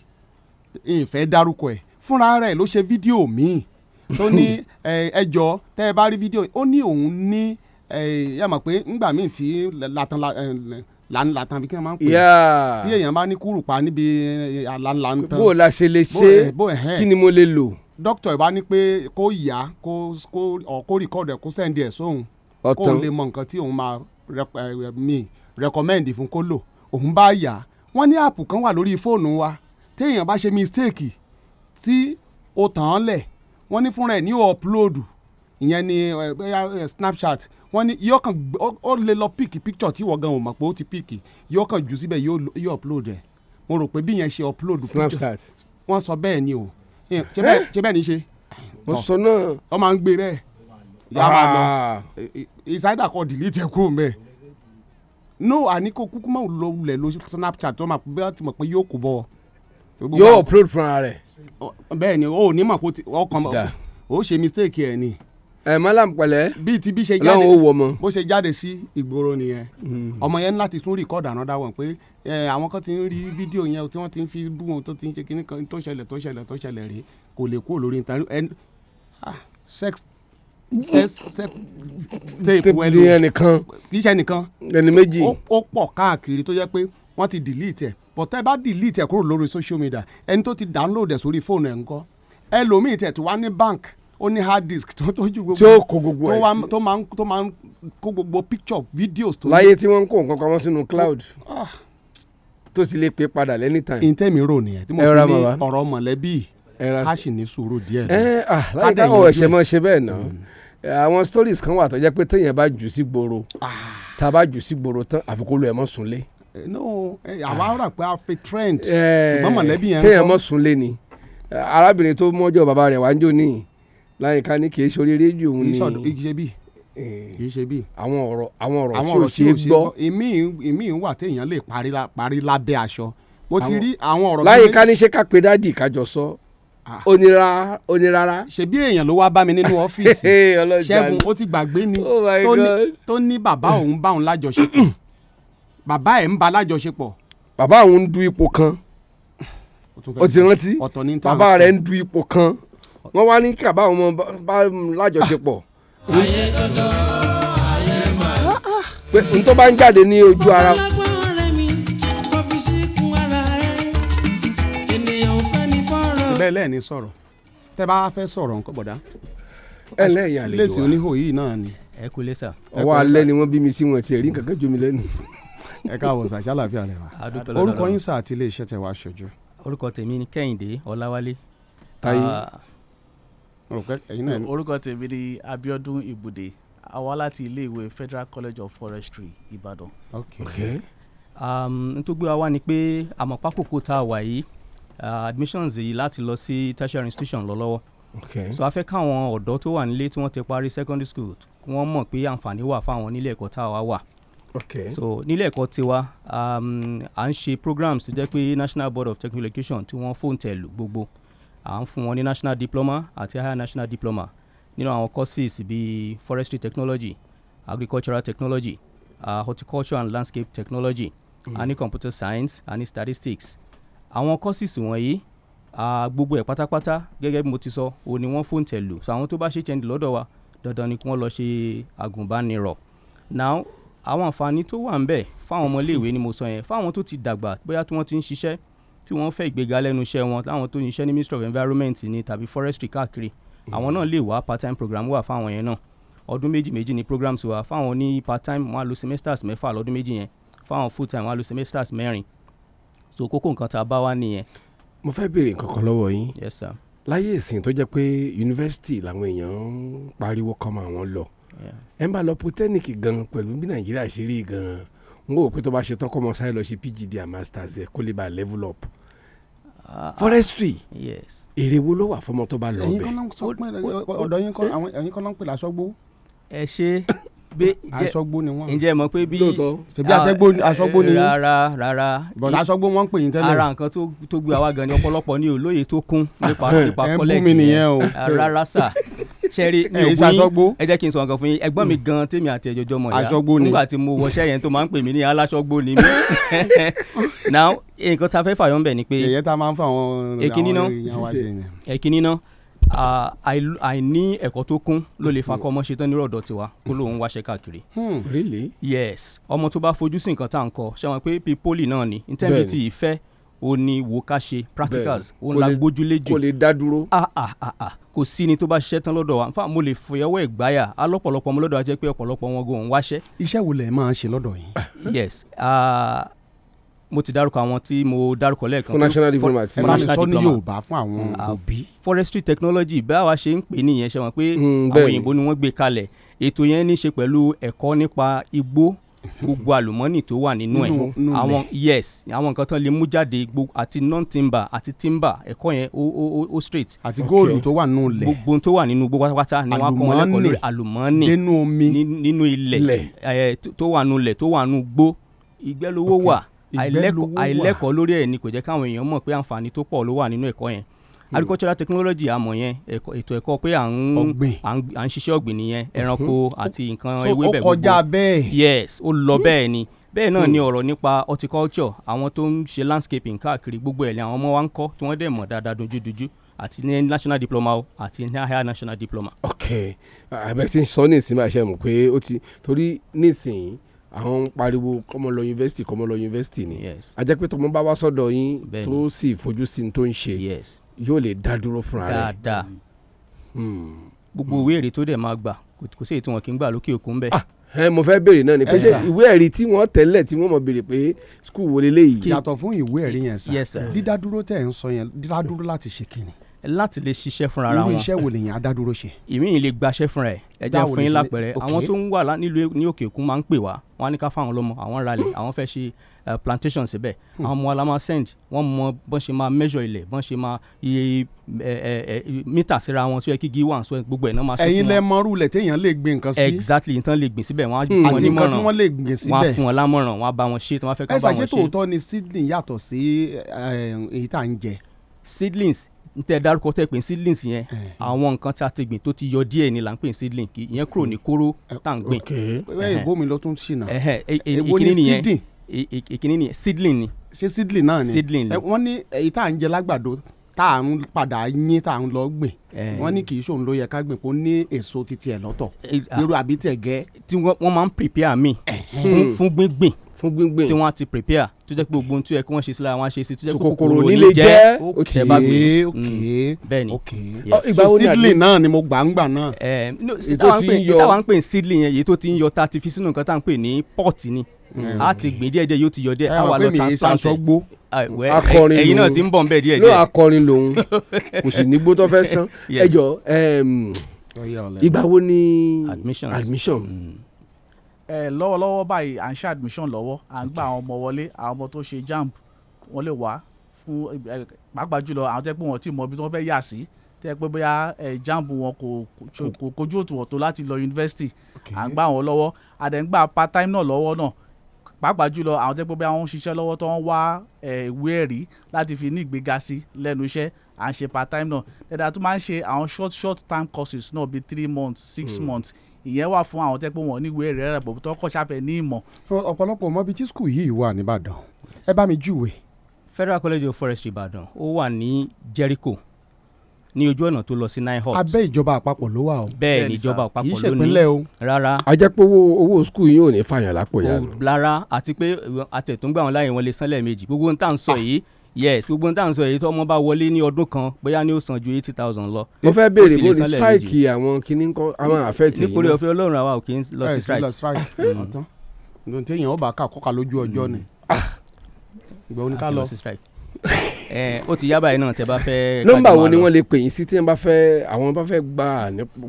ìfẹ́ dárúkọ ẹ̀ fúnra rẹ̀ ló ṣe fídíò míì tó ní [LAUGHS] ẹjọ́ tẹ́ ẹ bá rí fídíò ó ní òun ní yà mọ̀ pé ńgbà míì tí latan lanlatan bí kí wọ́n máa ń pè é tí èèyàn bá ní kúrùpá níbi lanlatan. bó o la ṣe lè ṣe kí ni mo lè lò. dókítà ìbá ní pé kó yá kó rìkọ́dù ẹ̀ kó sẹ́ndì ẹ̀ sóhun kó lè mọ nǹkan tí òun máa mi fún kó lò òun bá yà á wọ́n ní àpù kan wà lórí fóònù wa téèyàn bá ṣe mistake tí o tàn án lẹ̀ wọ́n ní fúnra ẹ̀ ní o upload ìyẹn ni eh, snapchat wọ́n ní yóò kàn ó lè lọ píìkì picture tí wọ́n gan ò mọ̀ pé ó ti píìkì yóò kàn jù síbẹ̀ yóò upload ẹ̀ mo rò pé bí yẹn ṣe upload picture wọ́n sọ bẹ́ẹ̀ ni o ṣe bẹ́ẹ̀ ni ṣe. mo sọ náà. ọ máa ń gbé bẹ́ẹ̀ yàrá lọ ìsáyédà ah. kọ́ delete ẹ̀ kúrò mẹ́ẹ̀ no àní kò kúkú máa lọ wulẹ̀ lo snapchat tó máa bí wọ́n ti mọ̀ pé yóò kó bọ̀. yóò upload fúnra rẹ̀. bẹ́ẹ̀ ni o ò ní mọ̀ kó ọkàn ó ṣe mistake ẹ̀ ni ẹ malam pẹ̀lẹ́. bíi ti bí ṣe jáde Ọlọ́run ó wọ ọmọ. bó ṣe jáde sí ìgboro nìyẹn. Hmm. ọmọ yẹn láti tún rìkọ́ọ̀dù another one pé àwọn kan ti ń rí fídíò yẹn tí wọ́n ti ń fi bú wọn tó ti ń ṣe kíní kan tó ṣẹlẹ̀ tó ṣẹlẹ̀ tó ṣẹlẹ̀ rí kò lè kúrò lórí ìtàn ah, sex tape wẹ́lú ẹnìkan kì í ṣe ẹnìkan ẹni méjì ó pọ̀ káàkiri tó jẹ́ pé wọ́n ti delete ẹ̀ but tẹ́ bá delete ẹ̀ kúrò lórí social media ẹni tó ti download ẹ̀ sórí fóònù ẹ̀ ńkọ́ ẹlòmíì tẹ̀ tó wá ní bank ó ní hard disk tó tójú gbogbo tí ó kó gbogbo ẹ̀ sí tó máa ń tó máa ń kó gbogbo picture videos tó ní. láyé tí wọ́n ń kó nǹkan pamọ́ sínú cloud ah. tó sì lè pè padà anytime. ìtẹ́mi rò nìyẹn tí mo fi ní ọ̀rọ̀ mọ̀lẹ́bí ká sì ní sùúrù díẹ̀ náà. láì dáhùn ẹ̀ṣẹ̀ mọ́ ṣe bẹ́ẹ̀ náà mm. àwọn stories kan wà tó jẹ́ pé téèyàn bá jù sí gbòòrò ah. tá a bá jù sí gbòòrò tán àfikún ẹ̀ mọ́ sunlé. Eh, no eh, àwa rà pé a fi trend eh, ṣùgbọ́n mọ̀lẹ́bí yẹn ń kọ́. téèyàn mọ́ sunlé ni arábìnrin tó mọ́jọ́ bàbá rẹ̀ wá ń jò níyì láyìnká ní kì í sori rédíò òun ni. kì í ṣe bí kì í ṣe bí. àwọn ọ̀rọ̀ àwọn ọ̀rọ̀ tí o ṣe gbọ́. èmi èmi wà téèyàn lè parí lábẹ́ aṣọ. mo ti rí àwọn ọ̀rọ̀. láyìnká ní ṣe ká pe dádì kájọ sọ ó ah. onirara. rárá ó ní rárá. ṣebí èèyàn ló wá bá mi nínú [LAUGHS] ọ́fíìsì ṣẹ́gun ó ti gbàgbé ni oh tó ní bàbá òun bá òun lájọṣepọ̀ [CLEARS THROAT] bàbá ẹ̀ ń ba lájọṣepọ̀. bàbá òun ń du ipò kan ó ti rántí bàbá rẹ̀ ń du ipò kan wọ́n wá ní kí bàbá òun bá lájọṣepọ̀. pé n tó bá ń jáde ní ojú ara. bẹ́ẹ̀ lẹ́ẹ̀ ni sọ̀rọ̀ tẹ́ bá fẹ́ sọ̀rọ̀ nǹkan bọ̀dá. ẹ lẹ́yìn àlejò wa lẹ́sìn ni. ẹ kú lé sà. ọwọ́ alẹ́ ni wọ́n bí mi sí wọn ti ẹ̀rí nǹkan kan jomi lẹ́nu. ẹ káàbọ̀ sà ṣàlàfíà lẹ́wà orúkọ yín sà àti iléeṣẹ́ tẹ̀ wá ṣojú. orúkọ tèmi ni kẹ́hìndé ọláwálé. orúkọ tèmi ni abíọ́dún ibùdé àwa láti iléèwé federal college of forestry ìbàdàn. ok. Um, n tó gbé wa wá ni pé àmọ̀pákòkò tá a wà yìí Uh, admissions yìí láti lọ sí tertiary institution lọ́lọ́wọ́ okay. so a fẹ́ káwọn ọ̀dọ́ tó wà nílé tí wọ́n ti parí secondary school wọ́n mọ̀ pé àǹfààní wà fáwọn nílé ẹ̀kọ́ tá a wá wà okay. so nílé ẹ̀kọ́ tiwa um, à ń ṣe programs tó jẹ́ pé national board of technical education tí wọ́n fòǹtẹ̀ lù gbogbo à ń fún wọn ní national diploma àti higher national diploma nínú àwọn courses bíi forestry technology agricultural technology uh, horticulture and landscape technology mm. a computer science a statistics Àwọn courses wọ̀nyí, à gbogbo ẹ̀ pátápátá gẹ́gẹ́ bí mo ti sọ, òun ni wọ́n fòǹtẹ̀ lù. So àwọn tó bá ṣe HND lọ́dọ̀ wa, dandan ni kí wọ́n lọ ṣe àgùnbánirọ̀. Now, àwọn àǹfààní tó wà níbẹ̀ fún àwọn ọmọ ilé ìwé ni mo sọ yẹn. Fún àwọn tó ti dàgbà, bóyá tí wọ́n ti ń ṣiṣẹ́, tí wọ́n fẹ́ ìgbéga lẹ́nu iṣẹ́ wọn, láwọn tó ń ṣiṣẹ́ ní Ministry of Environment ni tàbí Forestry káàkiri, àwọn náà lè wá part time program wà fún àwọn yẹn náà. Ọdún méjì méjì ni programs wà. Fún àwọn part time, wọ́n á lo semesters mẹ́fà lọ́dún méjì yẹn. Fún full time, wọ́n á lo semesters mẹ́rin so kókó nǹkan tá a bá wá nìyẹn. mo fẹ́ béèrè nǹkan kan lọ́wọ́ yín. yes sir. láyé ìsìn tó jẹ́ pé yunifásitì làwọn èèyàn ń pariwo kọ́ máa wọ́n lọ. ẹ ń bá lọ polytechnic gan pẹ̀lú bí nàìjíríà ṣe rí gan n kò pé tó bá ṣe tán mọ sáyé lọ ṣe PhD and masters ẹ̀ kó lè bá level up. Ah, forestry èrè wo ló wà fọmọ tó bá lọ bẹ. ọ̀dọ̀ yín kan ló ń pè lásọgbó. ẹ ṣe asọgbó ni wọn. ǹjẹ́ mọ̀ pé bí ṣebí asọgbó ni. Ah, rárá rárá. bọ̀dá asọgbó wọn ń pè yín tẹ́lẹ̀. ara nǹkan tó gbé àwa gan ni ọ̀pọ̀lọpọ̀ ni olóye tó kún nípa [LAUGHS] nípa kọ́lẹ́jì yẹn ah, rárá sà sẹ́rí mi [LAUGHS] ò wí ẹ jẹ́ kí n sọ nǹkan fún yín ẹ̀gbọ́n mi gan tèmi àti ẹ̀jọ̀jọ́ mọ̀ ya nígbà tí mo wọṣẹ́ yẹn tó máa ń pè mí ní aláṣọgbó ni mí [LAUGHS] now nǹkan tá a fẹ́ fàyọ́ ń bẹ̀ ni pé èyí tá a fà àìní ẹ̀kọ́ tó kún ló lè fa kọ́ ọmọ ṣetán nírọ̀ tiwa kó lóun wáṣẹ́ káàkiri. Hmm. really? yes ọmọ tó bá fojú sí nǹkan tá à ń kọ ṣe wọn pé bíi poli náà ni ntẹ́bi ti ìfẹ́ o wò ká ṣe practicals òun la gbójúlé jù kò lè dá dúró. kò sí ni tó bá ṣiṣẹ́ tán lọ́dọ̀ wa nfa mo lè fọyọ́wọ́ ẹ̀ gbáyà alọ́pọ̀lọpọ̀ ọmọ lọ́dọ̀ wa jẹ́ pé ọ̀pọ̀lọpọ̀ wọn gan-an wáṣẹ́. iṣẹ́ wo lẹ̀ máa ń ṣe lọ́dọ̀ yìí. yes uh, mo ti dárúkọ àwọn tí mo dárúkọ lẹ́ẹ̀kan. fún national diploma sí national diploma. sọ ní yorùbá fún àwọn mm. òbí. forestry technology báwa ṣe ń pè nìyẹn ṣe wọn pé mm, àwọn òyìnbó ni wọ́n gbé kalẹ̀ ètò yẹn ní í ṣe pẹ̀lú ẹ̀kọ́ nípa igbó gbogbo [LAUGHS] àlùmọ́nì tó wà nínú ẹ̀ àwọn yes àwọn nǹkan tán lè mú jáde gbogbo àti non-timber àti timber ẹ̀kọ́ yẹn ó ó ó straight. àti góòlù tó wà nínú ilẹ̀ gbogbo tó wà nínú gbogbo pátápátá ni wọ́n kọ́ wọn lẹ́kọ̀ọ́ lórí àlùmọ́nì nínú omi nínú ilẹ̀ tó wà nínú ilẹ̀ tó wà nínú gbó ìgbẹ́lówó wà. Okay àìlẹ́kọ̀ọ́ lórí ẹ̀ ni kò jẹ́ káwọn èèyàn mọ̀ pé àǹfààní tó pọ̀ ló wà nínú ẹ̀kọ́ yẹn hmm. agricultural technology àmọ̀ yẹn ètò ẹ̀kọ́ pé à ń ṣiṣẹ́ ọ̀gbìn nìyẹn hmm. ẹranko àti nǹkan ewébẹ̀ gbogbo so ó kọjá bẹ́ẹ̀ yes ó lọ hmm. bẹ́ẹ̀ ni bẹ́ẹ̀ náà ni ọ̀rọ̀ nípa horticulture àwọn tó ń ṣe landscaping káàkiri gbogbo ẹ̀ ni àwọn ọmọ wa ń kọ́ tí wọ́n dẹ̀ mọ̀ dáadáa dojúdojú àti ní national diploma o àti ní higher national diploma. ok abẹ́tí sọ ní ìsinmi àṣẹ mọ̀ pé ó ti torí nísìnyí àwọn ń pariwo kọ́mọ lọ yunifásitì kọ́mọ lọ yunifásitì ni a jẹ́ pé tọmọ bá wá sọ́dọ̀ yín tó sì fojú sí tó ń ṣe yóò lè dá dúró fúnra rẹ̀. dáadáa hmm. gbogbo ìwé èrè tó dẹ̀ máa gbà kò sí èyí tí wọn kì í gbà lókè òkun bẹ́ẹ̀ ah, ẹ mo fẹ́ béèrè náà ni pé ṣé ìwé ẹ̀rí tí wọ́n tẹ́lẹ̀ tí wọ́n mọ̀ béèrè pé skul wo leléyìí. yàtọ̀ fún ìwé ẹ̀rí yẹn sá dídádúró tẹ̀ ń sọ yẹn dídádúró láti ṣe kíni láti lè ṣiṣẹ́ fúnra wọn. irú iṣẹ́ wo lèyàn adádúró ṣe. ìmíì lè gbaṣẹ́ fúnra ẹ̀ ẹ jẹ́ fún yín lápẹ̀rẹ̀ àwọn tó ń wà nílùú ní òkè òkun máa ń pè wá wọn á ní ká fáwọn lọ́mọ àwọn ralẹ̀ hmm. àwọn fẹ́ ṣe eh, plantation síbẹ̀ hmm. àwọn ọmọ aláma send wọ́n mọ bọ́n ṣe máa measure ilẹ̀ bọ́n ṣe máa iye eh, eh, mítà síra wọn tó yẹ kí gí wà sọ gbogbo ẹ̀ náà máa ṣe fún wọn. ẹ̀yin lẹ mọ rúlẹ̀ téèyàn lè gbìn nǹkan sí. exactly nǹkan lè gbìn síbẹ̀ wọ́n á fún hmm. wọn nímọ̀ràn àti nǹkan tí wọ́n lè gbìn síbẹ̀ wọ́n á fún wọn lámọ̀ràn wọ́n á bá wọn ṣe tí wọ́n fẹ́ kí bá wọn ṣe. ẹ ṣàṣetò òótọ́ ni seedlings n tẹ dárúkọ tẹ pé seedlings yẹn eh. àwọn nǹkan tí a ti gbìn tó ti yọ díẹ̀ ni là ń pè seedling ìyẹn kúrò ní kóró eh, tá à ń gbìn. Eh, ẹ ìbò mi ló tún ṣìnà èwo e, e, ni seeding. E, ìkíní nìyẹn seedling ni. ṣé seedling náà ni seedling ni. wọ́n ní èyí tá à ń jẹ lágbàdo tá à ń padà yín tá à ń lọ gbìn wọ́n ní kì í ṣòun ló yẹ ká gbìn kó ní èso titi ẹ̀ lọ́tọ̀ ah. irú àbí tẹ̀ gẹ́. tí wọ́n máa ń prepare mi fún gbíngbìn tí wọ́n ti prepare tó jẹ́ pé gbogbo ohun tó yẹ kí wọ́n ṣe sí la wọ́n á ṣe sí tó jẹ́ pé kòkòrò nílé jẹ́ òkè òkè bẹ́ẹ̀ni òkè ìgbà wo ni seedling náà ni mo gbà ń gbà náà. ìtawà ń pè ní seedling yẹn èyí tó ti ń yọ tá a ti fi sínú nǹkan tá à ń pè ní pot ni mm. a ti gbìn díẹ̀ díẹ̀ yóò ti yọ díẹ̀ a wà lọ transplant akọrin lòun ẹyin náà ti ń bọ̀ ń bẹ̀ díẹ̀ díẹ̀. ló akọrin lòun [LAUGHS] kò sì ní gbótọ́ fẹ́ san ẹjọ́ ìgbà wo ni admission mm lọ́wọ́lọ́wọ́ báyìí à ń ṣe admission lọ́wọ́ à ń gba àwọn ọmọ wọlé àwọn ọmọ tó ṣe jamb wọ́n lè wá fún pàápàá jùlọ àwọn tẹ́ pé wọ́n ti mọ ibi tí wọ́n fẹ́ yà sí tẹ́ pé bóyá jamb wọn kò kojú òtúwọ̀n tó láti lọ yunifásitì à ń gba àwọn lọ́wọ́ à part time náà lọ́wọ́ náà pàápàá jùlọ àwọn tẹ́ pé bóyá wọ́n ń ṣiṣẹ́ lọ́wọ́ tó ń wá ìwé ẹ̀rí láti fi ní ìgbéga sí lẹ́nu iṣẹ́ à ń ṣe part time náà ẹ̀dá tó máa ń ṣe àwọn short short time courses náà bíi three months six hmm. months ìyẹn wà fún àwọn tẹ́ pé níwèé rẹ̀ rẹ̀ bọ̀ tó ní ìmọ̀. ọ̀pọ̀lọpọ̀ mọ tí skul yìí wà nìbàdàn ẹ bá mi júwe. Federal College of Forestry Ìbàdàn ó wà ní Jericho ní ojú ọ̀nà tó lọ sí nine hot. abẹ́ ìjọba àpapọ̀ ló wà o. bẹ́ẹ̀ ni ìjọba àpapọ̀ ló ní rárá. a jẹ́ pé owó owó skul yìí ò ní fàyàn lápò yàrá. rárá àti pé àtẹ̀túngbà wọn láyé wọn lè san lẹ́ẹ̀mejì gbogbo ohun tá à ń sọ ah. yìí yes gbogbo n tá à ń sọ èyí tó ọmọ bá wọlé ní ọdún kan bóyá ni ó san ju eighty thousand lọ. mo fẹ́ béèrè bó ni strike àwọn kìíní kọ́ àwọn àfẹ́tì yìí. nítorí ọ̀fẹ́ Ọlọ́run àwa ò kì í hmm. hmm. lọ sí strike. ọ̀tán ǹdọ̀ntẹ́yìn ọba kà kọ́ka lójú ọjọ́ ni ìgbà oníkà lọ ẹ ó ti yá báyìí náà tẹ bá fẹ́. nọ́mbà wo ni wọ́n lè pè yín sí tí wọ́n bá fẹ́ àwọn bá fẹ́ gbà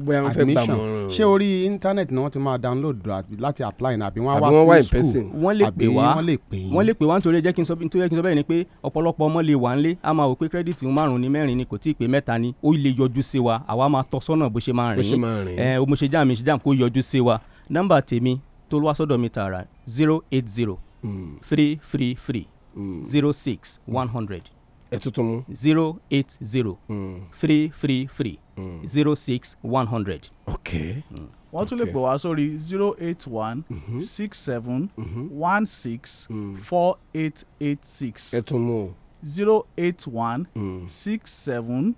bóyá wọ́n fẹ́ gbà mọ́. ṣé orí internet ni wọ́n ti máa download láti apply náà àbí wọ́n wá sí school wọ́n lè pè wá wọ́n lè pè wá nítorí jẹ́ kí n sọ nítorí jẹ́ kí n sọ bẹ́ẹ̀ ni pé ọ̀pọ̀lọpọ̀ ọmọ lè wà ń lé a máa wò pé kírẹ́dìtì márùn ni mẹ́rin ni kò tí ì pé mẹ́ta ni ó lè yọjú sí wa àwa máa tọ́ sọ́nà bó ṣe máa rìn zero eight zero hmm. three three three zero six one hundred. ẹ tuntun mu. zero eight zero. Hmm. three three three. Hmm. zero six one hundred. okay. Mm wọ́n tún lè pè wá sórí zero eight one mhm. six seven one six four eight eight six. ẹ tún mú zero eight one six seven.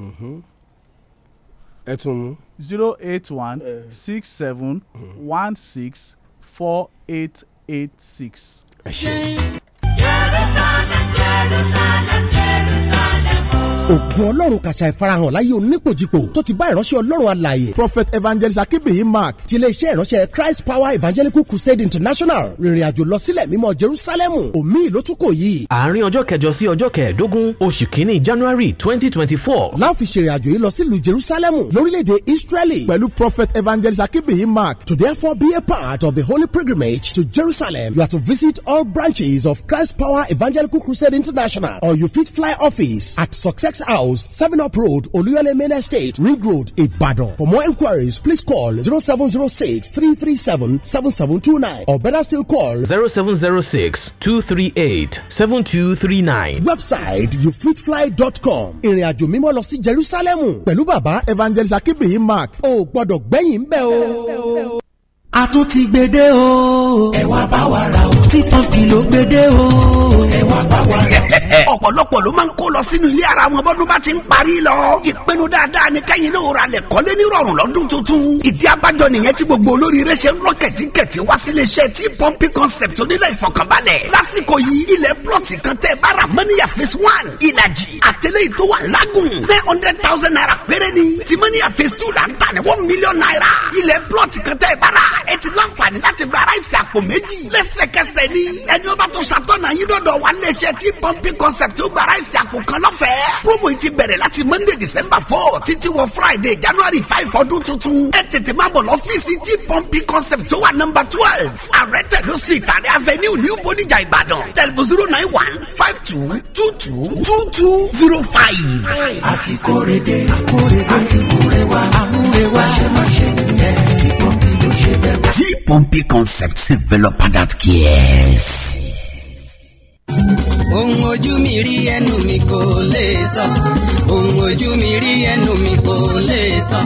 ẹ tún mú. zero eight one six seven one six four eight eight six. ẹ ṣeun. Jerusalem, Jerusalem. ògùn ọlọ́run kàṣà ìfarahàn láyé onípòjìpò tó ti bá ìránṣẹ́ ọlọ́run alààyè prophet evangelist akínbíyì mark ti ilé iṣẹ́ ìránṣẹ́ christ power evangelical crusade international rìnrìn àjò lọ sílẹ̀ mímọ́ jerusalem omi ìlú tún kò yìí. àárín ọjọ́ kẹjọ sí ọjọ́ kẹẹ̀ẹ́dógún oṣù kínní january twenty twenty four láòfin ṣèrìn àjò yìí lọ sílùú jerusalem lórílẹ̀‐èdè israeli pẹ̀lú prophet evangelist akínbíyì mark to therefore be a part of the holy pilgrimage to jerusalem you are to visit all branches of christ power evangelical crusade international or you fit fly office at success House, Seven Up Road, Oluyole Main Estate, Ring Road, Ibadan. For more inquiries, please call 0706 337 7729 or better still call 0706 238 7239. Website youfitfly.com. Ìrìnàjò mímọ́ lọ sí Jerusalem pẹ̀lú bàbá Evangelist Akínbíyí Mark. O gbọ́dọ̀ gbẹ̀yìn bẹ́ẹ̀ o. A tún ti gbede o. Ẹ wá bá wa ra o. Tí pọ́ǹpì ló gbede o. Ẹ wá bá wa ra o bẹ́ẹ̀. ọ̀pọ̀lọpọ̀ ló máa ń kó lọ sínú ilé ara wọn bọ́dún bá ti ń parí lọ. ìpinnu dáadáa ni kẹ́yìn náà ra lẹ̀ kọ́lé ní rọrùn lọ́dún tuntun. ìdí abájọ nìyẹn tí gbogbo olóríire ṣe ń rọ kẹ̀tíkẹ̀tí wá sílé iṣẹ́ tí pọ́ǹpì concept onílẹ̀ ìfọkànbalẹ̀. lásìkò yìí ilẹ̀ plọ̀tì kan tẹ bára mọ́níyà phase one ìlàjì àtẹlẹ́ ìtò wà lágùn nine hundred thousand naira péré ni ti mọ́níyà phase two là one million naira. ilẹ̀ plọ̀tì kan tẹ bára ẹ ti láǹfààní láti gba aráàsì àpò méjì lẹ́sẹ̀kẹsẹ̀ ni ẹni ó bá tó ṣàtọ̀nà yín dọ̀dọ̀ wà nílé concept ó gba ráìsì àpò kan lọ́fẹ̀ẹ́. promo yìí ti bẹ̀rẹ̀ láti monday december four títí wọ friday january five ọdún tuntun. ẹ tètè máa bọ̀ lọ́fíìsì tí pọ́ǹpì concept tó wà nọ́mbà twelve àrẹ tẹ̀lé street àrẹ avenue new bonija ìbàdàn tẹlifu zero nine one five two two two two two zero five. àti kórede àkórede àti múrewa àmúrewa àṣemáṣe nìyẹn tí pọ́ǹpì ló ṣe bẹ́ẹ̀. tí pọ́ǹpì concept developer that cares ohun ojú mi rí ẹnu mi kò lè sọ ohun ojú mi rí ẹnu mi kò lè sọ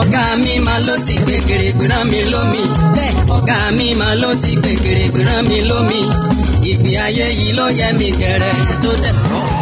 ọ̀gá mi máa ló sì gbẹgẹrẹ gbẹrán mi lómi bẹ́ẹ̀ ọ̀gá mi máa ló sì gbẹgẹrẹ gbẹrán mi lómi ìgbé ayé yìí ló yẹ mi gẹrẹ tó dẹ̀ fọ́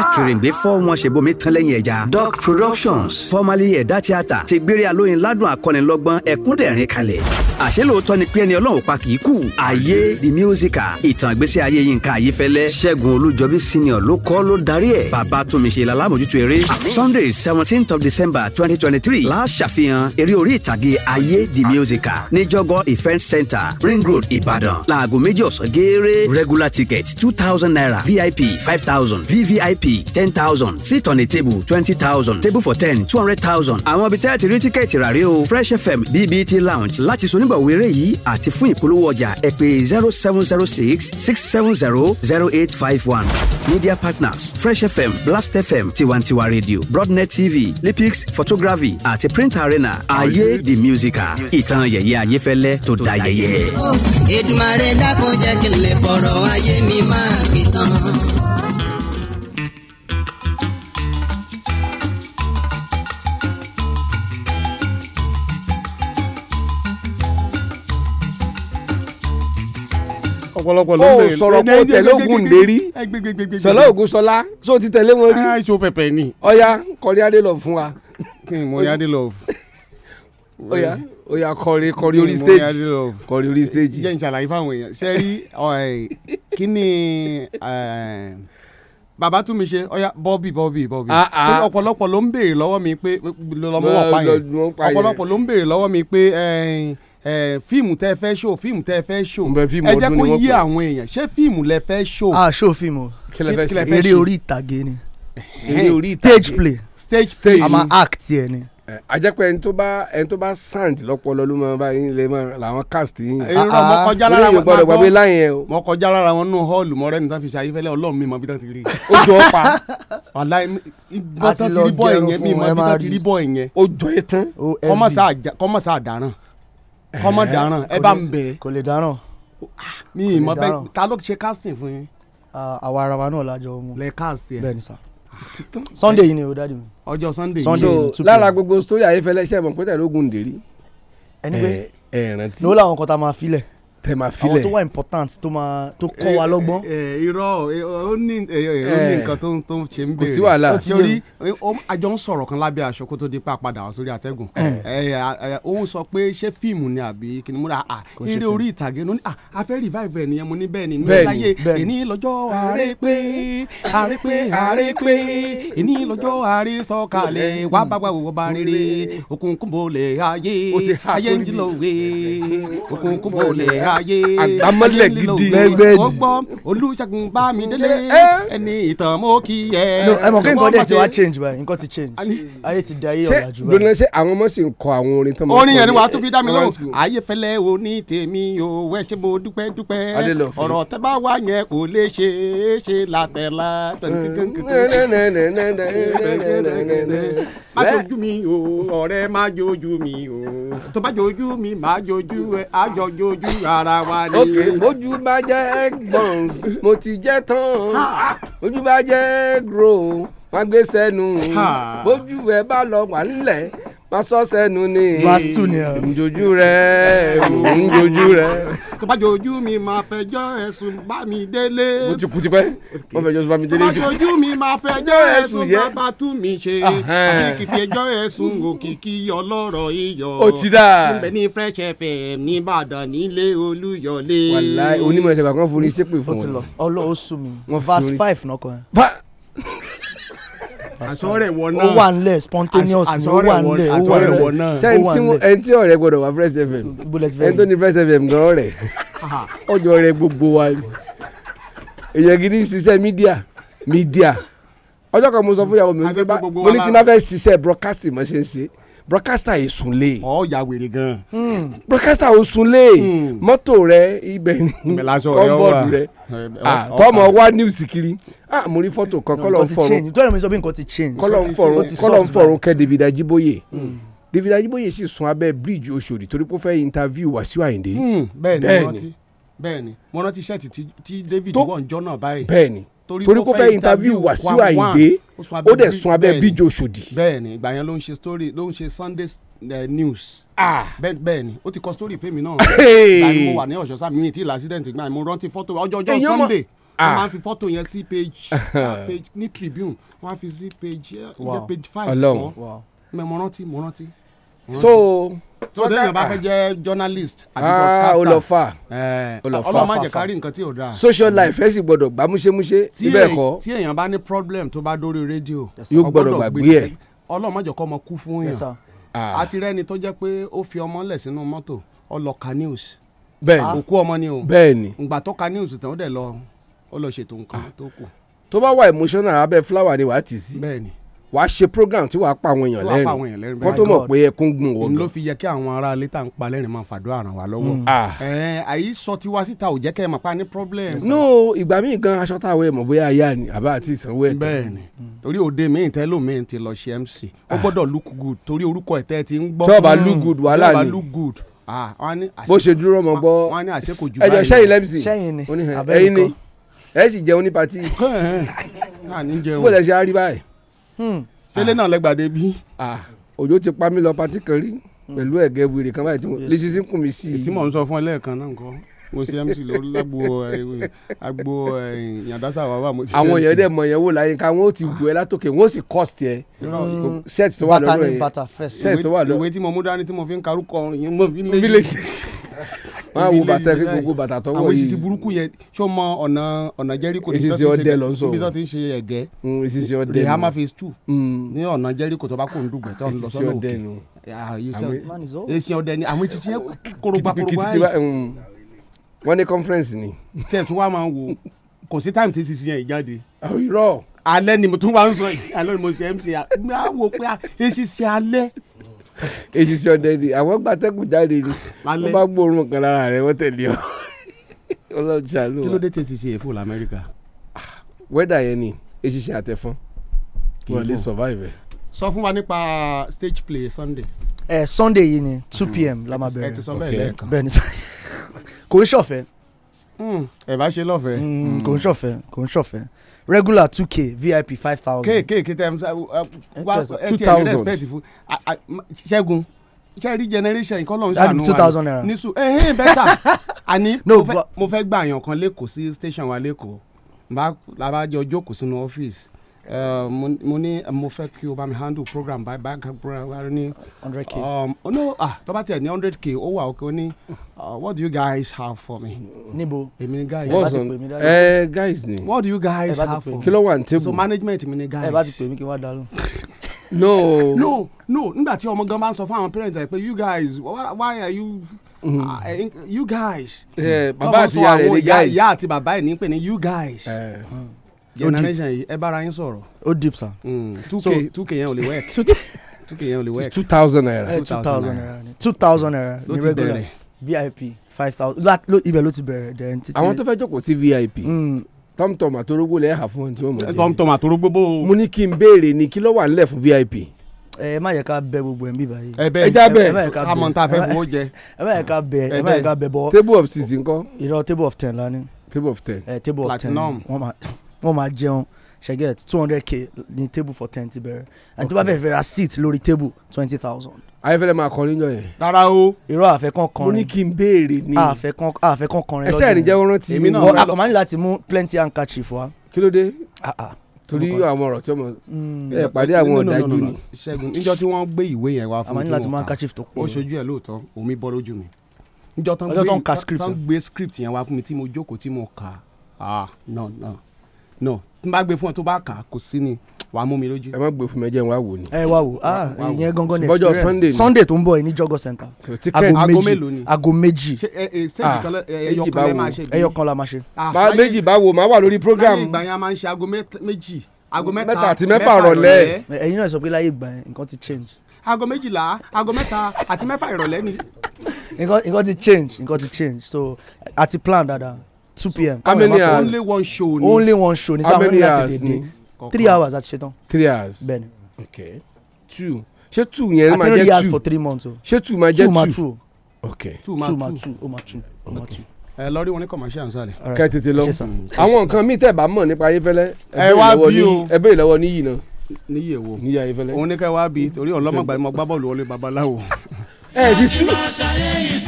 akèrèǹgbè fọ́ wọn bomi tán lẹ́yìn ẹja. doc productions formerly ẹ̀dá tíátà ti gbére alóyin ládùn akọ́nilọ́gbọ́n ẹ̀kúndẹ̀rín kalẹ̀. àṣé lóòótọ́ ni pé ẹni ọlọ́run pa kì í kú. ayé the musical ìtàn ìgbésí ayé yínká ayéfẹ́lẹ́ ṣẹ́gun olújọbí senior ló kọ́ ló darí ẹ̀. bàbá túnmíṣe lalámójútó eré. sunday seventeenth of december twenty twenty three la ṣàfihàn eré orí ìtàgé ayé the musical ní jọgọ event center ring road ìbàdàn láago méjì ọ̀sán gééré regular ticket two thousand naira vip five thousand vvip pay ten thousand sit on a table twenty thousand table for ten two hundred thousand àwọn ibi tẹ́ẹ̀tì rí tíkẹ́ẹ̀tì rà rí o fresh fm bbt lounge láti sonígbàwé eré yìí àti fún ìpolówó ọjà ẹ pè zero seven zero six six seven zero zero eight five one media partners fresh fm blast fm tiwantiwa radio broadnet tv lipix photography àti print arena ayé the musical ìtàn yẹ̀yẹ́ ayéfẹ́lẹ́ tó da yẹ̀yẹ́. Èdùmàrè dákun jẹ́ kí n lè fọ̀rọ̀ ayé mi máa fi tán. ọ̀pọ̀lọpọ̀ ló ń o sọ̀rọ̀ kó tẹ̀lé ogun lérí sọ̀lá ogun sọlá só ti tẹ̀lé wọn rí. aṣọ ah, pẹpẹ ni. ọya kọrin adé lọ fún wa. kí ni mo ní adé lọ fún. ọya ọya kọrin kọrin orí stage kọrin orí stage. jẹ́ ìṣàlàyé fáwọn èèyàn ṣe rí kí ni bàbá tún mi ṣe ọyá bọ́bì bọ́bì bọ́bì ọ̀pọ̀lọpọ̀ ló ń béèrè lọ́wọ́ mi pé ọ̀pọ̀lọpọ̀ ló ń béèrè lọ́wọ́ mi pé Eh, fíìmù tẹ fẹ́ ṣó fíìmù tẹ fẹ́ ṣó ẹ jẹ́ kó yí àwọn èèyàn ṣé fíìmù lẹ fẹ́ ṣó. a ṣó fíìmù eré orí ìtàgé ni stage play stage play a máa act yẹn ni eh, ajẹ́pẹ́ ẹni tó bá ẹni tó bá sand lọ́pọ̀lọ́ ló máa bá yín lè máa làwọn cast yín. Eh, irọ́ mọ ah, kọjá lára wọn máa gbọ́ mọ kọjá lára wọn nù họ́ọ̀lù mọ́rẹ́ nìta fi ṣe ayífẹ́lẹ́ ọlọ́run mi mọ bí tán ti rí i. ó jọ ọ́ pa. [LAUGHS] wàhálà ìbọn tán ti rí bọ́ ẹ̀yẹn mi mọ bí tán ti rí bọ́ ẹ̀yẹn. ó jọ ẹ tán. kọ́mọ̀sá àdáràn kọ́mọ eh, dáràn ẹ bá ń bẹ̀. kò lè dáràn. Ah, mi ì mọ bẹ́ẹ̀ ta ló ṣe casting fún yín. Ah, àwa ara wa náà lájọ mú. lẹ cast yẹ bẹ́ẹ̀ ni ah, sunday yìí ni o dáàdi mi. ọjọ́ sunday yìí ni two pm. lára gbogbo story ayéfẹ́lẹ́ iṣẹ́ ìmọ̀ pẹ́tẹ́ lógun dèrí. ẹni pé eh, eh, ẹ̀ẹ̀rántí. ló láwọn kan tá a máa filẹ̀ tẹ máa filẹ̀. àwọn tó wà important tó máa tó kọ́ wa eh, lọ́gbọ́n. Eh, eh, irọ́ ó ní nǹkan tó tó ṣe ń béèrè kò sí wàhálà torí àjọ ń sọ̀rọ̀ kan lábẹ́ aṣọ kó tó di pa wá sórí àtẹ́gùn òun sọ pé ṣé fíìmù ni àbí kí ni à eré orí ìtàgé ní a fẹ́ revive ẹ̀ nìyẹn mo ní bẹ́ẹ̀ ni mi láyé èní lọ́jọ́ àárẹ̀ pé àárẹ̀ pé àárẹ̀ pé èní lọ́jọ́ àárẹ̀ sọ̀kalẹ̀ wà bá rere òkùnkùn bò ayé àgbámọ́lẹ̀ gidi gbẹgbẹ́ di olùṣègùn bámidélé ẹni ìtàn mọ́ kí ẹ. ẹ kí nǹkan dẹ̀ ti wá change báyìí nǹkan ti change ayé ti di ayé ọ̀làjú báyìí. dundun àwọn ọmọ sì ń kọ àwọn orin tán. orin yẹn ni wàá tún fi dá mi lóhùn ayé fẹlẹ o tèmi o wẹ ṣe mo dúpẹ́ dúpẹ́ ọ̀rọ̀ tẹ bá wà yẹn kò lè ṣe é ṣe látẹlá. má jojú mi o ọ̀rẹ́ má jojú mi o tó bá jojú mi má jojú ẹ á jọ jojú ara ara wa ni. òkè bá jẹ́ egg mo ti jẹ́ tán mójú bá jẹ́ egg wọ́n gbé sẹ́nu bójú ẹ bá lọ wà nílẹ̀ má sọ sẹ́nu ni njojú rẹ njojú rẹ. tó bá jojú mi máa fẹjọ́ ẹ̀sùn bá mi délé. mo ti kú tipẹ́ mo fẹjọ́ ẹ̀sùn bá mi délé. tó bá jojú mi máa fẹjọ́ ẹ̀sùn bàbá tú mi ṣe àti kìkì ẹjọ́ ẹ̀sùn òkìkí ọlọ́rọ̀ iyọ̀. ó ti dà. níbẹ̀ ni Fresh FM nìbàdàn nílé Olúyọ̀lé. wàláì onímọ̀ ẹ̀sẹ̀ kan fún ní sépè fún ọ. ó ti lọ ọlọ́ọ̀ọ́sùn mi verse five náà àsọ̀rẹ̀ wọ náà ó wà nílẹ̀ spontaneous ó wà nílẹ̀ ó wà nílẹ̀ ṣé ẹni tí ọ̀rẹ́ gbọ́dọ̀ wá Fresh FM ẹni tó ní Fresh FM gan ọ̀rẹ́ ọjọ́ rẹ gbogbo wa èèyàn gidi ń ṣiṣẹ́ mídíà mídíà ọjọ́ kan mo sọ fún ìyàwó mi mo ní tí n bá fẹ́ ṣiṣẹ́ broadcasting mo ṣe ń ṣe broadcaster yìí sunlé. ọ ya wèrè gan. Hmm. broadcaster ò sunlé hmm. mọ́tò rẹ ibẹ̀ ni kọ́ńbọ̀dù rẹ ah, tọmọ wá news kiri ah mo rí fọ́tò kan kọ́lọ̀ ń fọ̀rọ̀ kọ́lọ̀ ń fọ̀rọ̀ kọ́lọ̀ ń fọ̀rọ̀ kẹ́ David Ajiboye hmm. David Ajiboye sì sun abẹ́ bridge Òṣòdì torí pé ó fẹ́ interview Wàsíù Àyìndé. bẹ́ẹ̀ni bẹ́ẹ̀ni mo rántí sẹẹtì tí David wọ ǹjọ náà báyìí. bẹ́ẹ̀ni torí kó fẹ́ interview Wàsíù Àyìndé ó dẹ̀ sun abẹ́ bíjì Òṣòdì. bẹ́ẹ̀ni ìgbà yẹn ló ń ṣe story ló ń ṣe Sunday uh, news. Ah. bẹ́ẹ̀ni ó ti kọ story fèmí náà. láì mo wà ní ọ̀ṣọ́sá mi ti là accident gbà mo rántí fọ́tò ọjọ́ ọjọ́ Sunday wọ́n ah! máa ń fi fọ́tò yẹn sí page [LAUGHS] ah, page ní Tribune wọ́n á fi sí page eh, page five kan mẹ́mọ́rántí mọ́rántí so tó déyàn bá ah. fẹ́ jẹ́ journalist àbí ah, broadcaster olọ́fà eh, olọ́fà ọlọ́mọ àjẹkárí nǹkan tí ò dáa. social life ẹ sì gbọ́dọ̀ gbá múṣémúṣé ibẹ̀ kọ́. tí èèyàn bá ní problem tó bá dórí rédíò yóò gbọ́dọ̀ gbàgbé ẹ̀. ọlọ́mọ àjẹkọ́ ọmọ kú fún yàn àti ah. rẹ́ni tó jẹ́ pé ó fi ọmọ lẹ̀ sínú mọ́tò ọlọ́ka news bẹ́ẹ̀ni òkú ọmọ ni o bẹ́ẹ̀ni ìgbà tó ka news tán ó dẹ̀ lọ ó lọ ṣètò nǹkan tó kù. tó bá wà emotional abẹ́ flower ni wàá tì sí. bẹ́ẹ̀ni wà á ṣe program tí wà á pa àwọn èèyàn lẹ́rìn kó tó mọ̀ pé ẹkún gun ògùn. òun ló fi yẹ kí àwọn ará ilé tá à ń pa lẹ́rìn máa fàdúrà ràn wá lọ́wọ́. Mm. Ah. àyí sọ tiwa síta ò jẹ́ kẹ́ ẹ mọ̀ pa ní problem. no ìgbà míì gan aṣọ tá a wẹ̀ mọ̀ bóyá aya ni àbá àti ìsanwó ẹ̀ tán. bẹ́ẹ̀ni mm. torí òde mi ìtẹ́ lómi ti lọ ṣe MC ó ah. gbọ́dọ̀ look good torí orúkọ ìtẹ́ ti ń gbọ́. tọ́ọ̀bà look mm. good wàhálà ni look good bó ṣe dúró mọ gbọ́ ẹjọ sẹ́yìn lẹ́mísì ẹ̀yìn ni ẹ̀ sì jẹun ní patí [LAUGHS] bó lẹ ṣe á rí báyìí. Hmm. ṣẹlẹ̀ náà lẹ́gbàdé bí. Ah, ah. òjò ti pa mí lọ patí kan rí hmm. pẹ̀lú ẹ̀gẹ́ wèrè kan báyìí tí mo lè ṣiṣẹ́ kùn mí sí i. tí ń sọ fún ẹ lẹ́ẹ̀kan náà nǹkan mo ṣe mc lórí [LAUGHS] lágbo agbo eh, eh, yàndásá wa wà mo ti ṣe mc. àwọn èèyàn dẹ̀ mọ̀ yẹn wò láyé ká wọ́n ti wù ẹ́ látòkè wọ́n sì cost ẹ set tó wà lọ́rọ̀ yẹn set tó wà lọ́rọ̀ yẹn. ìwé tí mo mú dání tí mo fi ń karúkọ yẹn mo fi lè. [LAUGHS] máa wo bàtà kí gbogbo bàtà tọwọ yìí àwọn ìsìsì burúkú yẹn ṣó mọ ọ̀nà ọ̀nà jẹ́ríkò níbi tó ti ń ṣe ẹ̀gẹ́ ìsìsì mm, ọdẹ lè hama phase two mm. ní ọ̀nà jẹ́ríkò tó bá kó ń dùgbẹ́ tó ń lọ sọ́nà òkè ah, èsì ọdẹ ni àwọn ìtìtì yẹn korogba korogba yìí. Mm. wọ́n ní conference ni. sẹ́ẹ̀ tún wá máa ń wo kò sí time tí ìsìsì yẹn jáde. àwọn oh, irọ́ alẹ́ ni mo tún wá ń sọ èsì sọdẹ ni àwọn gbatẹ́kùn jáde ni wọ́n bá gbóòórùn kan lára rẹ̀ wọ́n tẹ̀lé ọ [LAUGHS] ọlọ́run ṣàlù wa. kí ló dé tètè ṣe èfó lamẹ́ríkà. wẹ́dà yẹn ni èsì ṣe àtẹ̀fọ́n kí wọ́n lè survive ẹ̀. sọ fún wa nípa stage play sunday. ẹ sunday yìí ni two pm hmm. la máa bẹ̀rẹ̀ ẹ ti sọ bẹ́ẹ̀ lẹ́ẹ̀kan bẹ́ẹ̀ ni [LAUGHS] kò ń ṣọ̀fẹ́. Hmm, ẹ bá ṣe lọ́fẹ̀ẹ́. Hmm, kò ń ṣọ̀fẹ́ kò ń ṣọ̀fẹ́ regular two k vip five thousand. K times wa mtn respect fún ṣẹ́gun ṣe rí generation yìí kọ́lọ́ ń ṣàánú wa two thousand naira nísù ẹ̀hìn bẹ́tà àní mo fẹ́ gbà yàn kan lẹ́kọ̀ọ́ sí station wa lẹ́kọ̀ọ́ làbájọ jókòó sínú ọ́fíìsì Uh, mo ní uh, mo fẹ́ kí o bá mi handle program by back program ní. hundred k. Um, oh, no ah tó bá tiẹ̀ ní hundred k ó wà òkè ó ní uh, what do you guys have for me. níbo èmi ni guys. what's on ẹ eh, guys ni. what do you guys have for me. kí ló wà table. so management mi ni guys. ẹ bá ti pè mí kí wọ́n dá lóhùn [LAUGHS] no no no nígbà tí ọmọ gan bá ń sọ fún àwọn parents ẹ pé you guys why are you mm. uh, eh, you guys. Yeah. bàbá àti ìyá rẹ ni guys. ìyá àti bàbá ẹ̀ ní pè ní you guys. Uh. Mm generation yìí ẹ bára yín sọ̀rọ̀. ó deep sa. Hmm, hmm. two k two k yẹn ò lè work two [LAUGHS] k yẹn ò lè work. Eh, two thousand naira. two thousand naira two thousand naira ní regular vip five thousand ibẹ̀ ló ti bẹ̀rẹ̀ dẹ̀ títí. àwọn tó fẹ́ jókòó sí vip hmm. tọ́mtọ́m àtorógbó lẹ́yìn àfún ẹni tí wọ́n mọ̀ eh, ẹ́. tọ́mtọ́m àtorógbó bò. mo ní kí n béèrè ni kí ló wà nílẹ̀ fún vip. Eh, ẹ má yẹ ká bẹ gbogbo ẹ n bí báyìí. ẹ bẹ ẹ já bẹ àmọ́ tá fẹ́ fowó jẹ. [LAUGHS] ẹ má yẹ ká bẹ ẹ má yẹ ká bẹ bọ. table of six ńkọ́. ìrọ table of ten la table of ten. ẹ table of ten platinum wọ́n máa jẹun ṣe get two hundred k ní table for ten ti bẹ̀rẹ̀ and tó bá fẹ́ fẹ́ ra seat lórí table twenty thousand. ayéfẹ́lẹ́ máa kọrin yọ yẹn. rárá o irọ́ àfẹ́kàn kọrin. mo ní kí n béèrè ni. àfẹ́kàn àfẹ́kàn kọrin lọ́dún. ẹsẹ̀ ìrìnjẹ́ wọ́n rántí. èmi náà wọ́n lọ. àkọ́mọ́ ní láti mú plenty handkerchief wa. kí ló dé. Ah, ah. torí àwọn ọ̀rọ̀ tí ọmọ hmm. ẹ pàdé àwọn ọ̀dájú ni. ṣẹ́gun níjọ́ tí wọ́n gbé ìwé yẹn wá fún mi tí mo kà á ah, no tí n bá gbé fún ọ tó bá kà á kò sí ni wà á mú mi lójú. ẹ má gbé fún mi ẹ jẹ́ n wá wò ni. ẹ wá wò ah ìyẹn gangan ni experience sunday sunday tó ń bọ̀ yìí ní jọgọ center. aago mélòó ni aago méjì. Ah, ẹyọ kan lẹ máa ṣe. ẹyọ kan la máa ṣe. Ah, bá méjì bá wo máa wà lórí program. láyé ìgbà yẹn a máa ń ṣe aago méjì aago mẹ́ta àti mẹ́fà rọ̀lẹ́. ẹ̀yin náà sọ pé láyé ìgbà yẹn nǹkan ti change. aago méjìlá aago mẹ́ta àti mẹ́fà ìrọ̀lẹ́ ni. nǹkan ti change nǹkan ti change so àti plan dáadáa two pm. how many hours only one show ni only one show ni sáwọn ní àti tètè three hours àti ṣetán. three hours bẹ́ẹ̀ni. okay two ṣé two yẹn máa jẹ two àti three hours for three months o ṣé two máa jẹ two two ma two okay two ma two o ma two o ma two ẹ lọ rí wọn ní commercial ansale. kẹ tètè lọ àwọn nǹkan míì tẹ bá mọ̀ nípa ayéfẹ́lẹ́ ẹ wá bí o ẹ bẹ́ẹ̀ lọ́wọ́ níyì náà. níyì èwo níyì ayéfẹ́lẹ́. òun ní ká wá bí torí ọlọ́mọgbà mọ gbá bọ́ọ̀lù wọlé babaláwo. ẹ fi sí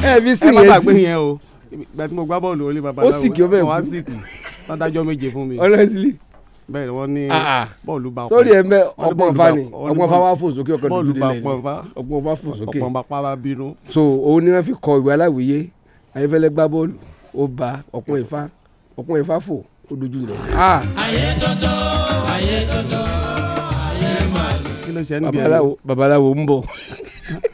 ẹ fi sí yẹn sí. ẹ má gbàgbé yẹn o ìgbà mo gbá bọ́ọ̀lù orí babaláwo ó sì kí ó bẹ̀ kú wọ́n á sì kú wọ́n méje fún mi. honestly bẹ́ẹ̀ wọ́n ní ah, ah. bọ́ọ̀lù bá pọ́n sórí ẹ̀ mẹ́ fa ni ọgbọ́n fa wá fò sókè ọkọ̀ dúdú délẹ̀ ọgbọ́n fa fò sókè ọgbọ́n fa bá bínú. so òun ni wọ́n fi kọ ìwé aláwìyé ayéfẹ́lẹ́ gbá bọ́ọ̀lù ó ba ọ̀pọ̀n ìfa ọ̀pọ̀n ìfa fò ó dojú rẹ̀. babaláwo babaláwo ń bọ̀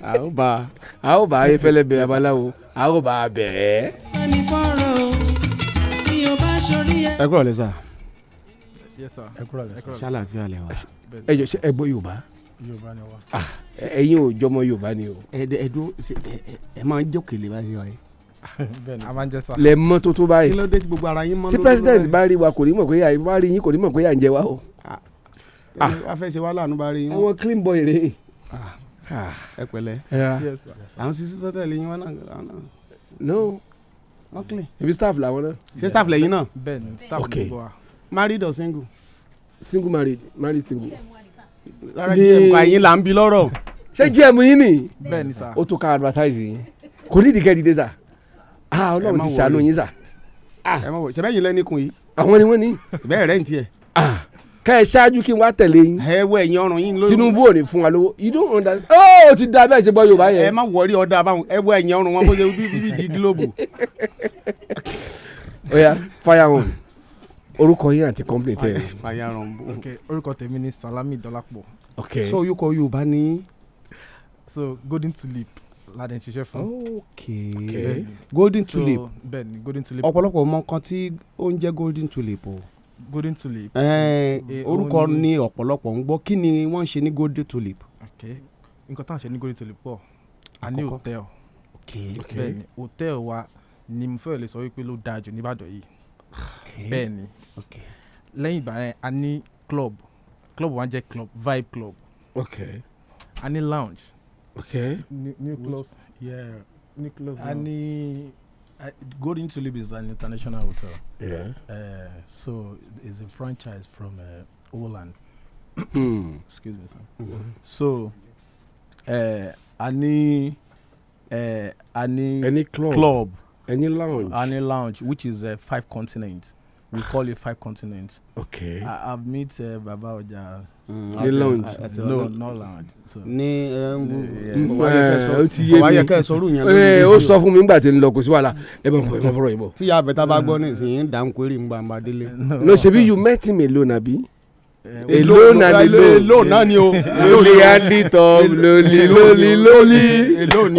a ó bá a ó bá ayéfẹ́lẹ́ bẹ babaláwo a ó bá a bẹ̀ẹ́. ẹ kúrò lẹ́sà ẹ kúrò lẹ́sà ṣàlàfíà lẹ́wà ẹ jọ ṣe ẹ gbọ́ yorùbá yorùbá ni wa. Ah, ẹ̀yin ò jọmọ yorùbá ni o. ẹ dúró ẹ máa ń jókèlè báyìí wa yìí. a máa lẹ mọ tuntun báyìí. tí president bá rí wa kò ní mọ̀ pé àyè bá rí yín kò ní mọ̀ pé à ń jẹ wa o. Ah. Ah. a fẹ́ ṣe wá láàánú bá rí yín. àwọn clean boy rèé ẹ pẹ̀lẹ́ à ń sisi sọtẹ́ẹ̀lì yín wọn náà. no wọn clean. ebi staff làwọn náà. ṣé staff lẹ́yìn náà. bẹ́ẹ̀ni staff ló bọ wa. married or single. single married married single. rárá gm kọ àyín là ń bi lọ́rọ̀. ṣé gm yín ni. bẹ́ẹ̀ni sá. o tún ka advertise yín kò ní ìdíkẹ́ dìde sá. ah ọlọ́run ti ṣàánú yín sá. Ah. ẹ má wọ ṣẹbẹ́ yín lẹ́nìkùn yìí. àwọn ni wọ́n ní. ìbẹ́ẹ̀ rẹ̀ ń tiẹ̀. ah ká ẹ ṣáájú kí n wá tẹ̀lé yín. ẹ wọ ẹ̀yin ọrùn yín lórí. Tinubu ò ní fún wa lówó you don't understand. ó oh, ti da bẹ́ẹ̀ ṣe gbọ́ Yorùbá yẹn. ẹ má wọrí ọ̀dà báwọn ẹ wọ ẹ̀yin ọrùn wọn bó ṣe bí bí di gílóòbù. fire on orúkọ yín àti complaint ẹ. fire on bo. ok orúkọ tèmi ni Salami Dọlápọ̀. ok so orúkọ Yorùbá ni. so golden tulip ládẹ̀ ṣiṣẹ́ fún. ok golden tulip. so golden tulip. ọ̀pọ̀lọpọ̀ mọ nǹkan tí ó ń jẹ́ golden tulip o. Oh golden tulip. orúkọ ni ọ̀pọ̀lọpọ̀ ń gbọ́ kí ni wọ́n ń ṣe ní golden tulip. nǹkan tá à ń ṣe ní golden tulip pọ̀ a ní hòtẹ́ẹ̀lì bẹ́ẹ̀ ni hòtẹ́ẹ̀lì wa ni mo fẹ́rẹ̀ lè sọ wípé ló dáa jù nìbàdàn yìí bẹ́ẹ̀ lẹ́yìn ìgbà yẹn a ní club club wa jẹ́ club vibe club okay. a ní lounge okay. new, new clothes yeah. new clothes a ní. I, Golden Tulip is an international hotel. Yeah. Uh, so it's a franchise from uh, Holland. Hmm. [COUGHS] Excuse me, sir. Mm-hmm. So, uh, any, uh, any, any club, club, any lounge, any lounge, which is uh, five continents we call it five continents. Okay. I, I've met uh, Baba Oja. Mm, uh, lounge. At, at no, no lounge. So. Ní wáyé kẹ́ sọ́rù yẹn lórí. Eh, ó sọ fún mi nígbà tí ń lọ kò sí wàhálà ẹ bá bọ̀ ẹ bá bọ̀rọ̀ yìí bọ̀. Tí yàrá bẹ̀ta bá gbọ́ nísìnyí ń dà ń kórè ń gbàǹgbà délé. No ṣebí you met him alone àbí? Eh, èlò náà ni lò èlò náà ni o lórí adìtọ lórí lórí lórí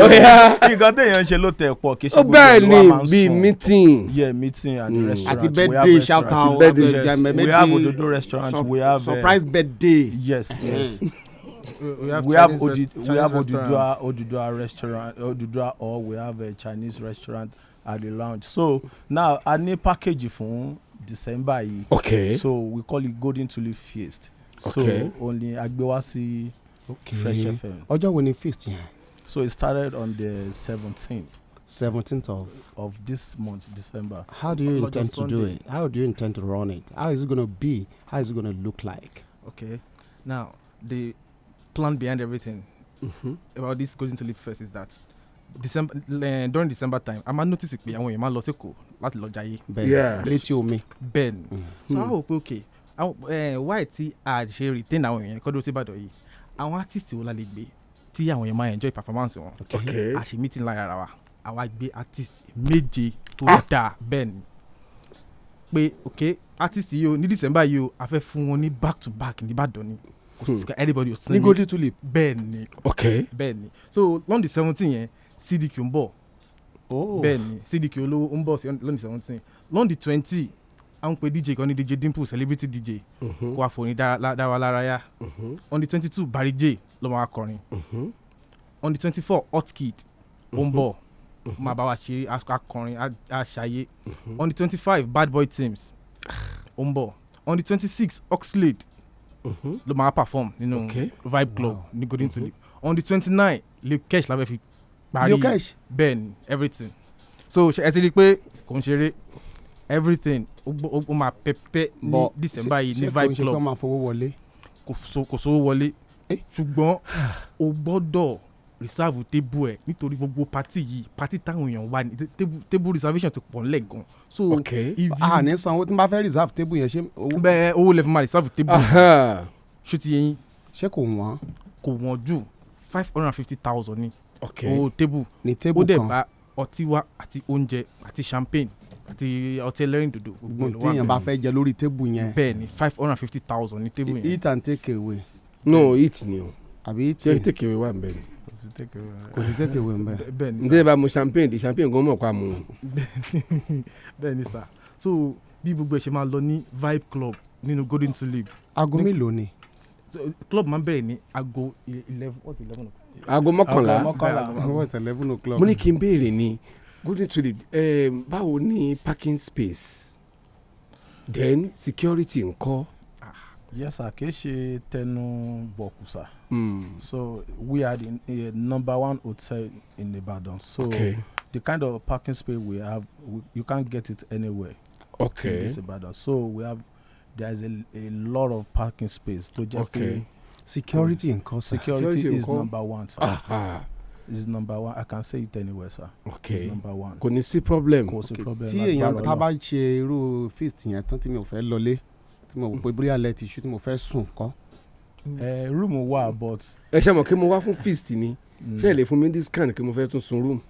ọyá. nǹkan téèyàn ṣe ló tẹ̀ pọ̀ kì í ṣe gbogbo ìlú wa máa ń sùn. ó bẹ́ẹ̀ ni bíi meeting. yeah meeting at the hmm. restaurant. àti birthday shout out we have ododo restaurant we have eh, surprise birthday. yes yes hmm. we have we have Odudua Odudua restaurant Odudua or we have a Chinese restaurant at the lounge so now a ní package fún December yìí. okay so we call it golden tulip feast. okay so only agbewa sí okay. Fresh FM. ọjọ́ wo ni feast yẹn. so it started on the seventeenth. seventeenth of. of this month December. how do you intend to do it how do you intend to run it how is it gonna be how is it gonna look like. okay now the plan behind everything mm-hmm. about this golden tulip feast is that december eh, during december time a máa notice pé àwọn èèyàn máa lọ sí Èkó láti lọ jayé. bẹ́ẹ̀ni létí omi. bẹ́ẹ̀ni mm. so a hmm. wò pé ok eh, why ti a ṣe retain àwọn èèyàn kọ́dọ̀ sí Ìbàdàn yìí àwọn artist wo la lè gbé tí àwọn èèyàn máa enjoy performance wọn a ṣe meeting lára ara wa àwa gbé artist méje tó ah! da bẹ́ẹ̀ ni pé ok artist yìí o ní december yìí o a fẹ́ fún wọn ní back to back ní Ìbàdàn ni kò sí hmm. anybody ò sinmi ní Golden Tulip bẹ́ẹ̀ ni bẹ́ẹ̀ ni so lọ́ndì seventeen yẹn. CDQ ń bọ̀ oh. bẹ́ẹ̀ ni CDQ olówó ń bọ̀ lónìí seventeen lónìí twenty à ń pe DJ kan ní DJ Dimple celebrity DJ mm-hmm. kó wá fòní dáwà lára yá mm-hmm. on the twenty two Barry J ló máa kọrin mm-hmm. on the twenty four Hot Kid ó ń bọ̀ máa bá wa ṣe akọrin aṣayé on the twenty five Bad Boy Teams ó ń bọ̀ on the twenty six Oxlade ló máa perform nínú Vibe Club ní Golden Tulip on the twenty nine Luke Kesh lábẹ́ fi parí bẹ́ẹ̀ everything so ẹ ti rí i pé kò ń ṣeré everything ó máa pẹpẹ ní december yìí ní vibe club ṣe kò ń ṣe kó máa fowó wọlé kò sówó wọlé eh? ṣùgbọ́n o gbọ́dọ̀ reserve tébù ẹ̀ nítorí gbogbo pati yìí pati táwọn èèyàn wà ní tébù reservation ti pọ̀ nílẹ̀ gan. so if you a ní sanwó tí n bá fẹ́ reserve table yẹn ṣé owó. bẹ́ẹ̀ owó lè fi máa reserve tébù ṣé ti yẹn. ṣé kò wọ́n. kò wọ́n jù five hundred and fifty thousand ni o tébù ó dẹ̀ bá ọtí wá àti oúnjẹ àti champagne àti ọtí ẹlẹ́rìndòdò. gbogbo tí èèyàn bá fẹ́ jẹ lórí tébù yẹn. bẹ́ẹ̀ ni five hundred and fifty thousand ní tébù yẹn. eat and take away. no eat ni o. àbí eat take take away wà ń bẹ̀rẹ̀ kò sí take away ń bẹ̀. n tẹ́ bá mu champagne di champagne gan mọ̀ kó a mu. [LAUGHS] bẹ́ẹ̀ ni sà so bí gbogbo ẹ̀ ṣe máa lọ ní vibe club nínú golden tulip. aago mélòó ni. club máa ń bẹ̀rẹ̀ ní aago eleven what's eleven o'clock aago mọ́kànlá eleven o'clock mo ní kí n béèrè ni golden tulip um, báwo ni parking space then security ńkọ́. Ah, yes sir kì í ṣe tẹnu bọ̀kùsà. Hmm. so we are the uh, number one hotel in Ibadan so okay. the kind of parking space we have we, you can't get it anywhere. okay in this Ibadan so we have there is a, a lot of parking space tó jẹ́ pé. Okay security nǹkan security is number one sir. Aha. is number one I can say it anywhere sir. okay is number one. kò ní sí problem kò sí problem tí èèyàn tá a bá ṣe irú feast yẹn tán tí mi ò fẹ́ lọlé tí mo wò pé bóyá alẹ́ ti ṣú tí mo fẹ́ sùn kọ́. ẹ eh, rúùmù wà but. ẹ ṣe mọ̀ kí mo wá fún feast ni mm. ṣé ẹ lè fún mi discount kí mo fẹ́ tún sun rúùmù.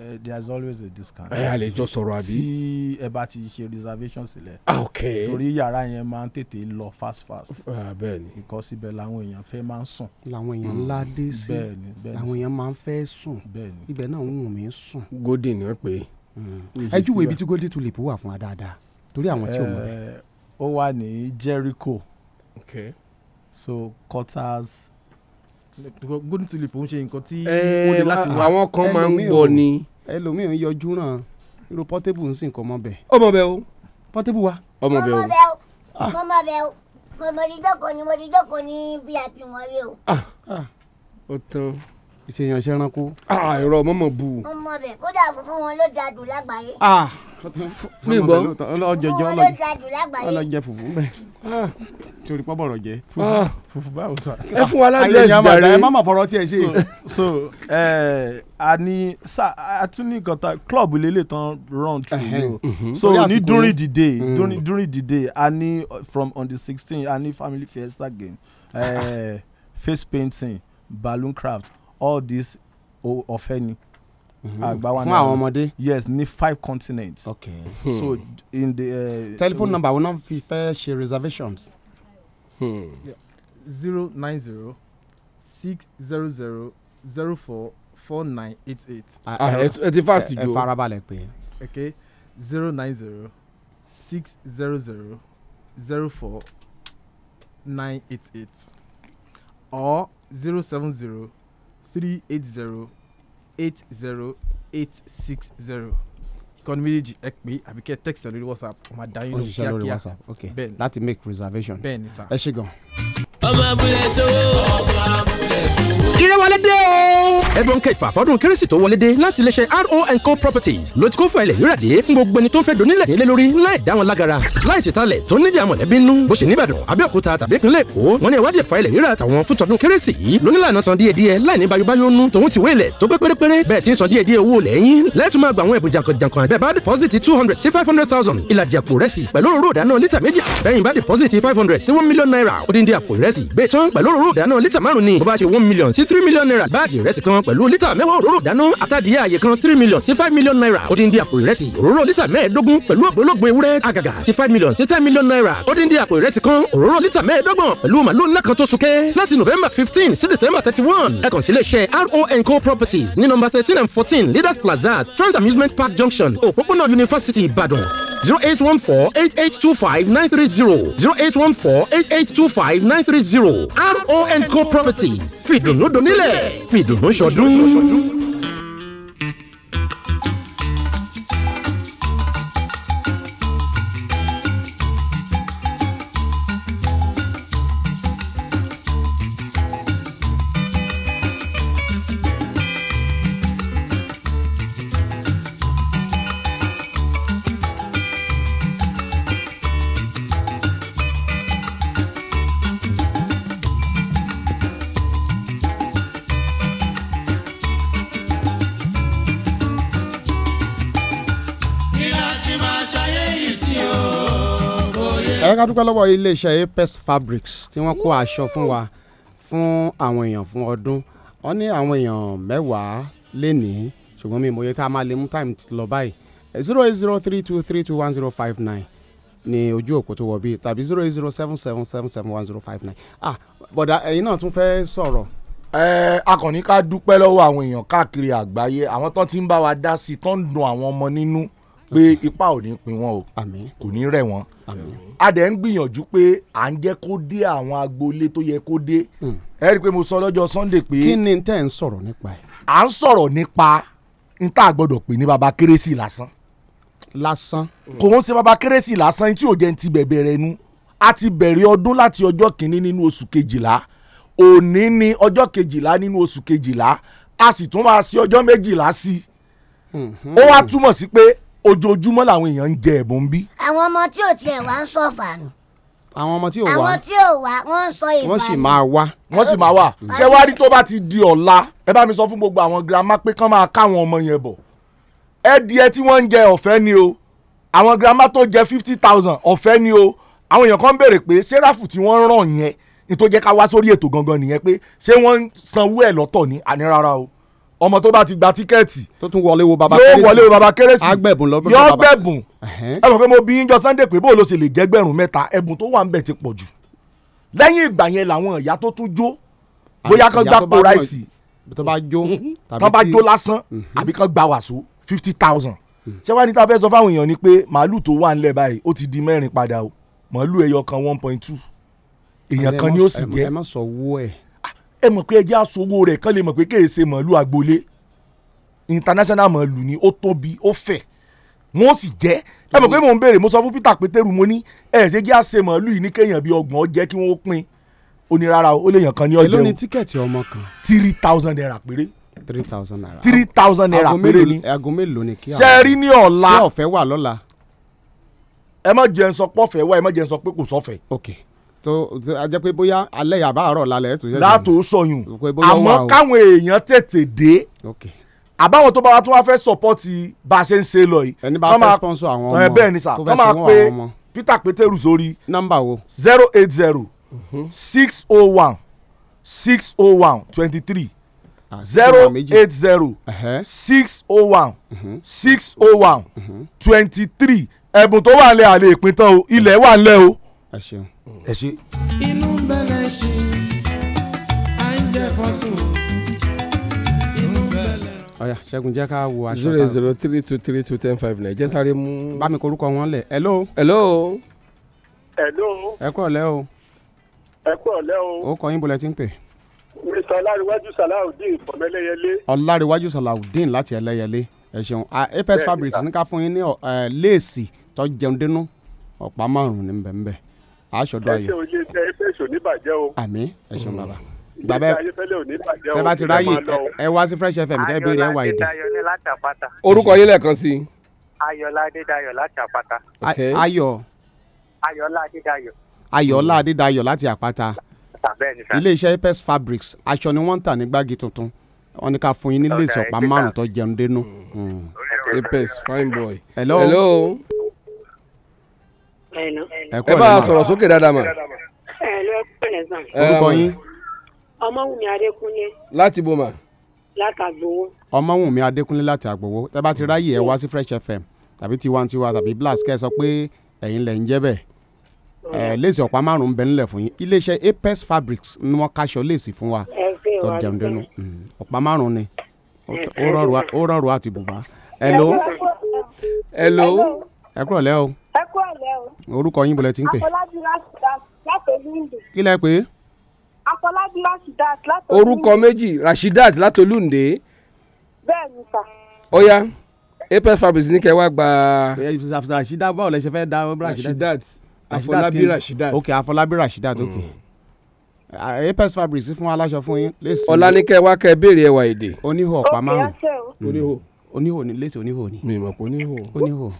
Uh, there is always a discount. ẹ eh, a lè jọ sọ̀rọ̀ àbí. tí ẹ bá ti ṣe reservation sílẹ̀. ah ok. torí yàrá yẹn máa ń tètè lọ fast fast. ah bẹ́ẹ̀ni. because ibẹ̀ làwọn èèyàn fẹ́ máa ń sùn. làwọn èèyàn hmm. ńlá dé sí. bẹ́ẹ̀ni bẹ́ẹ̀ni làwọn èèyàn máa ń fẹ́ sùn. bẹ́ẹ̀ni ibẹ̀ náà ń wù mí sùn. golden ni wọ́n pè é. Hmm. ẹ júwèé ibi tí golden tulip wà fún wa dáadáa torí àwọn tí ò mọ̀ bẹ́ẹ̀. Eh, ó wà ní Jericho. ok. so quarters golden tulip ò ń ṣe nǹkan tí ó le láti wá. àwọn kan máa ń wọ ni. ẹlòmíràn yọjú ràn irú portable ń sìn kọ́ mọ́ bẹ̀. ọmọ bẹ o. portable wa. ọmọ bẹ o. ọmọ bẹ o ah. mo ti jókòó ni mo ti jókòó ni bí a ti mọ̀ rí o. Ah. Ah. ó tán ìṣèyànṣẹ́ ẹranko. ẹ̀rọ ah, ọmọ mọ̀ bù. ọmọ rẹ̀ kódà fún wọn ló da dùn lágbàáyé. Ah, mi bọ ọlọjọjọ ọlọjẹ fùfú bẹ́ẹ̀ ah. torí pọ́ bọ̀rọ̀ jẹ́. fùfú báwo sà. ẹ fún wa ládùúgbò ẹsẹ rẹ ẹ má mọ̀ fọ̀rọ̀ tiẹ̀ ṣe. so a ní a tún ní nǹkan ta club lélẹ̀ tán run through mhm. yìí so ní during the day mm. during the day a ni from on the sixteen a ni family fiesta game eh, face painting balloon craft all this of any, àgbà wa fún àwọn ọmọdé. yes ní five continents. okay hmm. so in the. Uh, telephone number wọn náà fi fẹ́ ṣe reservations. Hmm. zero nine zero six zero zero zero four four nine eight eight. Ah, ah, ẹ ti fast jo ẹ farabalẹ̀ pé. okay zero nine zero six zero zero zero four nine eight eight or zero seven zero three eight zero eight zero eight six zero ìkànnì méjèèjì ẹ pé àbí kẹ́ text lórí whatsapp ọmọ àdáyé ló kíákíá bẹ́ẹ̀ ni láti make reservation bẹ́ẹ̀ ni sir ẹ ṣé gan ọmọ abúlé ṣòwò ìrẹ́wọlé dé o. ẹ̀bùn kẹfà fọdún kérésì tó wọlé dé láti iléeṣẹ́ ro and co properties ló ti kó fún ilẹ̀ rírà dé fún gbogbo ẹni tó ń fẹ́ donílẹ̀ délé lórí láì dá wọn lágara láì sì talẹ̀ tó níjà mọ̀lẹ́bí nú bó ṣe níbàdàn abẹ́òkúta tàbí ìpínlẹ̀ èkó wọn ni ìwádìí ẹ̀fà ilẹ̀ rírà tàwọn fún tọdún kérésì yìí lónílànà san díẹ̀ díẹ̀ láì ní bayóbayó nú tòun ti wé ilẹ̀ tó pé pérépéré bẹ́ẹ̀ ti ń san díẹ̀ díẹ̀ owó lẹ́yìn lẹ́tù máa gba àwọn ẹ̀bùn jàǹkàn jàǹkàn bẹ́ẹ̀ bá deposit two hundred sí five hundred thousand ìlàjì àpò rẹ̀ sí pẹ̀lú òróró ìdáná lítà méjì bẹ́yìn bá deposit five hundred sí one million naira odindi àpò rẹ̀ ìrẹsì gbé tán pẹ̀lú òróró ìdáná lítà márùn ni bó bá ṣe one million sí three million naira báàgì ìrẹsì kan pẹ̀lú lítà mẹ́wàá òróró ìdáná àtàdìyẹ àyè kan three million sí five million naira odindi àpò ìrẹsì òróró lítà mẹ́ẹ̀ẹ́dógún pẹ̀lú ògbólógbòó ewúrẹ́ àgàgà sí five million sí ten million naira odindi àpò ìrẹsì kan òróró lítà mẹ́ẹ̀ẹ́dọ́gbọ̀n pẹ̀lú màlúù ńlá kan tó súnkẹ́ láti november fifteen sí december thirty one ẹ kàn sí ron co properties ní nọ́mbà thirteen and fourteen leaders plaza trans amusement park junction òpópónà university ìbàdàn zero eight one four eight eight two five nine three zero zero eight one four eight eight two five nine three zero ron co properties fìdùnnú donílẹ̀ fìdùnnú ṣọdún. ẹ ká dúpẹ́ lọ́wọ́ iléeṣẹ́ Apex Fabrics tí wọ́n kó aṣọ fún wa fún àwọn èèyàn fún ọdún wọ́n ní àwọn èèyàn mẹ́wàá lénìí ṣùgbọ́n mi ìmọ̀ye tá a máa lè mú time ti lọ báyìí zero eight zero three two three two one zero five nine ni ojú òkú tó wọ bí tàbí zero eight zero seven seven seven seven one zero five nine ah bọ̀dà ẹ̀yin náà tún fẹ́ sọ̀rọ̀ ẹ akànní ká dúpẹ́ lọ́wọ́ àwọn èèyàn káàkiri àgbáyé àwọn tó ti ń bá wa dá sí i ń dùn àwọn ọmọ nínú pé ipa ò ní pin wọn o kò ní rẹ̀ wọ́n a dẹ̀ ń gbìyànjú pé à ń jẹ́ kó dé àwọn agboolé tó yẹ kó dé hmm. ẹ rí i pé mo sọ lọ́jọ́ Sunday pé. kí ni tẹ́ ń sọ̀rọ̀ nípa ẹ̀. à ń sọ̀rọ̀ nípa n tá a gbọ́dọ̀ pè ní baba kérésì lásán. lásán. kò ń ṣe baba kérésì lásán tí ò ti bẹ̀bẹ̀ rẹ nu a ti bẹ̀rẹ̀ ọdún láti ọjọ́ kìíní nínú oṣù kejìlá òní ni ọjọ́ kejìlá nínú oṣù kejìlá a sì tún máa ṣe ọjọ́ méjìlá sí i hmm. ó wá túmọ̀ sí pé ojoojúmọ́ làwọn èèyàn ń jẹ ẹ̀bùn bí. àwọn ọmọ tí ò tiẹ̀ wá ń sọ fàánù. àwọn ọmọ tí ò wá àwọn tí ò wá wọ́n ń sọ ìfàánù. wọ́n sì máa wá. wọ́n sì máa wá ṣé wàá rí tó bá ti di ọ̀la ẹ bá mi sọ fún gbogbo àwọn girama pé kán máa káwọn ọmọ yẹn bọ̀ ẹdìẹ tí wọ́n ń jẹ ọ̀fẹ́ ni o àwọn girama tó jẹ fifty thousand ọ̀fẹ́ ni o àwọn èèyàn kan béèrè pé sẹ́ráfù tí wọ́n ràn yẹn ní tó jẹ́ ká wá sórí ètò gangan nìyẹn pé ṣé wọ́n sanwó ẹ̀ lọ́tọ̀ ni àní rárá o ọmọ tó bá ti gba tíkẹ́ẹ̀tì tó tún wọlé wo baba kérésì yóò wọlé wo baba kérésì agbẹ̀bùn lọ́dún baba yóò gbẹ̀bùn ẹ mọ̀ pé mo bí yín jọ Sunday pé bó ló ṣe lè jẹ́gbẹ̀rún mẹ́ta ẹ̀bùn tó wà ń bẹ̀ ti pọ̀ jù lẹ́yìn ìgbà yẹn làwọn ìyá tó tún jó bóyá kan gbá kó ráìsì bá jó hmm. lásán hmm. àbí kan gba wàsó fifty thousand hmm. ṣé wàá ní tá a fẹ́ sọ fáwọn èèyàn ni pé màálù tó wà ńlẹ̀ báyìí ó ti di mẹ́rin padà one point two èèyàn kan ni ẹ mọ̀ pé ẹjẹ́ aṣọwó rẹ̀ kán lè mọ̀ pé kéèsè màálù agboolé international màálù ni ó tóbi ó fẹ̀ wọ́n sì jẹ́ ẹ mọ̀ pé mò ń béèrè mo sọ fún Peter Peteru mo ní ẹ̀ ṣe jẹ́ àṣẹ màálù yìí ní kéèyàn bíi ọgbọ̀n ó jẹ́ kí wọ́n pín ó ó lè yàn kan ní ọjọ́ o. èló tíkẹ́ẹ̀tì ọmọ kan. three thousand naira péré. three thousand naira. three thousand naira péré ni. aago mélòó ni kí àwọn. sẹ́ẹ̀rí ní ọ̀la. ṣé ọ̀fẹ́ wà lọ́la. ẹ má jẹ́ n sọ pé ọ̀fẹ́ ẹ má jẹ́ sọ pé kò sọ́fẹ́. okay tó a jẹ́ pé bóyá alẹ́ yàbá àárọ̀ lálẹ́ tó ṣẹ̀ṣẹ̀. látò sọyún àmọ́ káwọn èèyàn tètè dé àbáwọn tó bá wa tó wá fẹ́ sọ̀pọ́tì bá a ṣe ń ṣe lọ yìí. ẹni bá fẹ́ sponsor àwọn eh, ọmọ bẹ́ẹ̀ ni sà tó máa pe Peter Peteru sórí. nọ́mbà wo. zero eight zero mhm. six o oh one six o oh one twenty three ah, oh zero eight zero six o one mhm. six o one mhm. twenty three ẹ̀bùn tó wà lẹ́ àlè ìpín tán o ilẹ̀ wà lẹ́ o ẹ ṣeun. ẹ ṣe. inú bẹ̀rẹ̀ ṣe à ń jẹ fọ́sùn inú bẹ̀rẹ̀. ọ̀yà ṣẹ́gun jẹ́ ká wo aṣọ kan. zero zero three two three two ten five nine jẹ́ sáré mú. bá mi korúkọ wọn lẹ̀ hello. hello. hello. ẹ kú ọ̀lẹ́ o. ẹ kú ọ̀lẹ́ o. ó kọ yín bọ́lẹ̀ tí ń pè. mr ọlárẹ̀wájú salawudeen from ẹlẹ́yẹlé. ọlárẹ̀wájú salawudeen láti ẹlẹ́yẹlé ẹ ṣeun apex fabric ní ká fún yín ní léèsì tó jẹun dénú ọ̀pá márùn-ún ní bẹ́ẹ̀ bẹ́ẹ̀ aṣọdọ ayọ̀. ẹ ṣe òye tẹ ẹ fẹsọ níbàjẹ́ o. àmín ẹ ṣeun bàbá. bàbá ẹ wá sí Fresh FM kẹ́ ẹ béèrè ẹ wà èdè. orúkọ yín lẹ́ẹ̀kan sí i. Ayọ̀lá Adédayọ̀ láti Àpáta. Ayọ̀. Ayọ̀lá Adédayọ̀. Ayọ̀lá Adédayọ̀ láti Àpáta. iléeṣẹ́ Apex Fabrics aṣọ ni wọ́n ń tà ní gbági tuntun wọ́n ní ká fún yín nílé ìsọ̀pá márùn-ún tó jẹun dénú. Mm. Mm. Apex fine boy. hello. hello ẹ bá a sọ̀rọ̀ sókè dáadáa mà. ẹ ló ẹ kọ́ ẹ̀ sàn. orúkọ yín. ọmọwùmí adékúnlé. láti bò mà. láti àgbòwò. ọmọwùmí adékúnlé láti àgbòwò tẹ bá ti mm. ráyè ẹ wá sí fresh fm tàbí tiwantiwa tàbí blast kẹ sọ pé ẹ̀yin lẹ ń jẹ́ bẹ́ẹ̀ mm. ẹ léèsì ọ̀pá márùn-ún bẹ́ẹ̀ ńlẹ̀ fún yín iléeṣẹ́ apex fabrics ni wọ́n kaṣọ léèsì fún wa tó jẹun dẹnu mm, ọ̀pá márùn-ún ni ó rọrùn àti bùbá. hello hello ẹ kúrọ̀lẹ́ o. ẹ kúrọ̀lẹ́ orúkọ yín bọ̀lẹ̀ tí ń pè. afọlábí rashidat látolúndé. kí lẹ pé. afọlábí rashidat látolúndé. orúkọ méjì rashidat látolúndé. bẹ́ẹ̀ ni sà. ó apel fabric ní kẹ́ wá gba. rashidat báwo lẹ ṣe fẹ́ da rashidat. Afolabi rashidat. ok Afolabi rashidat ok. Mm apes fabric fún aláṣọ fún yín. ọ̀lànìkẹ́ wa kẹ́ béèrè ẹwà èdè. oníhò ọ̀pá márùn-ún oníhò hmm. oníhò ni lẹ́sẹ̀ oníhò ni. mi ò mọ̀ pé oníhò. oníhò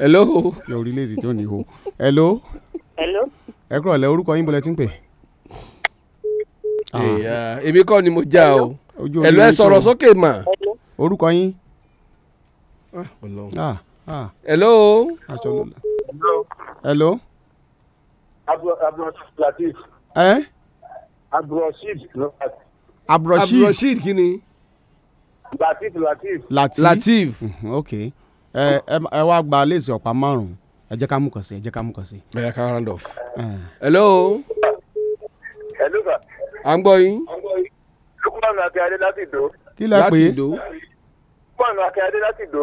hello. yóò rí léèzì tí ó ní ihò. hello. hello. ẹ kúrò lẹ orúkọ yín bọ́lẹ̀ tí ń pè. Ah. Uh, èmi kọ́ ni mo já o hello ẹ sọ̀rọ̀ sókè mà. orúkọ yín. Ah, ah, hello. hello. abdulrasheed. ẹ. abdulrasheed. abdulrasheed kí ni. latif latif. latif. latif. Mm-hmm, ok ẹ wá gba léèsì ọ̀pá márùn-ún ẹ jẹ́ ká mú kàn sí ẹ jẹ́ ká mú kàn sí. ẹ yà hello. hello sir. à ń gbọ́ yín. lukman akínyadé láti ìdó. kí lẹ pé. lukman akínyadé láti ìdó.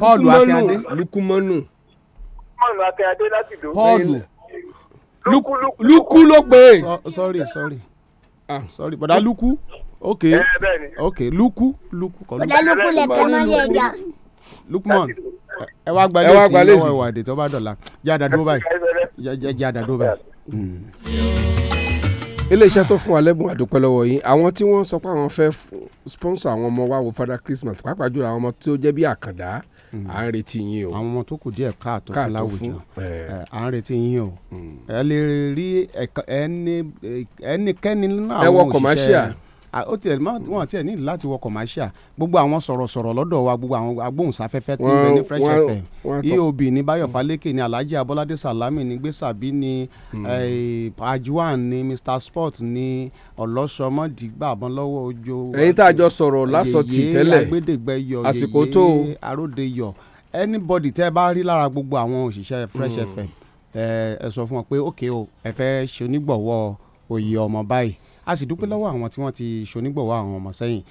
paul akínyadé. lukumanu. lukumanu akínyadé láti ìdó. paul. luku ló pè sorry sorry ah sorry bọ̀dá luku ok eh, ok luku luku kọ́ luku. bọ̀dá luku lè tẹ́ mọ́ ilé ẹja. Lukman ẹ wá gba lẹ́sìn lọ́wọ́ ìwà èdè tó bá dọ̀la jẹ́ àdàdúró báyìí jẹ́ àdàdúró báyìí. Hmm. iléeṣẹ́ tó fún wa lẹ́bùn àdúpẹ́ lọ́wọ́ yìí àwọn tí wọ́n sọ pé àwọn fẹ́ sponsor àwọn ọmọ wa wo Father Christmas pàápàá jùlọ àwọn ọmọ tó jẹ́ bí àkàndá hmm. à ń retí yín o. àwọn ọmọ tó kù díẹ̀ káàtó fún láwùjọ à ń retí yín o. Hmm. ẹ lè rí ẹnikẹ́ni nínú àwọn òṣìṣẹ́ ó tiẹ̀ wọ́n tiẹ̀ ní láti wọ commercial gbogbo àwọn sọ̀rọ̀sọ̀rọ̀ lọ́dọ̀ wa gbogbo àwọn agbóhùnsáfẹ́fẹ́ tí ń bẹ ní fresh fm eob ní Báyọ̀ Fálékè ní Alhaji Abọ́ládé Salami ní gbèsàbí ní hmm. ajuan ní Mr Sport ní ọlọ́sọmọdìgbà àbọ̀nlọ́wọ́ ojo. ẹ̀yin tá a jọ sọ̀rọ̀ lásọtì tẹ́lẹ̀ àsìkò tó àròdeyọ anybody tẹ́ bá rí lára gbogbo àwọn òṣìṣẹ́ fresh fm hmm. ẹ sọ fún wọn pé ókè o ẹ ọmọ báyìí a sì dúpẹ́ lọ́wọ́ àwọn tí wọ́n ti ṣonígbọ̀wọ́ àwọn ọmọ sẹ́yìn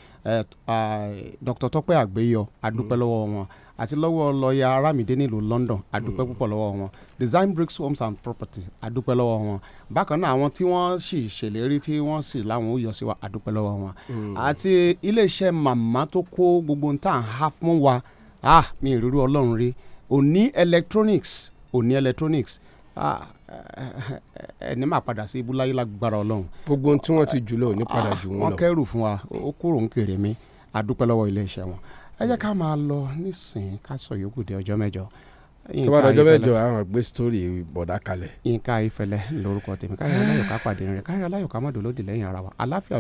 Dr. Tọ́pẹ́ Àgbéyọ a dúpẹ́ mm. lọ́wọ́ wọn àti lọ́wọ́ lọ́ọ̀yà Arámidé nílùú London a dúpẹ́ mm. púpọ̀ lọ́wọ́ wọn Design Bricks Homes and Properties a dúpẹ́ lọ́wọ́ wọn bákan náà àwọn tí wọ́n sì ṣèlérí tí wọ́n sì láwọn ó yọ sí wa a dúpẹ́ lọ́wọ́ wọn mm. àti iléeṣẹ́ màmá tó kó gbogbo nǹkan ha fún wa ah mi ìrírú ọlọ́run rí òní electronics òní electronics ah ẹni máa padà sí ibú láyé lágbára ọlọ́run. gbogbo ohun tí wọ́n ti jù lọ ò ní ah, padà jù wọ́n lọ. wọ́n kẹ́rù fún wa ó kúrò ń kéré mi àdúpẹ́ lọ́wọ́ iléeṣẹ́ wọn. ẹ jẹ́ ká máa lọ nísìnyí ká sọ yòókù dé ọjọ́ mẹ́jọ. tó bá dọjọ́ mẹ́jọ àwọn gbé sítórì bọ̀dá kalẹ̀. Yínká Ayéfẹ́lẹ́ lórúkọ tèmi káyọ̀ ah. aláyọ̀ ká pàdé rẹ̀ káyọ̀ aláyọ̀ ká má dolódì lẹ́yìn ara wa àláfíà